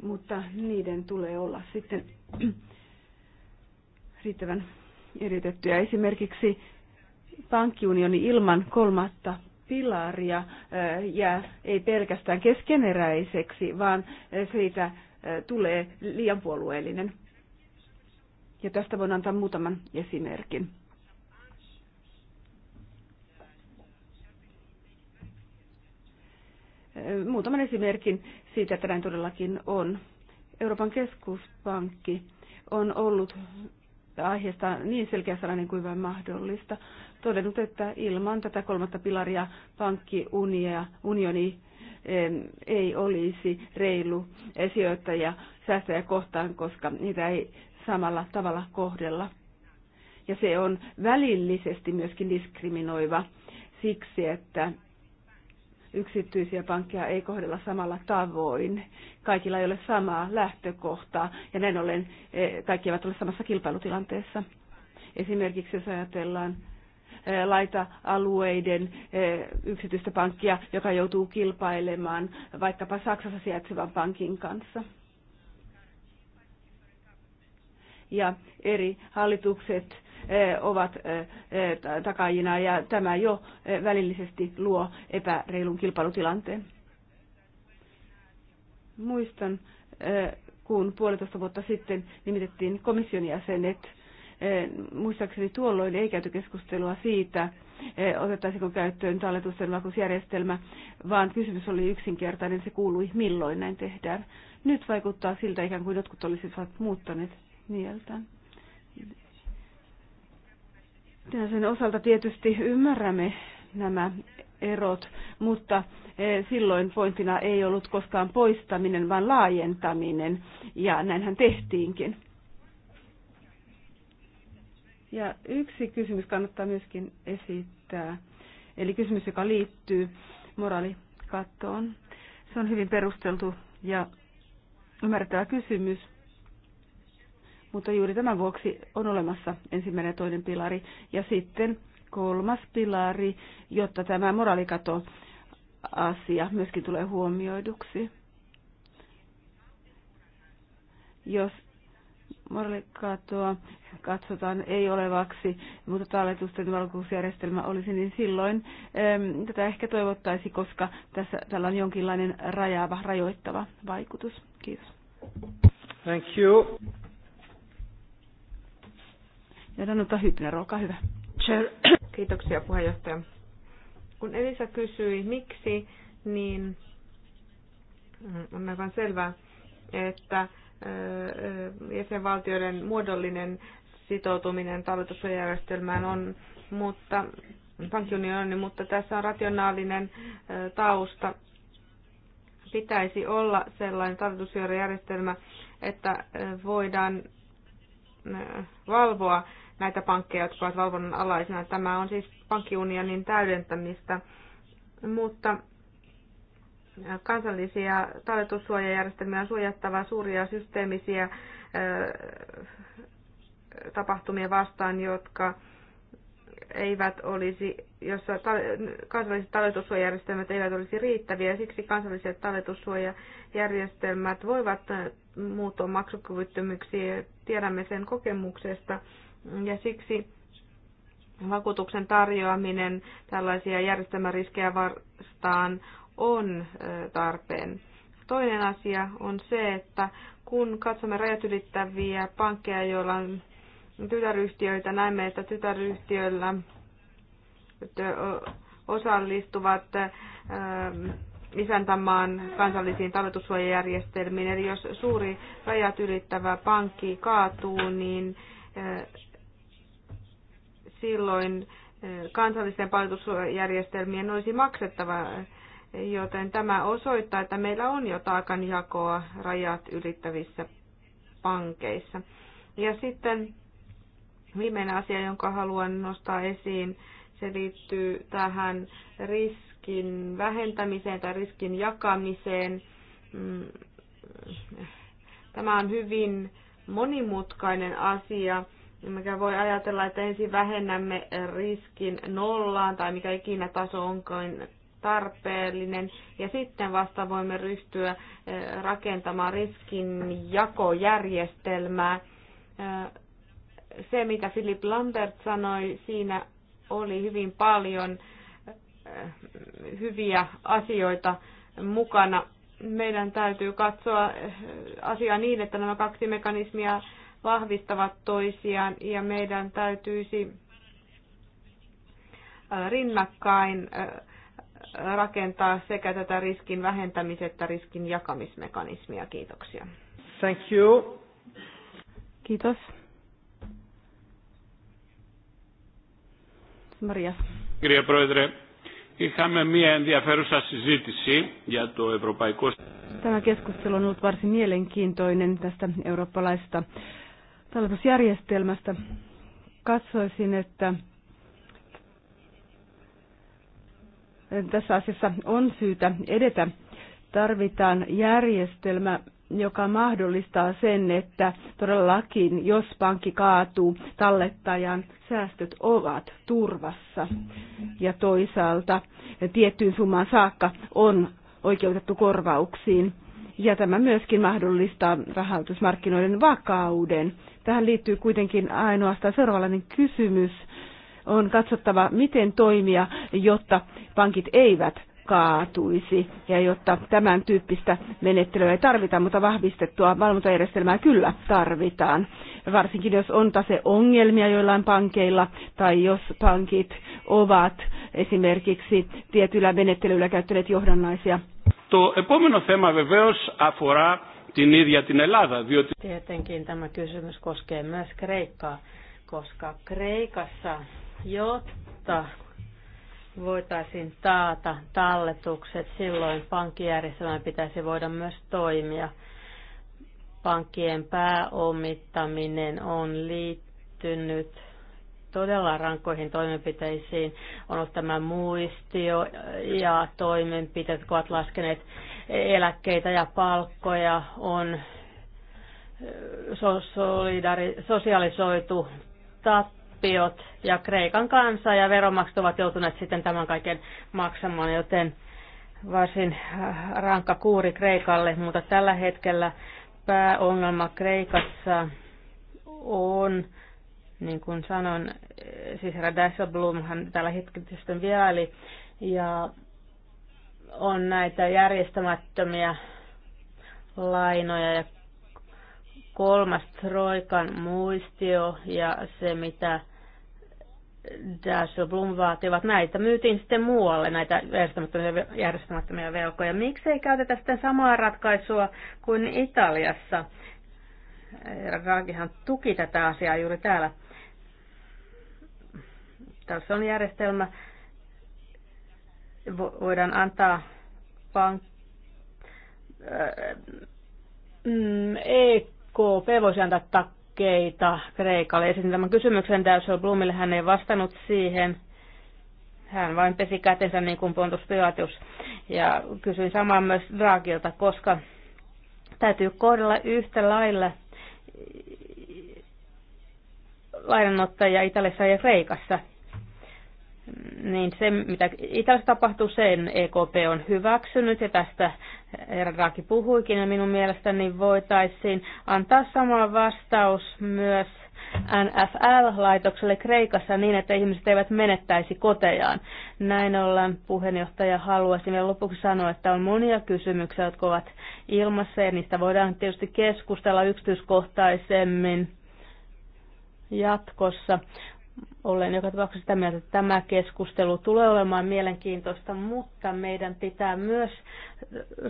mutta niiden tulee olla sitten riittävän eriytettyjä. Esimerkiksi pankkiunioni ilman kolmatta pilaria ja ei pelkästään keskeneräiseksi, vaan siitä tulee liian puolueellinen. Ja tästä voin antaa muutaman esimerkin. Muutaman esimerkin siitä, että näin todellakin on. Euroopan keskuspankki on ollut aiheesta niin selkeä sanainen kuin vain mahdollista. Todennut, että ilman tätä kolmatta pilaria pankkiunioni ei olisi reilu eh, sijoittajia säästäjä kohtaan, koska niitä ei samalla tavalla kohdella. Ja se on välillisesti myöskin diskriminoiva siksi, että yksityisiä pankkeja ei kohdella samalla tavoin. Kaikilla ei ole samaa lähtökohtaa ja näin ollen eh, kaikki eivät ole samassa kilpailutilanteessa. Esimerkiksi jos ajatellaan eh, laita-alueiden eh, yksityistä pankkia, joka joutuu kilpailemaan vaikkapa Saksassa sijaitsevan pankin kanssa. Ja eri hallitukset ovat takajina ja tämä jo välillisesti luo epäreilun kilpailutilanteen. Muistan, kun puolitoista vuotta sitten nimitettiin komission jäsenet, muistaakseni tuolloin ei käyty keskustelua siitä, otettaisiko käyttöön talletusten vakuusjärjestelmä, vaan kysymys oli yksinkertainen, se kuului milloin näin tehdään. Nyt vaikuttaa siltä ikään kuin jotkut olisivat muuttaneet mieltään. Ja sen osalta tietysti ymmärrämme nämä erot, mutta e, silloin pointtina ei ollut koskaan poistaminen, vaan laajentaminen, ja näinhän tehtiinkin. Ja yksi kysymys kannattaa myöskin esittää, eli kysymys, joka liittyy moraalikattoon. Se on hyvin perusteltu ja ymmärrettävä kysymys mutta juuri tämän vuoksi on olemassa ensimmäinen ja toinen pilari. Ja sitten kolmas pilari, jotta tämä moraalikato asia myöskin tulee huomioiduksi. Jos moraalikatoa katsotaan ei olevaksi, mutta talletusten valkuusjärjestelmä olisi, niin silloin äm, tätä ehkä toivottaisi, koska tässä tällä on jonkinlainen rajaava, rajoittava vaikutus. Kiitos. Thank you. Ja Danuta Hybner, olkaa hyvä. Kiitoksia puheenjohtaja. Kun Elisa kysyi miksi, niin äh, on aivan selvää, että äh, äh, jäsenvaltioiden muodollinen sitoutuminen talletussuojajärjestelmään on, mutta pankkiunioni, mutta tässä on rationaalinen tausta. Pitäisi olla sellainen talletussuojajärjestelmä, että voidaan valvoa näitä pankkeja, jotka ovat valvonnan alaisena. Tämä on siis pankkiunionin täydentämistä, mutta kansallisia talletussuojajärjestelmiä on suojattava suuria systeemisiä tapahtumia vastaan, jotka eivät olisi, jossa kansalliset talletussuojajärjestelmät eivät olisi riittäviä, siksi kansalliset talletussuojajärjestelmät voivat muuttua maksukyvyttömyyksiä. Tiedämme sen kokemuksesta, ja siksi vakuutuksen tarjoaminen tällaisia järjestelmäriskejä vastaan on tarpeen. Toinen asia on se, että kun katsomme rajat ylittäviä pankkeja, joilla on tytäryhtiöitä, näemme, että tytäryhtiöillä osallistuvat isäntämaan kansallisiin talletussuojajärjestelmiin. Eli jos suuri rajat ylittävä pankki kaatuu, niin silloin eh, kansallisten palautusjärjestelmien olisi maksettava, joten tämä osoittaa, että meillä on jo taakanjakoa rajat ylittävissä pankeissa. Ja sitten viimeinen asia, jonka haluan nostaa esiin, se liittyy tähän riskin vähentämiseen tai riskin jakamiseen. Mm, tämä on hyvin monimutkainen asia mikä voi ajatella, että ensin vähennämme riskin nollaan tai mikä ikinä taso onkaan tarpeellinen ja sitten vasta voimme ryhtyä eh, rakentamaan riskin jakojärjestelmää. Eh, se, mitä Philip Lambert sanoi, siinä oli hyvin paljon eh, hyviä asioita mukana. Meidän täytyy katsoa asiaa niin, että nämä kaksi mekanismia vahvistavat toisiaan ja meidän täytyisi rinnakkain rakentaa sekä tätä riskin vähentämis- että riskin jakamismekanismia. Kiitoksia. Thank you. Kiitos. Maria. Κύριε Πρόεδρε, είχαμε μία ενδιαφέρουσα συζήτηση για το ευρωπαϊκό... Tämä keskustelu on ollut varsin mielenkiintoinen tästä eurooppalaista järjestelmästä katsoisin, että tässä asiassa on syytä edetä. Tarvitaan järjestelmä, joka mahdollistaa sen, että todellakin, jos pankki kaatuu, tallettajan säästöt ovat turvassa. Ja toisaalta tiettyyn summaan saakka on oikeutettu korvauksiin. Ja tämä myöskin mahdollistaa rahoitusmarkkinoiden vakauden Tähän liittyy kuitenkin ainoastaan seuraavallinen kysymys. On katsottava, miten toimia, jotta pankit eivät kaatuisi ja jotta tämän tyyppistä menettelyä ei tarvita, mutta vahvistettua valvontajärjestelmää kyllä tarvitaan. Varsinkin jos on tase ongelmia joillain pankeilla tai jos pankit ovat esimerkiksi tietyillä menettelyillä käyttäneet johdannaisia. Το επόμενο θέμα βεβαίως αφορά την ίδια την Ελλάδα. Διότι... Tietenkin tämä kysymys koskee myös Kreikkaa, koska Kreikassa, jotta voitaisiin taata talletukset, silloin pankkijärjestelmän pitäisi voida myös toimia. Pankkien pääomittaminen on liittynyt todella rankoihin toimenpiteisiin. On ollut tämä muistio ja toimenpiteet, jotka ovat laskeneet eläkkeitä ja palkkoja on solidari- sosialisoitu tappiot ja Kreikan kanssa ja veromaksut ovat joutuneet sitten tämän kaiken maksamaan, joten varsin äh, rankka kuuri Kreikalle, mutta tällä hetkellä pääongelma Kreikassa on, niin kuin sanon, siis herra Blum, hän tällä hetkellä sitten vieraili, ja on näitä järjestämättömiä lainoja ja kolmas Troikan muistio ja se, mitä Dasselblom vaativat. Näitä myytiin sitten muualle, näitä järjestämättömiä, järjestämättömiä velkoja. Miksei käytetä sitten samaa ratkaisua kuin Italiassa? Raakihan tuki tätä asiaa juuri täällä. Tässä on järjestelmä, voidaan antaa pank- äh, mm, EKP voisi antaa takkeita Kreikalle. Esitin tämän kysymyksen Dyssel Blumille, hän ei vastannut siihen. Hän vain pesi kätensä niin kuin Pontus Pilatus. Ja kysyin samaa myös Draagilta, koska täytyy kohdella yhtä lailla lainanottajia Italiassa ja Kreikassa – niin se, mitä Italiassa tapahtuu, sen EKP on hyväksynyt ja tästä Raki puhuikin ja minun mielestäni voitaisiin antaa sama vastaus myös NFL-laitokselle Kreikassa niin, että ihmiset eivät menettäisi kotejaan. Näin ollen puheenjohtaja haluaisin vielä lopuksi sanoa, että on monia kysymyksiä, jotka ovat ilmassa ja niistä voidaan tietysti keskustella yksityiskohtaisemmin jatkossa, olen joka tapauksessa sitä mieltä, että tämä keskustelu tulee olemaan mielenkiintoista, mutta meidän pitää myös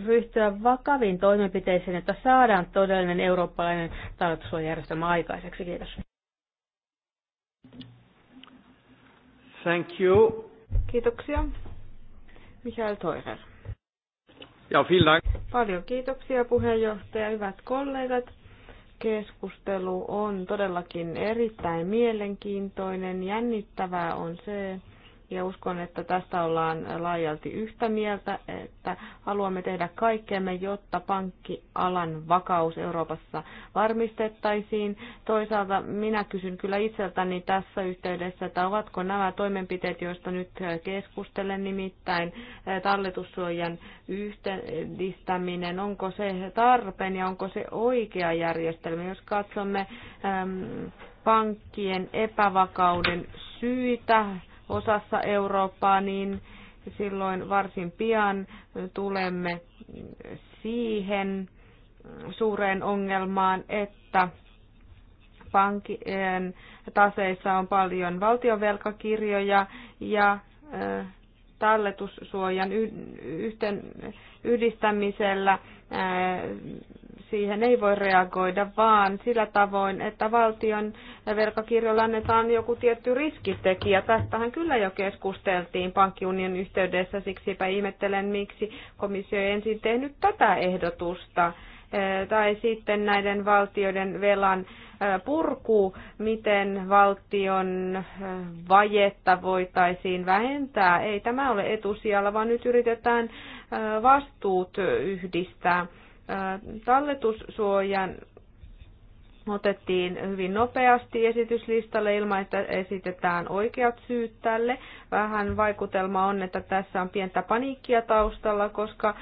ryhtyä vakaviin toimenpiteisiin, että saadaan todellinen eurooppalainen talletussuojajärjestelmä aikaiseksi. Kiitos. Thank you. Kiitoksia. Michael Toirer. Ja, vielen Paljon kiitoksia puheenjohtaja, hyvät kollegat keskustelu on todellakin erittäin mielenkiintoinen. Jännittävää on se, ja uskon, että tästä ollaan laajalti yhtä mieltä, että haluamme tehdä kaikkemme, jotta pankkialan vakaus Euroopassa varmistettaisiin. Toisaalta minä kysyn kyllä itseltäni tässä yhteydessä, että ovatko nämä toimenpiteet, joista nyt keskustelen, nimittäin talletussuojan yhdistäminen, onko se tarpeen ja onko se oikea järjestelmä, jos katsomme pankkien epävakauden syitä, osassa Eurooppaa, niin silloin varsin pian tulemme siihen suureen ongelmaan, että pankkien taseissa on paljon valtionvelkakirjoja ja äh, talletussuojan yhdistämisellä äh, siihen ei voi reagoida, vaan sillä tavoin, että valtion velkakirjoilla annetaan joku tietty riskitekijä. Tästähän kyllä jo keskusteltiin pankkiunion yhteydessä, siksipä ihmettelen, miksi komissio ei ensin tehnyt tätä ehdotusta tai sitten näiden valtioiden velan purku, miten valtion vajetta voitaisiin vähentää. Ei tämä ole etusijalla, vaan nyt yritetään vastuut yhdistää talletussuojan otettiin hyvin nopeasti esityslistalle ilman, että esitetään oikeat syyt tälle. Vähän vaikutelma on, että tässä on pientä paniikkia taustalla, koska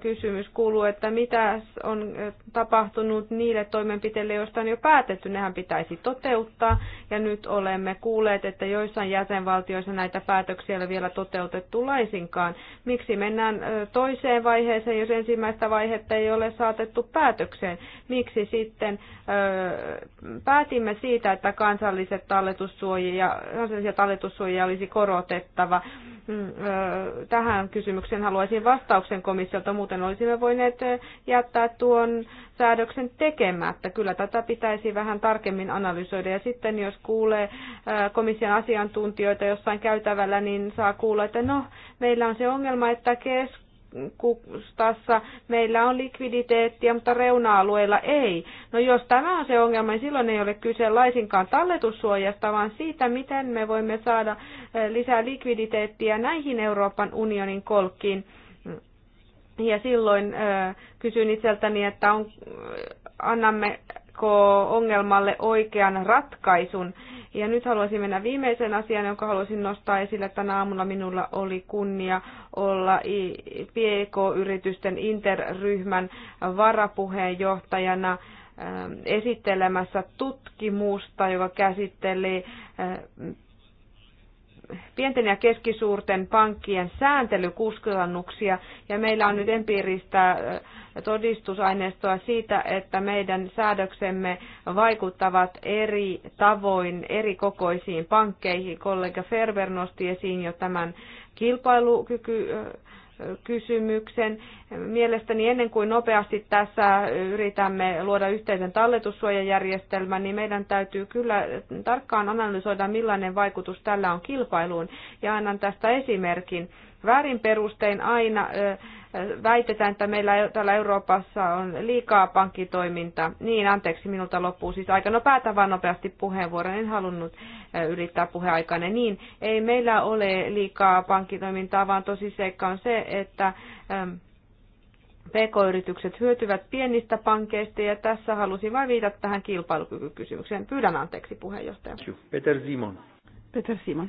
kysymys kuuluu, että mitä on tapahtunut niille toimenpiteille, joista on jo päätetty, nehän pitäisi toteuttaa. Ja nyt olemme kuulleet, että joissain jäsenvaltioissa näitä päätöksiä ei ole vielä toteutettu laisinkaan. Miksi mennään toiseen vaiheeseen, jos ensimmäistä vaihetta ei ole saatettu päätökseen? Miksi sitten päätimme siitä, että kansalliset talletussuojia, kansallisia talletussuojia olisi korotettava. Mm, tähän kysymykseen haluaisin vastauksen komissiolta, muuten olisimme voineet jättää tuon säädöksen tekemättä. Kyllä tätä pitäisi vähän tarkemmin analysoida ja sitten jos kuulee komission asiantuntijoita jossain käytävällä, niin saa kuulla, että no, meillä on se ongelma, että kesk kustassa meillä on likviditeettiä, mutta reuna-alueilla ei. No jos tämä on se ongelma, niin silloin ei ole kyse laisinkaan talletussuojasta, vaan siitä, miten me voimme saada eh, lisää likviditeettiä näihin Euroopan unionin kolkkiin. Ja silloin eh, kysyn itseltäni, että on, eh, annammeko ongelmalle oikean ratkaisun ja nyt haluaisin mennä viimeiseen asiaan, jonka haluaisin nostaa esille. Tänä aamuna minulla oli kunnia olla PK-yritysten interryhmän varapuheenjohtajana ähm, esittelemässä tutkimusta, joka käsitteli äh, pienten ja keskisuurten pankkien sääntelykustannuksia ja meillä on nyt empiiristä todistusaineistoa siitä, että meidän säädöksemme vaikuttavat eri tavoin eri kokoisiin pankkeihin. Kollega Ferber nosti esiin jo tämän kilpailukyky kysymyksen. Mielestäni ennen kuin nopeasti tässä yritämme luoda yhteisen talletussuojajärjestelmän, niin meidän täytyy kyllä tarkkaan analysoida, millainen vaikutus tällä on kilpailuun. Ja annan tästä esimerkin väärin perustein aina väitetään, että meillä täällä Euroopassa on liikaa pankkitoimintaa. Niin, anteeksi, minulta loppuu siis aika. No päätän vaan nopeasti puheenvuoron, en halunnut ylittää puheaikana. Niin, ei meillä ole liikaa pankkitoimintaa, vaan tosi seikka on se, että PK-yritykset hyötyvät pienistä pankeista ja tässä halusin vain viitata tähän kilpailukykykysymykseen. Pyydän anteeksi puheenjohtaja. Peter Simon. Peter Simon.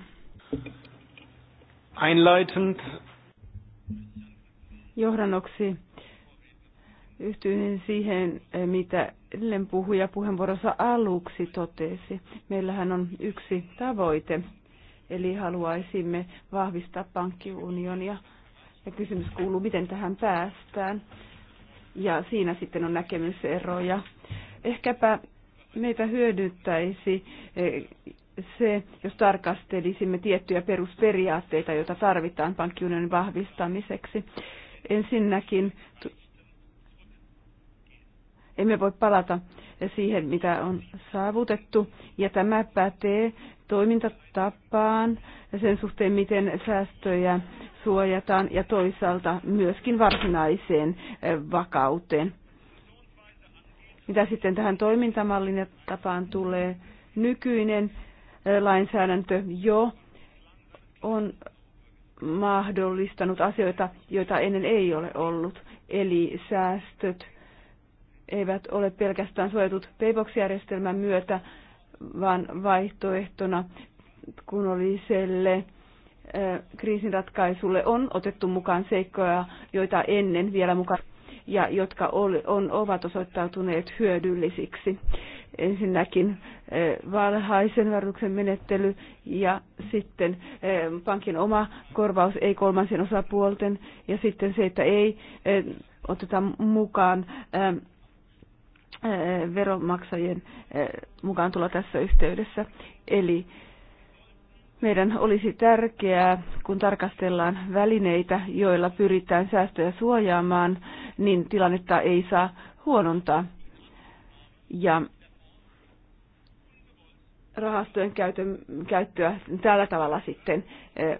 Einleitend. Johdannoksi yhtyin siihen, mitä Ellen puhuja puheenvuorossa aluksi totesi. Meillähän on yksi tavoite, eli haluaisimme vahvistaa pankkiunionia. Ja kysymys kuuluu, miten tähän päästään. Ja siinä sitten on näkemyseroja. Ehkäpä meitä hyödyttäisi se, jos tarkastelisimme tiettyjä perusperiaatteita, joita tarvitaan pankkiunionin vahvistamiseksi. Ensinnäkin emme voi palata siihen, mitä on saavutettu, ja tämä pätee toimintatapaan ja sen suhteen, miten säästöjä suojataan, ja toisaalta myöskin varsinaiseen eh, vakauteen. Mitä sitten tähän toimintamallin ja tapaan tulee, nykyinen lainsäädäntö jo on mahdollistanut asioita, joita ennen ei ole ollut. Eli säästöt eivät ole pelkästään suojatut Paybox-järjestelmän myötä, vaan vaihtoehtona kunnolliselle kriisinratkaisulle on otettu mukaan seikkoja, joita ennen vielä mukaan ja jotka on, ovat osoittautuneet hyödyllisiksi. Ensinnäkin eh, varhaisen varoituksen menettely ja sitten eh, pankin oma korvaus ei kolmansien osapuolten ja sitten se, että ei eh, oteta mukaan veronmaksajien mukaan tulla tässä yhteydessä. Eli meidän olisi tärkeää, kun tarkastellaan välineitä, joilla pyritään säästöjä suojaamaan, niin tilannetta ei saa huonontaa. Ja rahastojen käytön, käyttöä tällä tavalla sitten eh,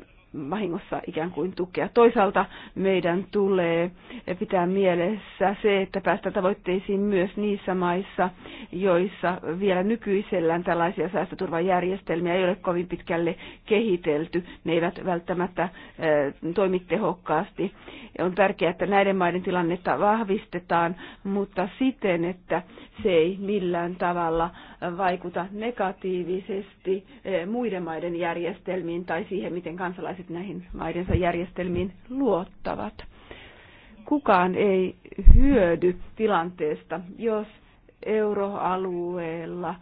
vahingossa ikään kuin tukea. Toisaalta meidän tulee pitää mielessä se, että päästä tavoitteisiin myös niissä maissa, joissa vielä nykyisellään tällaisia säästöturvajärjestelmiä ei ole kovin pitkälle kehitelty. Ne eivät välttämättä eh, toimi tehokkaasti. On tärkeää, että näiden maiden tilannetta vahvistetaan, mutta siten, että se ei millään tavalla vaikuta negatiivisesti eh, muiden maiden järjestelmiin tai siihen, miten kansalaiset kansalaiset näihin maidensa järjestelmiin luottavat. Kukaan ei hyödy tilanteesta, jos euroalueella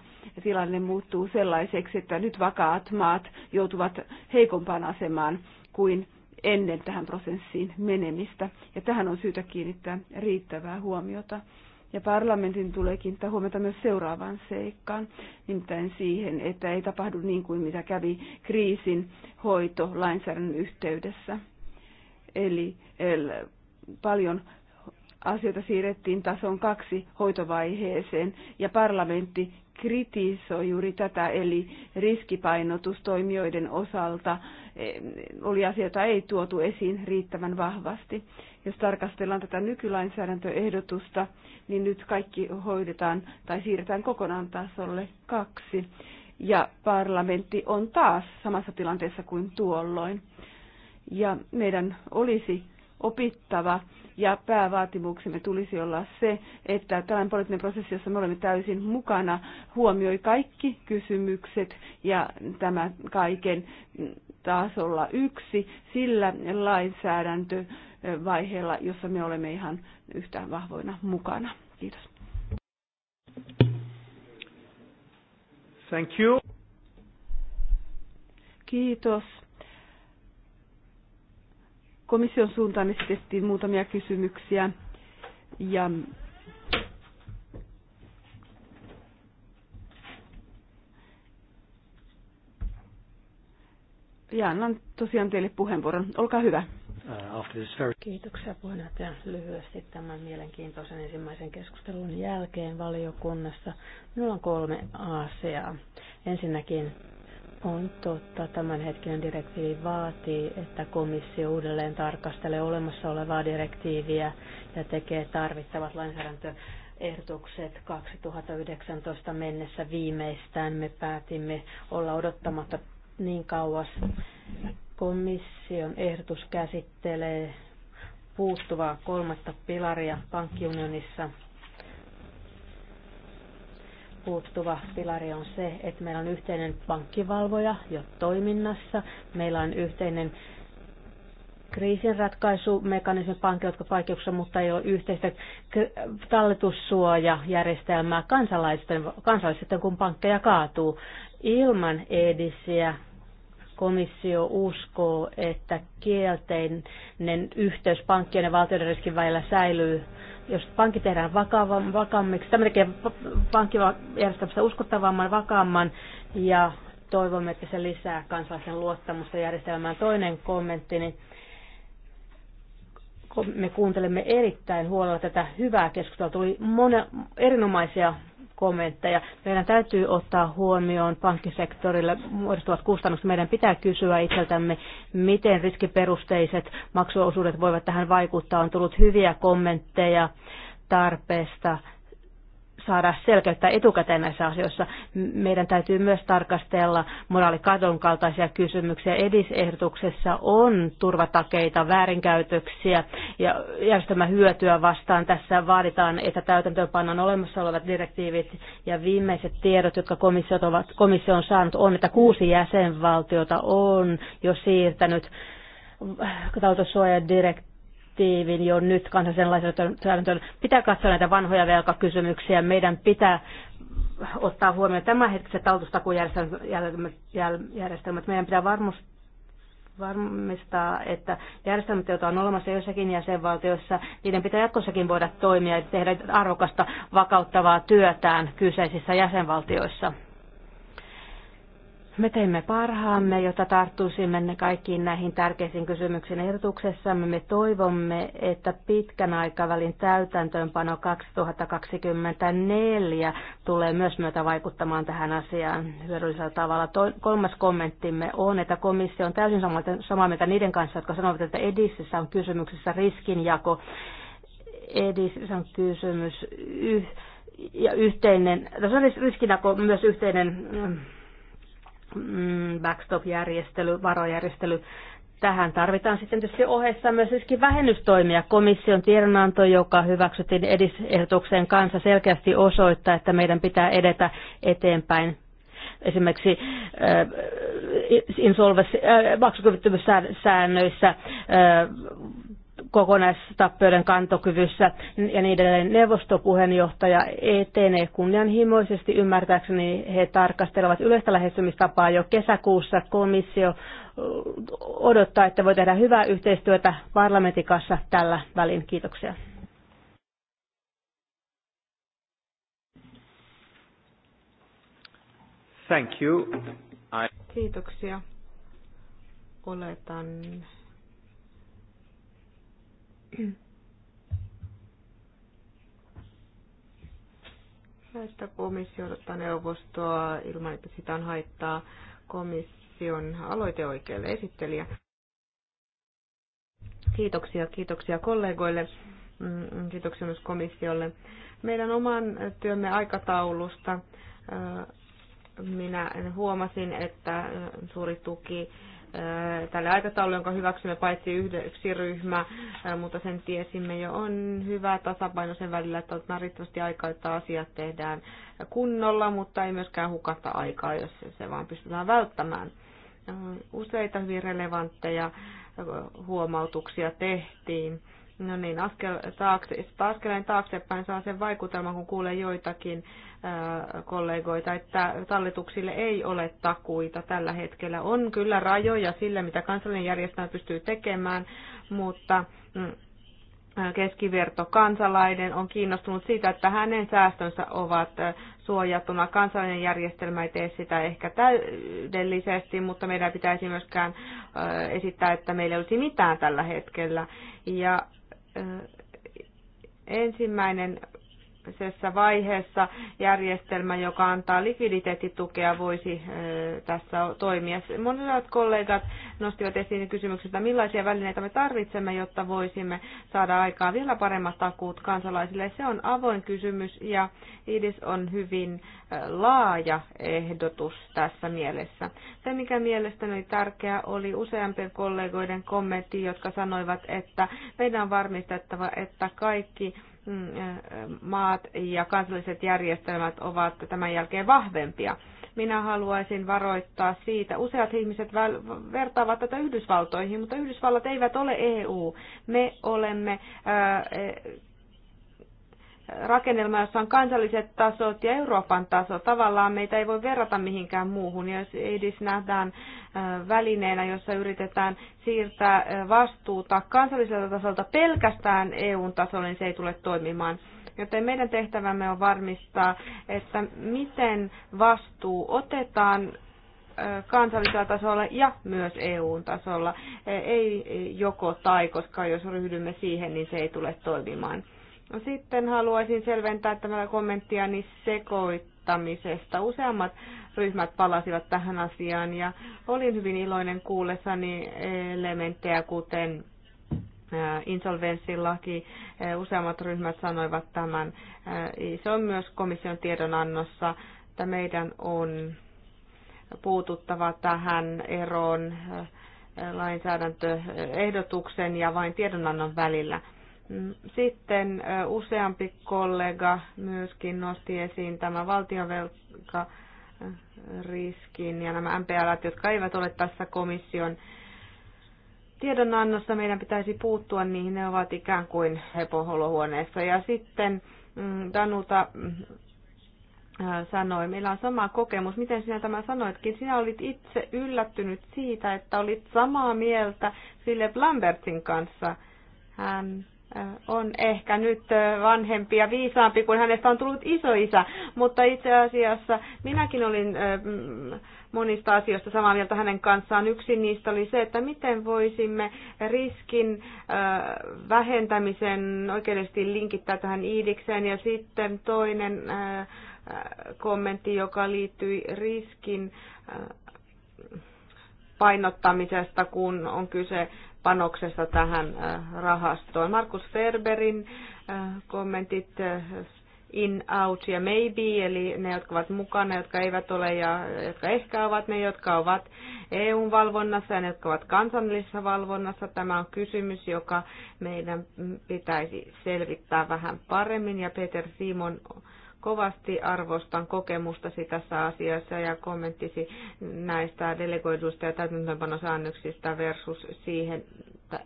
tilanne muuttuu sellaiseksi, että nyt vakaat maat joutuvat heikompaan asemaan kuin ennen tähän prosessiin menemistä. Ja tähän on syytä kiinnittää riittävää huomiota. Ja parlamentin tulee kiinnittää huomiota myös seuraavaan seikkaan, nimittäin siihen, että ei tapahdu niin kuin mitä kävi kriisin hoito lainsäädännön yhteydessä. Eli paljon asioita siirrettiin tason kaksi hoitovaiheeseen ja parlamentti kritisoi juuri tätä, eli riskipainotus toimijoiden osalta oli asioita ei tuotu esiin riittävän vahvasti. Jos tarkastellaan tätä nykylainsäädäntöehdotusta, niin nyt kaikki hoidetaan tai siirretään kokonaan tasolle kaksi. Ja parlamentti on taas samassa tilanteessa kuin tuolloin. Ja meidän olisi opittava ja päävaatimuksemme tulisi olla se, että tällainen poliittinen prosessi, jossa me olemme täysin mukana, huomioi kaikki kysymykset ja tämä kaiken tasolla yksi, sillä lainsäädäntö vaiheella, jossa me olemme ihan yhtä vahvoina mukana. Kiitos. Thank you. Kiitos. Komission suuntaan esitettiin muutamia kysymyksiä ja ja annan tosiaan teille puheenvuoron. Olkaa hyvä. Uh, after this very... Kiitoksia puheenjohtaja lyhyesti tämän mielenkiintoisen ensimmäisen keskustelun jälkeen valiokunnassa. Minulla on kolme asiaa. Ensinnäkin on totta, tämänhetkinen direktiivi vaatii, että komissio uudelleen tarkastelee olemassa olevaa direktiiviä ja tekee tarvittavat ehdotukset 2019 mennessä viimeistään. Me päätimme olla odottamatta niin kauas Komission ehdotus käsittelee puuttuvaa kolmatta pilaria pankkiunionissa. Puuttuva pilari on se, että meillä on yhteinen pankkivalvoja jo toiminnassa. Meillä on yhteinen kriisinratkaisumekanismi pankkeja, jotka vaikeuksessa, mutta ei ole yhteistä talletussuojajärjestelmää kansalaisten, kansalaisten kun pankkeja kaatuu ilman edisiä komissio uskoo, että kielteinen yhteys pankkien ja valtioiden riskin välillä säilyy. Jos pankki tehdään vakaammiksi, tämä tekee pankkijärjestelmästä uskottavamman, vakaamman ja toivomme, että se lisää kansalaisen luottamusta järjestelmään. Toinen kommentti, niin me kuuntelemme erittäin huolella tätä hyvää keskustelua. Tuli monia erinomaisia kommentteja. Meidän täytyy ottaa huomioon pankkisektorille muodostuvat kustannukset. Meidän pitää kysyä itseltämme, miten riskiperusteiset maksuosuudet voivat tähän vaikuttaa. On tullut hyviä kommentteja tarpeesta saada selkeyttä etukäteen näissä asioissa. Meidän täytyy myös tarkastella moraalikadon kaltaisia kysymyksiä. Edisehdotuksessa on turvatakeita, väärinkäytöksiä ja järjestelmä hyötyä vastaan. Tässä vaaditaan, että on olemassa olevat direktiivit ja viimeiset tiedot, jotka komissiot ovat, komissio on saanut, on, että kuusi jäsenvaltiota on jo siirtänyt tautosuojadirektiivit direktiivin jo nyt kansallisen Pitää katsoa näitä vanhoja velkakysymyksiä. Meidän pitää ottaa huomioon hetkisen taltustakujärjestelmät. Meidän pitää varmistaa, että järjestelmät, joita on olemassa joissakin jäsenvaltioissa, niiden pitää jatkossakin voida toimia ja tehdä arvokasta vakauttavaa työtään kyseisissä jäsenvaltioissa. Me teimme parhaamme, jotta tarttuisimme kaikkiin näihin tärkeisiin kysymyksiin ehdotuksessamme. Me toivomme, että pitkän aikavälin täytäntöönpano 2024 tulee myös myötä vaikuttamaan tähän asiaan hyödyllisellä tavalla. To- kolmas kommenttimme on, että komissio on täysin samaa mieltä niiden kanssa, jotka sanovat, että edissä on kysymyksessä riskinjako. Edissä on kysymys yh- ja yhteinen, tässä on riskinjako myös yhteinen mm, Mm, backstop-järjestely, varojärjestely. Tähän tarvitaan sitten tietysti ohessa myös myöskin vähennystoimia. Komission tiedonanto, joka hyväksyttiin edisehdotuksen kanssa, selkeästi osoittaa, että meidän pitää edetä eteenpäin esimerkiksi äh, äh, maksukyvyttömyyssäännöissä, äh, kokonaistappioiden kantokyvyssä ja niin edelleen neuvostopuheenjohtaja etenee kunnianhimoisesti. Ymmärtääkseni he tarkastelevat yleistä lähestymistapaa jo kesäkuussa. Komissio odottaa, että voi tehdä hyvää yhteistyötä parlamentin kanssa tällä välin. Kiitoksia. Thank you. I... Kiitoksia. Oletan, Näistä komissio odottaa neuvostoa ilman, että sitä on haittaa komission aloiteoikeelle esittelijä. Kiitoksia, kiitoksia kollegoille, mm, kiitoksia myös komissiolle. Meidän oman työmme aikataulusta minä huomasin, että suuri tuki tälle aikataululle, jonka hyväksymme paitsi yhdeksi ryhmä, mutta sen tiesimme jo, on hyvä tasapaino sen välillä, että otetaan riittävästi aikaa, että asiat tehdään kunnolla, mutta ei myöskään hukata aikaa, jos se vaan pystytään välttämään. Useita hyvin relevantteja huomautuksia tehtiin. No niin, askel taakse, askeleen taaksepäin saa sen vaikutelman, kun kuulee joitakin äh, kollegoita, että talletuksille ei ole takuita tällä hetkellä. On kyllä rajoja sille, mitä kansallinen järjestelmä pystyy tekemään, mutta mm, äh, keskiverto kansalainen on kiinnostunut siitä, että hänen säästönsä ovat äh, suojattuna. Kansallinen järjestelmä ei tee sitä ehkä täydellisesti, mutta meidän pitäisi myöskään esittää, että meillä ei olisi mitään tällä hetkellä. Ja ensimmäinen varhaisessa vaiheessa järjestelmä, joka antaa likviditeettitukea, voisi tässä toimia. Monet kollegat nostivat esiin kysymyksen, että millaisia välineitä me tarvitsemme, jotta voisimme saada aikaan vielä paremmat takuut kansalaisille. Se on avoin kysymys ja IDIS on hyvin laaja ehdotus tässä mielessä. Se, mikä mielestäni oli tärkeää, oli useampien kollegoiden kommentti, jotka sanoivat, että meidän on varmistettava, että kaikki Mm, maat ja kansalliset järjestelmät ovat tämän jälkeen vahvempia. Minä haluaisin varoittaa siitä. Useat ihmiset vertaavat tätä Yhdysvaltoihin, mutta Yhdysvallat eivät ole EU. Me olemme e, rakennelma, jossa on kansalliset tasot ja Euroopan taso. Tavallaan meitä ei voi verrata mihinkään muuhun. Jos EDIS nähdään äh, välineenä, jossa yritetään siirtää äh, vastuuta kansalliselta tasolta pelkästään EUn tasolle, niin se ei tule toimimaan. Joten meidän tehtävämme on varmistaa, että miten vastuu otetaan äh, kansallisella tasolla ja myös EUn tasolla. Ei joko tai, koska jos ryhdymme siihen, niin se ei tule toimimaan. No sitten haluaisin selventää tämän kommenttiani sekoittamisesta. Useammat ryhmät palasivat tähän asiaan ja olin hyvin iloinen kuullessani elementtejä, kuten insolvenssilaki. Useammat ryhmät sanoivat tämän. Se on myös komission tiedonannossa, että meidän on puututtava tähän eroon lainsäädäntöehdotuksen ja vain tiedonannon välillä – sitten useampi kollega myöskin nosti esiin tämä valtionvelkariskin ja nämä MPL, jotka eivät ole tässä komission tiedonannossa. Meidän pitäisi puuttua niihin, ne ovat ikään kuin hepoholohuoneessa. Ja sitten mm, Danuta mm, sanoi, meillä on sama kokemus. Miten sinä tämä sanoitkin? Sinä olit itse yllättynyt siitä, että olit samaa mieltä Philip Lambertin kanssa. Hän on ehkä nyt vanhempi ja viisaampi, kun hänestä on tullut isä, Mutta itse asiassa minäkin olin monista asioista samaa mieltä hänen kanssaan. Yksi niistä oli se, että miten voisimme riskin vähentämisen oikeudellisesti linkittää tähän iidikseen. Ja sitten toinen kommentti, joka liittyi riskin painottamisesta, kun on kyse panoksesta tähän äh, rahastoon. Markus Ferberin äh, kommentit äh, in, out ja maybe, eli ne, jotka ovat mukana, jotka eivät ole ja jotka ehkä ovat, ne, jotka ovat eu valvonnassa ja ne, jotka ovat kansallisessa valvonnassa. Tämä on kysymys, joka meidän pitäisi selvittää vähän paremmin ja Peter Simon Kovasti arvostan kokemustasi tässä asiassa ja kommenttisi näistä delegoiduista ja täytäntöönpanosäännöksistä versus siihen, että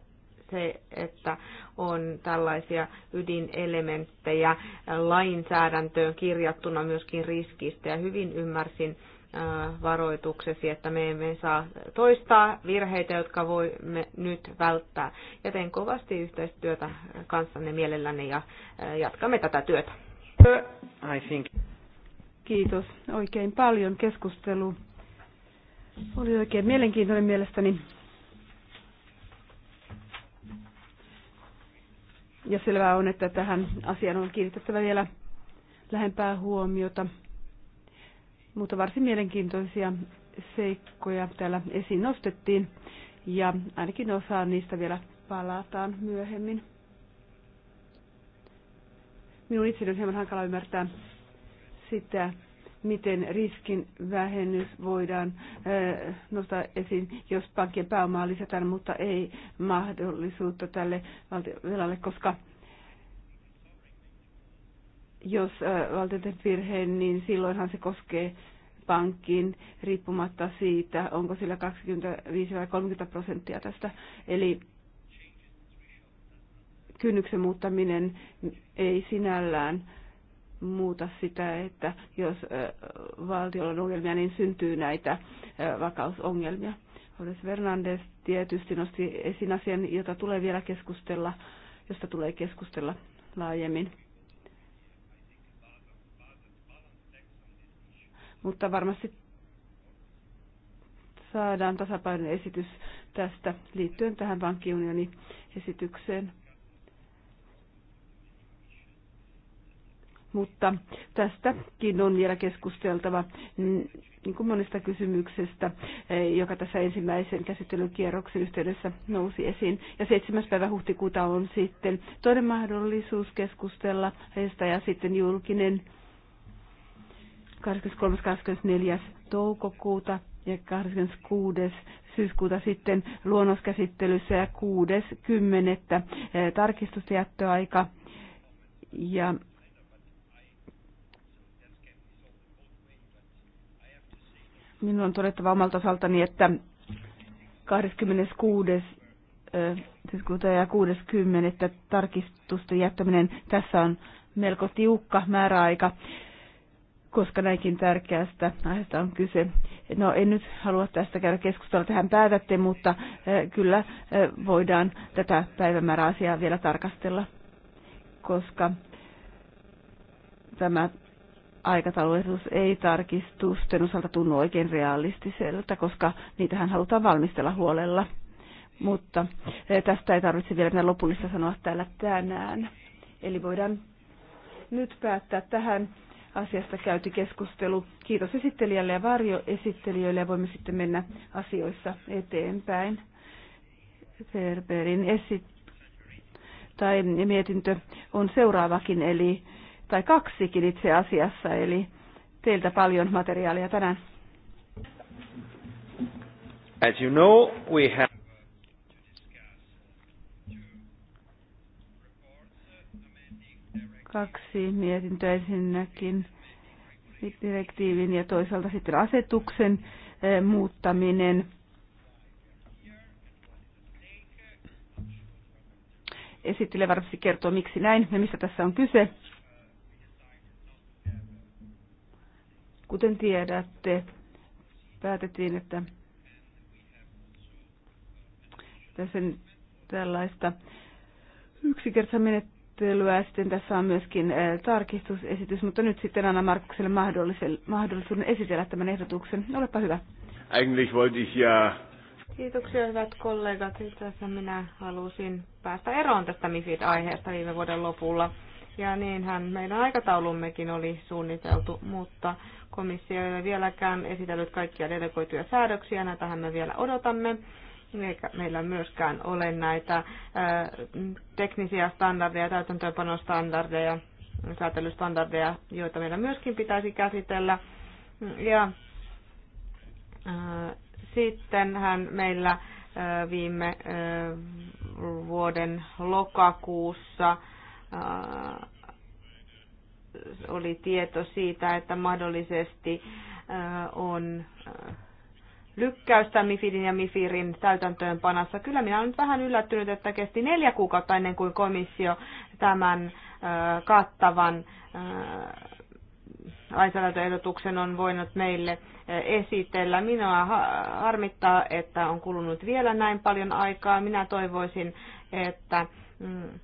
se, että on tällaisia ydinelementtejä lainsäädäntöön kirjattuna myöskin riskistä. Ja hyvin ymmärsin äh, varoituksesi, että me emme saa toistaa virheitä, jotka voimme nyt välttää. Ja teen kovasti yhteistyötä kanssanne mielelläni ja äh, jatkamme tätä työtä. I think. Kiitos oikein paljon. Keskustelu oli oikein mielenkiintoinen mielestäni. Ja selvää on, että tähän asiaan on kiinnitettävä vielä lähempää huomiota. Mutta varsin mielenkiintoisia seikkoja täällä esiin nostettiin ja ainakin osaan niistä vielä palataan myöhemmin. Minun itseni on hieman hankala ymmärtää sitä, miten riskin vähennys voidaan eh, nostaa esiin, jos pankkien pääomaa lisätään, mutta ei mahdollisuutta tälle velalle, koska jos eh, valtio virheen, niin silloinhan se koskee pankkiin riippumatta siitä, onko sillä 25 vai 30 prosenttia tästä. Eli kynnyksen muuttaminen ei sinällään muuta sitä, että jos valtiolla on ongelmia, niin syntyy näitä vakausongelmia. Jorge Fernandez tietysti nosti esiin asian, jota tulee vielä keskustella, josta tulee keskustella laajemmin. Mutta varmasti saadaan tasapainon esitys tästä liittyen tähän pankkiunionin esitykseen. mutta tästäkin on vielä keskusteltava mm, niin kuin monesta kysymyksestä, eh, joka tässä ensimmäisen kierroksen yhteydessä nousi esiin. Ja 7. päivä huhtikuuta on sitten toinen mahdollisuus keskustella heistä ja sitten julkinen 23.24. toukokuuta ja 26. syyskuuta sitten luonnoskäsittelyssä ja 6.10. Eh, tarkistusjättöaika. ja Minun on todettava omalta osaltani, että 26. ja 60. tarkistusten jättäminen tässä on melko tiukka määräaika, koska näinkin tärkeästä aiheesta on kyse. No en nyt halua tästä käydä keskustelua, tähän päätätte, mutta kyllä voidaan tätä päivämääräasiaa vielä tarkastella, koska tämä aikataulutus ei tarkistusten osalta tunnu oikein realistiselta, koska niitähän halutaan valmistella huolella. Mutta eh, tästä ei tarvitse vielä mitään lopullista sanoa täällä tänään. Eli voidaan nyt päättää tähän asiasta käyty keskustelu. Kiitos esittelijälle ja varjoesittelijöille ja voimme sitten mennä asioissa eteenpäin. Ferberin esi- tai mietintö on seuraavakin, eli tai kaksikin itse asiassa, eli teiltä paljon materiaalia tänään. As you know, we have kaksi mietintöä ensinnäkin direktiivin ja toisaalta sitten asetuksen eh, muuttaminen. Esittelee varmasti kertoo, miksi näin ja mistä tässä on kyse. Kuten tiedätte, päätettiin, että tässä tällaista yksinkertaista Ja sitten tässä on myöskin eh, tarkistusesitys, mutta nyt sitten anna Markukselle mahdollisuuden esitellä tämän ehdotuksen. Olepa hyvä. Kiitoksia hyvät kollegat. Itse asiassa minä halusin päästä eroon tästä MIFID-aiheesta viime vuoden lopulla. Ja niinhän meidän aikataulummekin oli suunniteltu, mutta komissio ei ole vieläkään esitellyt kaikkia delegoituja säädöksiä, näitähän me vielä odotamme. Eikä meillä myöskään ole näitä teknisiä standardeja, täytäntöönpanostandardeja, säätelystandardeja, joita meillä myöskin pitäisi käsitellä. Ja sittenhän meillä viime vuoden lokakuussa Äh, oli tieto siitä, että mahdollisesti äh, on äh, lykkäystä Mifidin ja Mifirin täytäntöönpanossa. Kyllä minä olen nyt vähän yllättynyt, että kesti neljä kuukautta ennen kuin komissio tämän kattavan lainsäädäntöehdotuksen on voinut meille esitellä. Minua harmittaa, että on kulunut vielä näin paljon aikaa. Minä toivoisin, että mm,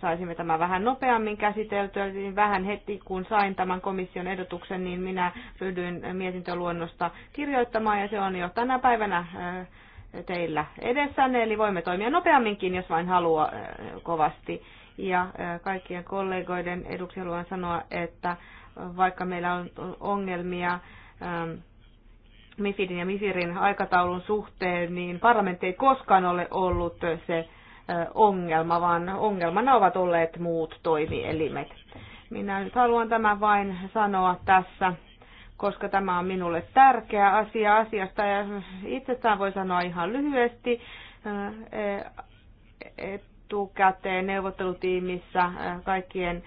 saisimme tämän vähän nopeammin käsiteltyä, niin vähän heti kun sain tämän komission ehdotuksen, niin minä ryhdyin mietintöluonnosta kirjoittamaan ja se on jo tänä päivänä teillä edessänne, eli voimme toimia nopeamminkin, jos vain haluaa kovasti. Ja kaikkien kollegoiden eduksi haluan sanoa, että vaikka meillä on ongelmia MIFIDin ja MIFIRin aikataulun suhteen, niin parlamentti ei koskaan ole ollut se ongelma, vaan ongelmana ovat olleet muut toimielimet. Minä nyt haluan tämän vain sanoa tässä, koska tämä on minulle tärkeä asia asiasta ja itsestään voi sanoa ihan lyhyesti e, etukäteen neuvottelutiimissä kaikkien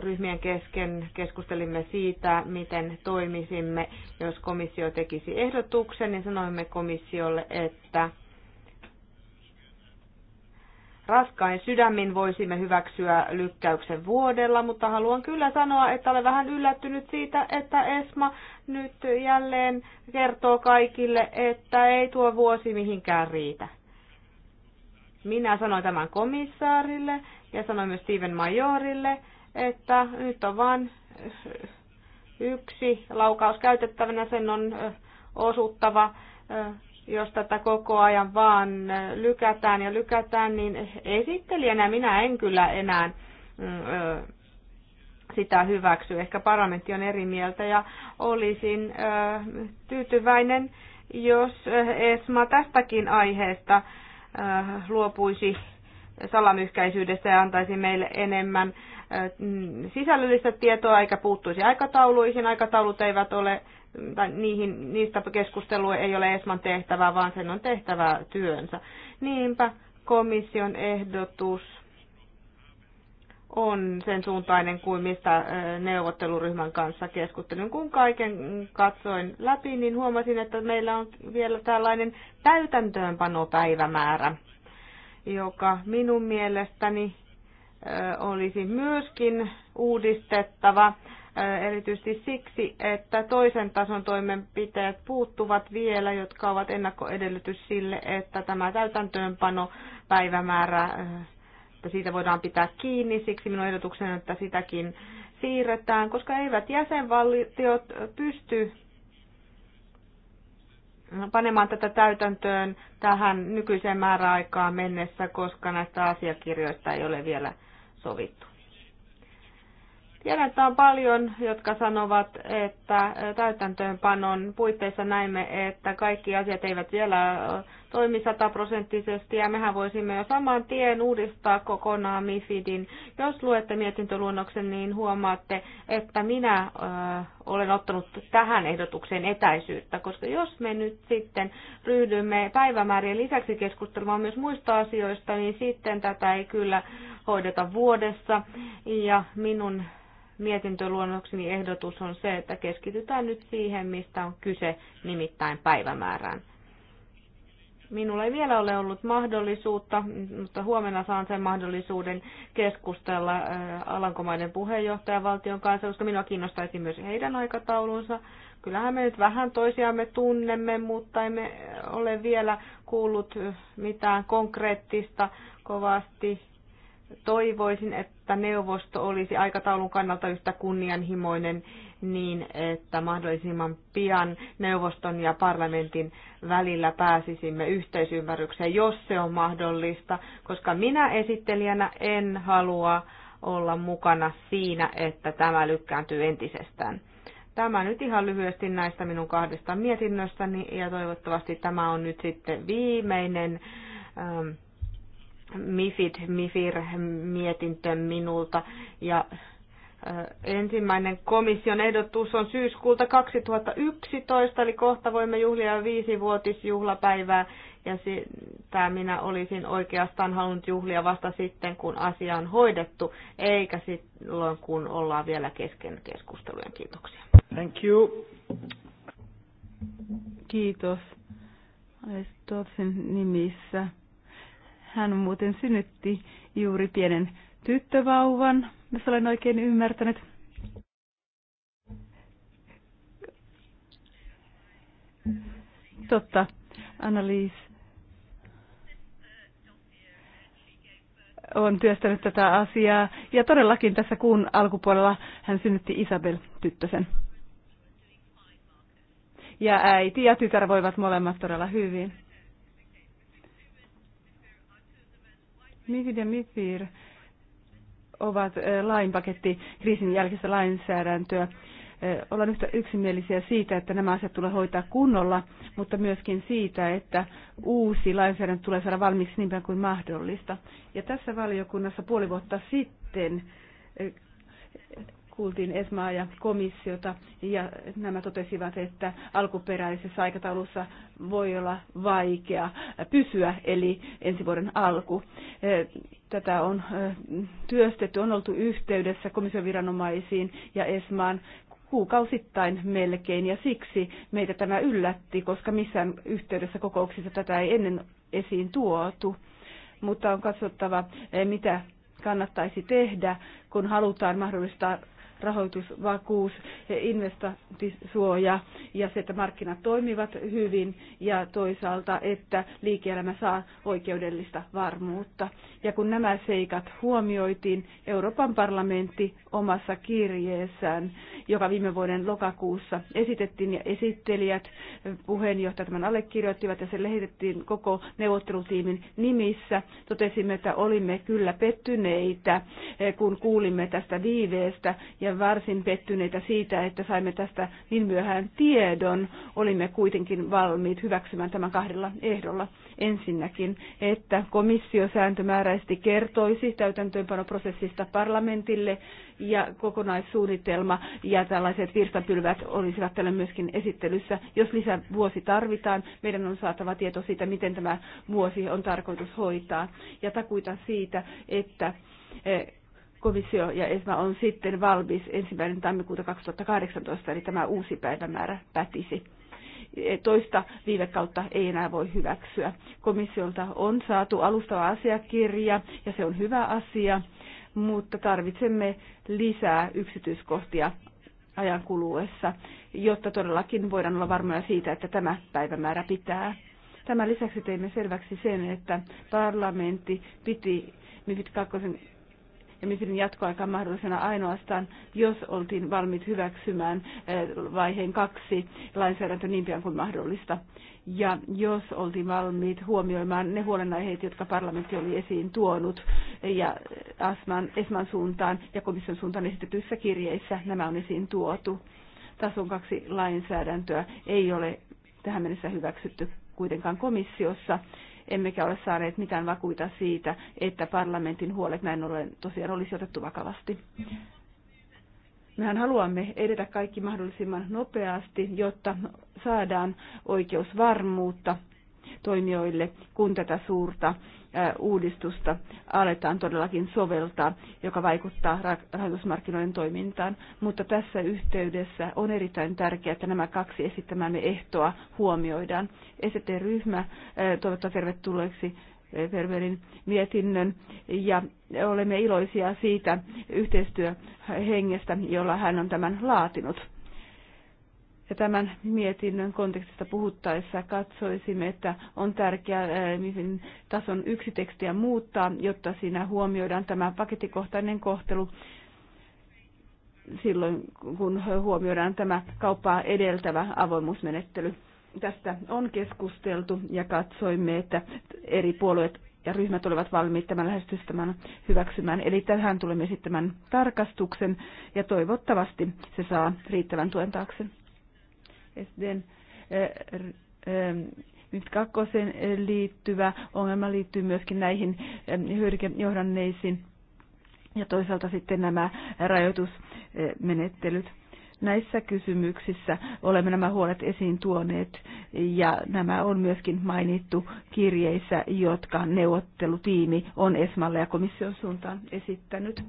ryhmien kesken keskustelimme siitä, miten toimisimme, jos komissio tekisi ehdotuksen, niin sanoimme komissiolle, että raskain sydämin voisimme hyväksyä lykkäyksen vuodella, mutta haluan kyllä sanoa, että olen vähän yllättynyt siitä, että ESMA nyt jälleen kertoo kaikille, että ei tuo vuosi mihinkään riitä. Minä sanoin tämän komissaarille ja sanoin myös Steven Majorille, että nyt on vain äh, yksi laukaus käytettävänä, sen on äh, osuttava äh, jos tätä koko ajan vaan lykätään ja lykätään, niin esittelijänä minä en kyllä enää mm, sitä hyväksy. Ehkä parlamentti on eri mieltä ja olisin tyytyväinen, jos ESMA tästäkin aiheesta luopuisi salamyhkäisyydestä ja antaisi meille enemmän Äh, sisällöllistä tietoa eikä puuttuisi aikatauluihin. Aikataulut eivät ole, tai niihin, niistä keskustelua ei ole ESMAn tehtävää, vaan sen on tehtävä työnsä. Niinpä komission ehdotus on sen suuntainen kuin mistä äh, neuvotteluryhmän kanssa keskustelin. Kun kaiken katsoin läpi, niin huomasin, että meillä on vielä tällainen täytäntöönpanopäivämäärä, joka minun mielestäni olisi myöskin uudistettava erityisesti siksi, että toisen tason toimenpiteet puuttuvat vielä, jotka ovat ennakkoedellytys sille, että tämä täytäntöönpano päivämäärä, että siitä voidaan pitää kiinni. Siksi minun ehdotukseni, että sitäkin siirretään, koska eivät jäsenvaltiot pysty panemaan tätä täytäntöön tähän nykyiseen määräaikaan mennessä, koska näistä asiakirjoista ei ole vielä sovittu. Tiedän, että on paljon, jotka sanovat, että täytäntöönpanon puitteissa näimme, että kaikki asiat eivät vielä toimi sataprosenttisesti ja mehän voisimme jo saman tien uudistaa kokonaan MIFIDin. Jos luette mietintöluonnoksen, niin huomaatte, että minä ö, olen ottanut tähän ehdotukseen etäisyyttä, koska jos me nyt sitten ryhdymme päivämäärien lisäksi keskustelemaan myös muista asioista, niin sitten tätä ei kyllä hoideta vuodessa. Ja minun mietintöluonnokseni ehdotus on se, että keskitytään nyt siihen, mistä on kyse, nimittäin päivämäärään. Minulla ei vielä ole ollut mahdollisuutta, mutta huomenna saan sen mahdollisuuden keskustella äh, Alankomaiden puheenjohtajavaltion kanssa, koska minua kiinnostaisi myös heidän aikataulunsa. Kyllähän me nyt vähän toisiamme tunnemme, mutta emme ole vielä kuullut mitään konkreettista kovasti Toivoisin, että neuvosto olisi aikataulun kannalta yhtä kunnianhimoinen niin, että mahdollisimman pian neuvoston ja parlamentin välillä pääsisimme yhteisymmärrykseen, jos se on mahdollista, koska minä esittelijänä en halua olla mukana siinä, että tämä lykkääntyy entisestään. Tämä nyt ihan lyhyesti näistä minun kahdesta mietinnöstäni ja toivottavasti tämä on nyt sitten viimeinen ähm, MIFID, MIFIR-mietintö minulta. Ja ensimmäinen komission ehdotus on syyskuulta 2011, eli kohta voimme juhlia viisivuotisjuhlapäivää. Ja sitä minä olisin oikeastaan halunnut juhlia vasta sitten, kun asia on hoidettu, eikä silloin, kun ollaan vielä kesken keskustelujen. Kiitoksia. Thank you. Kiitos. Alistofin nimissä. Hän muuten synnytti juuri pienen tyttövauvan, jos olen oikein ymmärtänyt. Totta, Annaliis on työstänyt tätä asiaa. Ja todellakin tässä kuun alkupuolella hän synnytti Isabel Tyttösen. Ja äiti ja tytär voivat molemmat todella hyvin. MIFID ja MIFIR ovat eh, lainpaketti kriisin jälkeistä lainsäädäntöä. Eh, ollaan yhtä yksimielisiä siitä, että nämä asiat tulee hoitaa kunnolla, mutta myöskin siitä, että uusi lainsäädäntö tulee saada valmiiksi niin pian kuin mahdollista. Ja tässä valiokunnassa puoli vuotta sitten eh, kuultiin ESMAa ja komissiota ja nämä totesivat, että alkuperäisessä aikataulussa voi olla vaikea pysyä, eli ensi vuoden alku. E, tätä on e, työstetty, on oltu yhteydessä komission viranomaisiin ja ESMAan kuukausittain melkein, ja siksi meitä tämä yllätti, koska missään yhteydessä kokouksissa tätä ei ennen esiin tuotu. Mutta on katsottava, e, mitä kannattaisi tehdä, kun halutaan mahdollistaa rahoitusvakuus, investointisuoja ja se, että markkinat toimivat hyvin ja toisaalta, että liike-elämä saa oikeudellista varmuutta. Ja kun nämä seikat huomioitiin, Euroopan parlamentti omassa kirjeessään, joka viime vuoden lokakuussa esitettiin ja esittelijät, puheenjohtajat tämän allekirjoittivat ja se lähetettiin koko neuvottelutiimin nimissä, totesimme, että olimme kyllä pettyneitä, kun kuulimme tästä viiveestä ja varsin pettyneitä siitä, että saimme tästä niin myöhään tiedon. Olimme kuitenkin valmiit hyväksymään tämän kahdella ehdolla. Ensinnäkin, että komissio sääntömääräisesti kertoisi täytäntöönpanoprosessista parlamentille ja kokonaissuunnitelma ja tällaiset virtapylvät olisivat tällä myöskin esittelyssä. Jos lisävuosi tarvitaan, meidän on saatava tieto siitä, miten tämä vuosi on tarkoitus hoitaa ja takuita siitä, että eh, komissio ja ESMA on sitten valmis ensimmäinen tammikuuta 2018, eli tämä uusi päivämäärä pätisi. Toista viivekautta ei enää voi hyväksyä. Komissiolta on saatu alustava asiakirja ja se on hyvä asia, mutta tarvitsemme lisää yksityiskohtia ajan kuluessa, jotta todellakin voidaan olla varmoja siitä, että tämä päivämäärä pitää. Tämän lisäksi teimme selväksi sen, että parlamentti piti MIFID 2 ja Mifirin jatkoaikaa mahdollisena ainoastaan, jos oltiin valmiit hyväksymään eh, vaiheen kaksi lainsäädäntö niin pian kuin mahdollista. Ja jos oltiin valmiit huomioimaan ne huolenaiheet, jotka parlamentti oli esiin tuonut eh, ja Asman, Esman suuntaan ja komission suuntaan esitetyissä kirjeissä nämä on esiin tuotu. Tason kaksi lainsäädäntöä ei ole tähän mennessä hyväksytty kuitenkaan komissiossa emmekä ole saaneet mitään vakuita siitä, että parlamentin huolet näin ollen tosiaan olisi otettu vakavasti. Mehän haluamme edetä kaikki mahdollisimman nopeasti, jotta saadaan oikeusvarmuutta toimijoille, kun tätä suurta uudistusta aletaan todellakin soveltaa, joka vaikuttaa rahoitusmarkkinoiden toimintaan. Mutta tässä yhteydessä on erittäin tärkeää, että nämä kaksi esittämämme ehtoa huomioidaan. ST-ryhmä toivottaa tervetulleeksi Ferberin mietinnön ja olemme iloisia siitä yhteistyöhengestä, jolla hän on tämän laatinut ja tämän mietinnön kontekstista puhuttaessa katsoisimme, että on tärkeää eh, mihin tason yksi tekstiä muuttaa, jotta siinä huomioidaan tämä pakettikohtainen kohtelu silloin, kun huomioidaan tämä kauppaa edeltävä avoimuusmenettely. Tästä on keskusteltu ja katsoimme, että eri puolueet ja ryhmät olivat valmiit tämän lähestystämään hyväksymään. Eli tähän tulemme esittämään tarkastuksen ja toivottavasti se saa riittävän tuen taakse. SDn eh, eh, nyt kakkosen eh, liittyvä ongelma liittyy myöskin näihin hyödykejohdanneisiin ja toisaalta sitten nämä rajoitusmenettelyt. Näissä kysymyksissä olemme nämä huolet esiin tuoneet ja nämä on myöskin mainittu kirjeissä, jotka neuvottelutiimi on Esmalle ja komission suuntaan esittänyt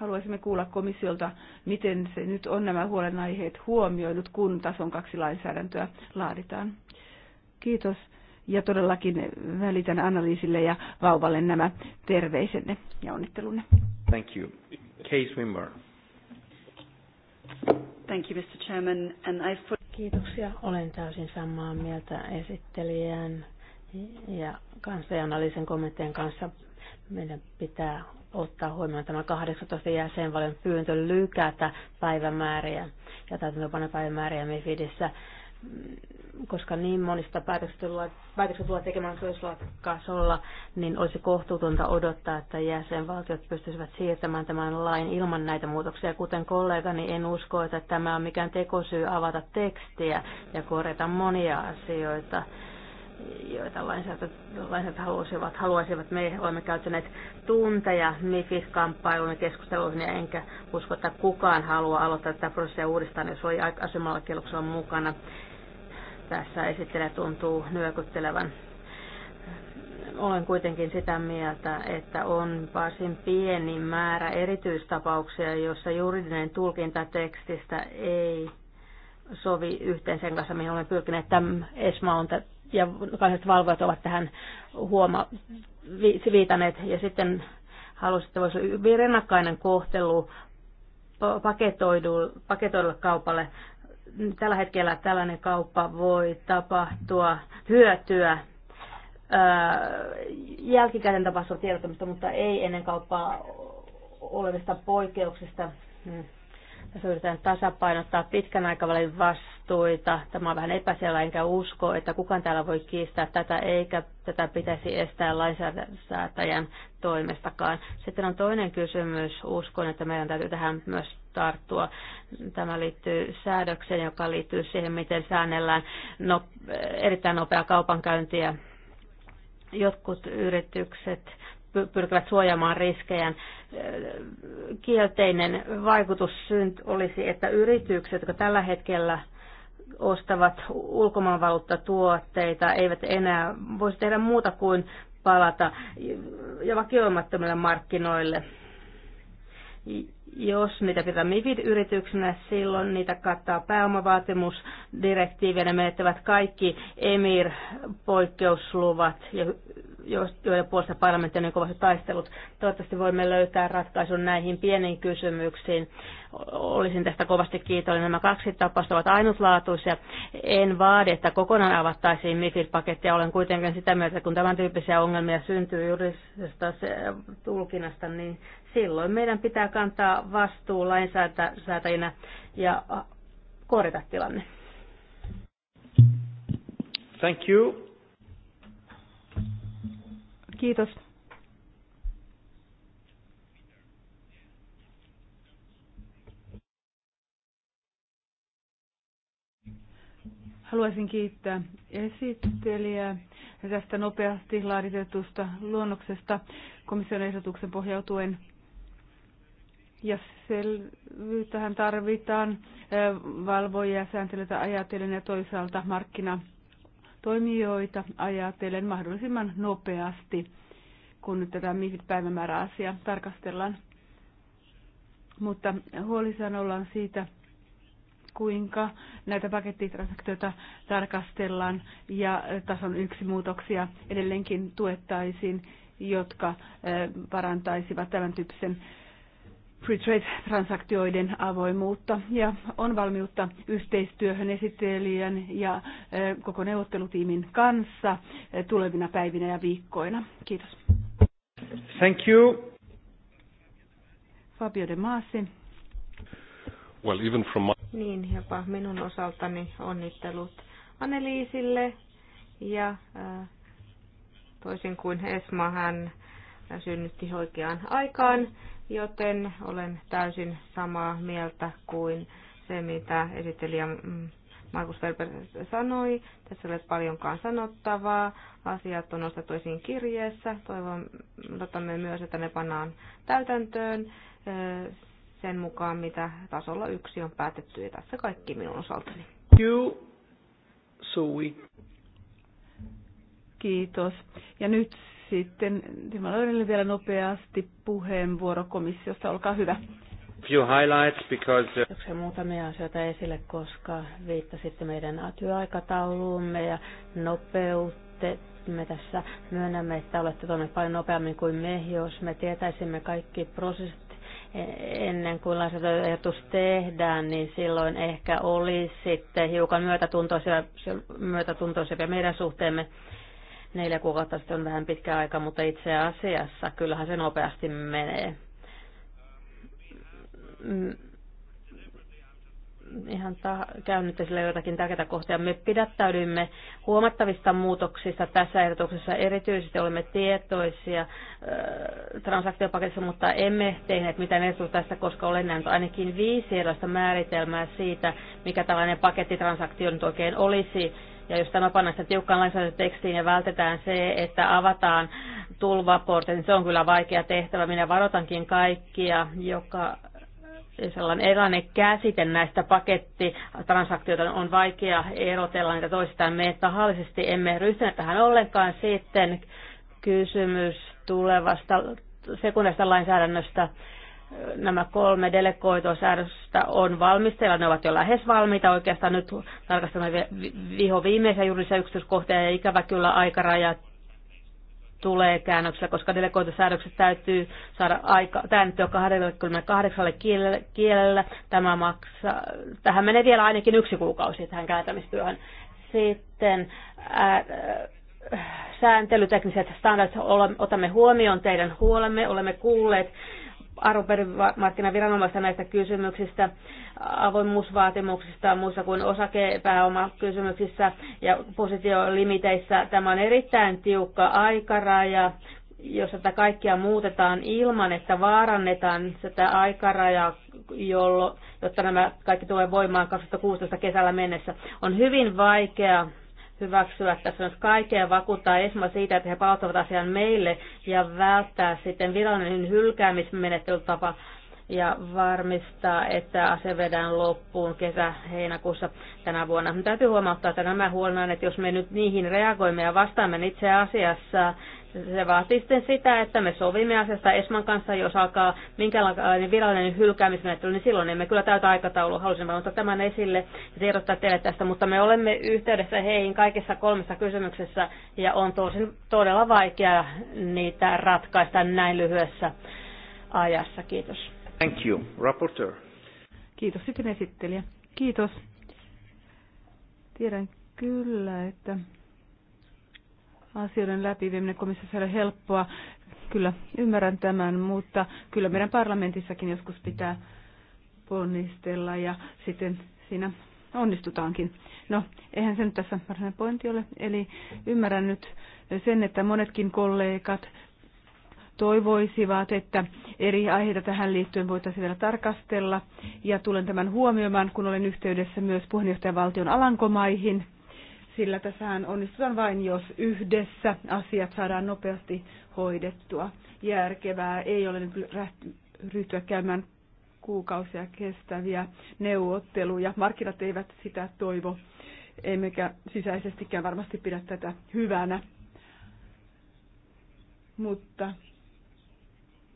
haluaisimme kuulla komissiolta, miten se nyt on nämä huolenaiheet huomioinut, kun tason kaksi lainsäädäntöä laaditaan. Kiitos ja todellakin välitän analyysille ja vauvalle nämä terveisenne ja onnittelunne. Thank you. Kay Wimber. Thank you, Mr. Chairman. And I... Kiitoksia. Olen täysin samaa mieltä esittelijän ja kanslianalyysin kommenttien kanssa. Meidän pitää ottaa huomioon tämä 18 jäsenvalion pyyntö lykätä päivämääriä ja täytäntöpano päivämääriä MIFIDissä, mm, koska niin monista päätöksistä tulee tekemään tasolla, niin olisi kohtuutonta odottaa, että jäsenvaltiot pystyisivät siirtämään tämän lain ilman näitä muutoksia. Kuten kollegani, en usko, että tämä on mikään tekosyy avata tekstiä ja korjata monia asioita joita lainsäädäntö, haluaisivat, haluaisivat. Me olemme käyttäneet tunteja mifi kamppailuun ja keskusteluihin, ja enkä usko, että kukaan haluaa aloittaa tätä prosessia uudestaan, jos oli asemalla kieloksella mukana. Tässä esittelijä tuntuu nyökyttelevän. Olen kuitenkin sitä mieltä, että on varsin pieni määrä erityistapauksia, joissa juridinen tulkinta tekstistä ei sovi yhteen sen kanssa, mihin olen pyrkinyt. Tämä ESMA on ja kansalliset valvojat ovat tähän huoma viitaneet. Ja sitten halusin, että voisi olla hyvin rinnakkainen kohtelu paketoidulle, kaupalle. Tällä hetkellä tällainen kauppa voi tapahtua, hyötyä jälkikäteen tapahtuvaa tiedottamista, mutta ei ennen kauppaa olevista poikkeuksista. Hmm. Tässä yritetään tasapainottaa pitkän aikavälin vastuita. Tämä on vähän epäselvä, enkä usko, että kukaan täällä voi kiistää tätä, eikä tätä pitäisi estää lainsäätäjän toimestakaan. Sitten on toinen kysymys. Uskon, että meidän täytyy tähän myös tarttua. Tämä liittyy säädökseen, joka liittyy siihen, miten säännellään no, erittäin nopeaa kaupankäyntiä. Jotkut yritykset pyrkivät suojaamaan riskejä. Kielteinen vaikutus olisi, että yritykset, jotka tällä hetkellä ostavat ulkomaanvaluuttatuotteita, eivät enää voisi tehdä muuta kuin palata ja vakioimattomille markkinoille. Jos niitä pitää MIFID-yrityksenä, silloin niitä kattaa pääomavaatimusdirektiivi ja ne menettävät kaikki EMIR-poikkeusluvat ja joiden puolesta parlamentti on niin kovasti taistellut. Toivottavasti voimme löytää ratkaisun näihin pieniin kysymyksiin. Olisin tästä kovasti kiitollinen. Nämä kaksi tapausta ovat ainutlaatuisia. En vaadi, että kokonaan avattaisiin MIFID-pakettia. Olen kuitenkin sitä mieltä, että kun tämän tyyppisiä ongelmia syntyy juridisesta tulkinnasta, niin silloin meidän pitää kantaa vastuu lainsäätäjinä ja korjata tilanne. Thank you. Kiitos. Haluaisin kiittää esittelijää tästä nopeasti laaditetusta luonnoksesta komission ehdotuksen pohjautuen. Ja selvyyttähän tarvitaan valvoja ja sääntelytä ajatellen ja toisaalta markkina toimijoita ajatellen mahdollisimman nopeasti, kun nyt tätä mifid päivämääräasiaa tarkastellaan. Mutta huolissaan ollaan siitä, kuinka näitä pakettitransaktioita tarkastellaan ja tason yksi muutoksia edelleenkin tuettaisiin, jotka eh, parantaisivat tämän tyyppisen free trade-transaktioiden avoimuutta ja on valmiutta yhteistyöhön esittelijän ja koko neuvottelutiimin kanssa tulevina päivinä ja viikkoina. Kiitos. Thank you. Fabio De Masi. Well, even from my... Niin, jopa minun osaltani onnittelut Anneliisille ja äh, toisin kuin Esma, hän synnytti oikeaan aikaan joten olen täysin samaa mieltä kuin se, mitä esittelijä Markus Felber sanoi. Tässä ei ole paljonkaan sanottavaa. Asiat on nostettu esiin kirjeessä. Toivon, myös, että ne pannaan täytäntöön sen mukaan, mitä tasolla yksi on päätetty. Ja tässä kaikki minun osaltani. Kiitos. Ja nyt sitten Timo vielä nopeasti puheenvuoro komissiosta. Olkaa hyvä. Few highlights because... Yksi uh, muutamia asioita esille, koska viittasitte meidän työaikatauluumme ja Me tässä. Myönnämme, että olette toimineet paljon nopeammin kuin me, jos me tietäisimme kaikki prosessit e- ennen kuin lainsäädäntöehdotus tehdään, niin silloin ehkä olisi sitten hiukan myötätuntoisia, myötätuntoisia meidän suhteemme Neljä kuukautta sitten on vähän pitkä aika, mutta itse asiassa kyllähän se nopeasti menee. Mm, ihan ta- käyn nyt esille jotakin tärkeitä kohtia. Me pidättäydymme huomattavista muutoksista tässä ehdotuksessa. Erityisesti olemme tietoisia ö, äh, transaktiopaketissa, mutta emme tehneet mitään ehdotusta tästä, koska olen nähnyt ainakin viisi erilaista määritelmää siitä, mikä tällainen pakettitransaktio nyt oikein olisi ja jos tämä pannaan sitä tiukkaan lainsäädäntötekstiin ja vältetään se, että avataan tulvaportit, niin se on kyllä vaikea tehtävä. Minä varoitankin kaikkia, joka sellainen erilainen käsite näistä pakettitransaktioita on vaikea erotella niitä toistaan. Me tahallisesti emme ryhtyneet tähän ollenkaan sitten kysymys tulevasta sekunnasta lainsäädännöstä nämä kolme delegoitoisäädöstä on valmisteilla. Ne ovat jo lähes valmiita. Oikeastaan nyt tarkastamme viho viimeisiä juridisia yksityiskohtia ja ikävä kyllä aikaraja tulee käännöksellä, koska delegoitosäädökset täytyy saada aika, käännettyä 28 kielellä. Tämä maksaa, tähän menee vielä ainakin yksi kuukausi tähän kääntämistyöhön. Sitten ää, sääntelytekniset standardit otamme huomioon teidän huolemme. Olemme kuulleet arvoperimarkkinaviranomaista näistä kysymyksistä, avoimuusvaatimuksista muissa kuin osakepääomakysymyksissä ja positiolimiteissä. Tämä on erittäin tiukka aikaraja, jos tätä kaikkia muutetaan ilman, että vaarannetaan sitä aikarajaa, jollo, jotta nämä kaikki tulee voimaan 2016 kesällä mennessä, on hyvin vaikea hyväksyä että se on kaikkea vakuuttaa ESMA siitä, että he palauttavat asian meille ja välttää sitten virallinen hylkäämismenettelytapa ja varmistaa, että ase vedään loppuun kesä-heinäkuussa tänä vuonna. Täytyy huomauttaa, että nämä huolenaineet, jos me nyt niihin reagoimme ja vastaamme itse asiassa se vaatii sitten sitä, että me sovimme asiasta Esman kanssa, jos alkaa minkälainen virallinen hylkäämismenettely, niin silloin emme kyllä täytä aikataulua. Halusin ottaa tämän esille ja tiedottaa teille tästä, mutta me olemme yhteydessä heihin kaikissa kolmessa kysymyksessä ja on tosin todella vaikea niitä ratkaista näin lyhyessä ajassa. Kiitos. Thank you, rapporteur. Kiitos sitten esittelijä. Kiitos. Tiedän kyllä, että asioiden läpivieminen komissiossa ole helppoa. Kyllä ymmärrän tämän, mutta kyllä meidän parlamentissakin joskus pitää ponnistella ja sitten siinä onnistutaankin. No, eihän se nyt tässä varsinainen pointti ole. Eli ymmärrän nyt sen, että monetkin kollegat toivoisivat, että eri aiheita tähän liittyen voitaisiin vielä tarkastella. Ja tulen tämän huomioimaan, kun olen yhteydessä myös puheenjohtajavaltion Alankomaihin – sillä tässähän onnistutaan vain, jos yhdessä asiat saadaan nopeasti hoidettua. Järkevää ei ole nyt ryhtyä käymään kuukausia kestäviä neuvotteluja. Markkinat eivät sitä toivo, emmekä sisäisestikään varmasti pidä tätä hyvänä. Mutta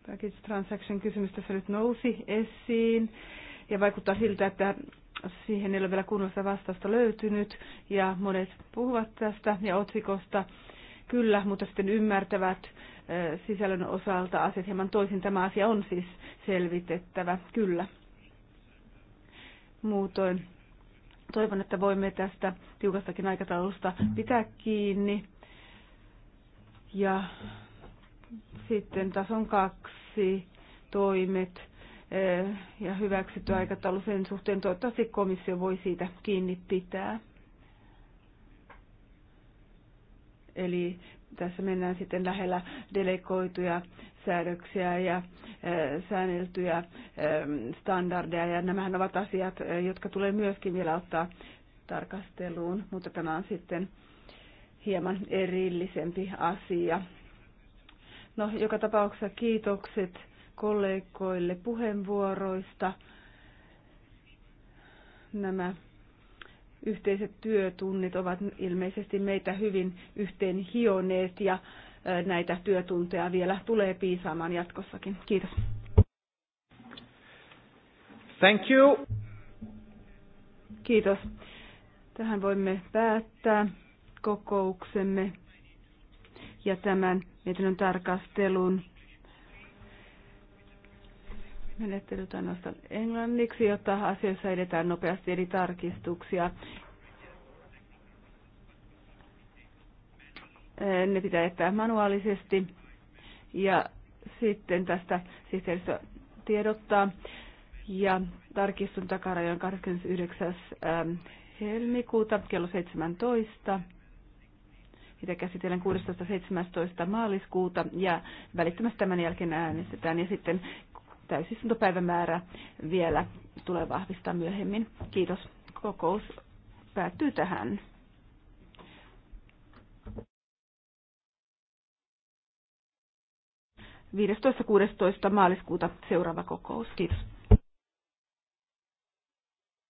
package transaction kysymys tässä nyt nousi esiin ja vaikuttaa siltä, että siihen ei ole vielä kunnollista vastausta löytynyt ja monet puhuvat tästä ja otsikosta kyllä, mutta sitten ymmärtävät sisällön osalta asiat hieman toisin. Tämä asia on siis selvitettävä, kyllä. Muutoin toivon, että voimme tästä tiukastakin aikataulusta pitää kiinni. Ja sitten tason kaksi toimet ja hyväksytty aikataulu sen suhteen. Toivottavasti komissio voi siitä kiinni pitää. Eli tässä mennään sitten lähellä delegoituja säädöksiä ja säänneltyjä standardeja. Ja nämähän ovat asiat, jotka tulee myöskin vielä ottaa tarkasteluun, mutta tämä on sitten hieman erillisempi asia. No, joka tapauksessa kiitokset kollegoille puheenvuoroista. Nämä yhteiset työtunnit ovat ilmeisesti meitä hyvin yhteen hioneet ja näitä työtunteja vielä tulee piisaamaan jatkossakin. Kiitos. Thank you. Kiitos. Tähän voimme päättää kokouksemme ja tämän mietinnön tarkastelun menettelyt ainoastaan englanniksi, jotta asioissa edetään nopeasti, eli tarkistuksia. Ne pitää jättää manuaalisesti ja sitten tästä sihteeristö tiedottaa. Ja tarkistun takarajan 29. Ähm, helmikuuta kello 17. Sitä käsitellen 16.17. maaliskuuta ja välittömästi tämän jälkeen äänestetään. Ja sitten täysistuntopäivämäärä vielä tulee vahvistaa myöhemmin. Kiitos. Kokous päättyy tähän. kuudestoista maaliskuuta seuraava kokous. Kiitos.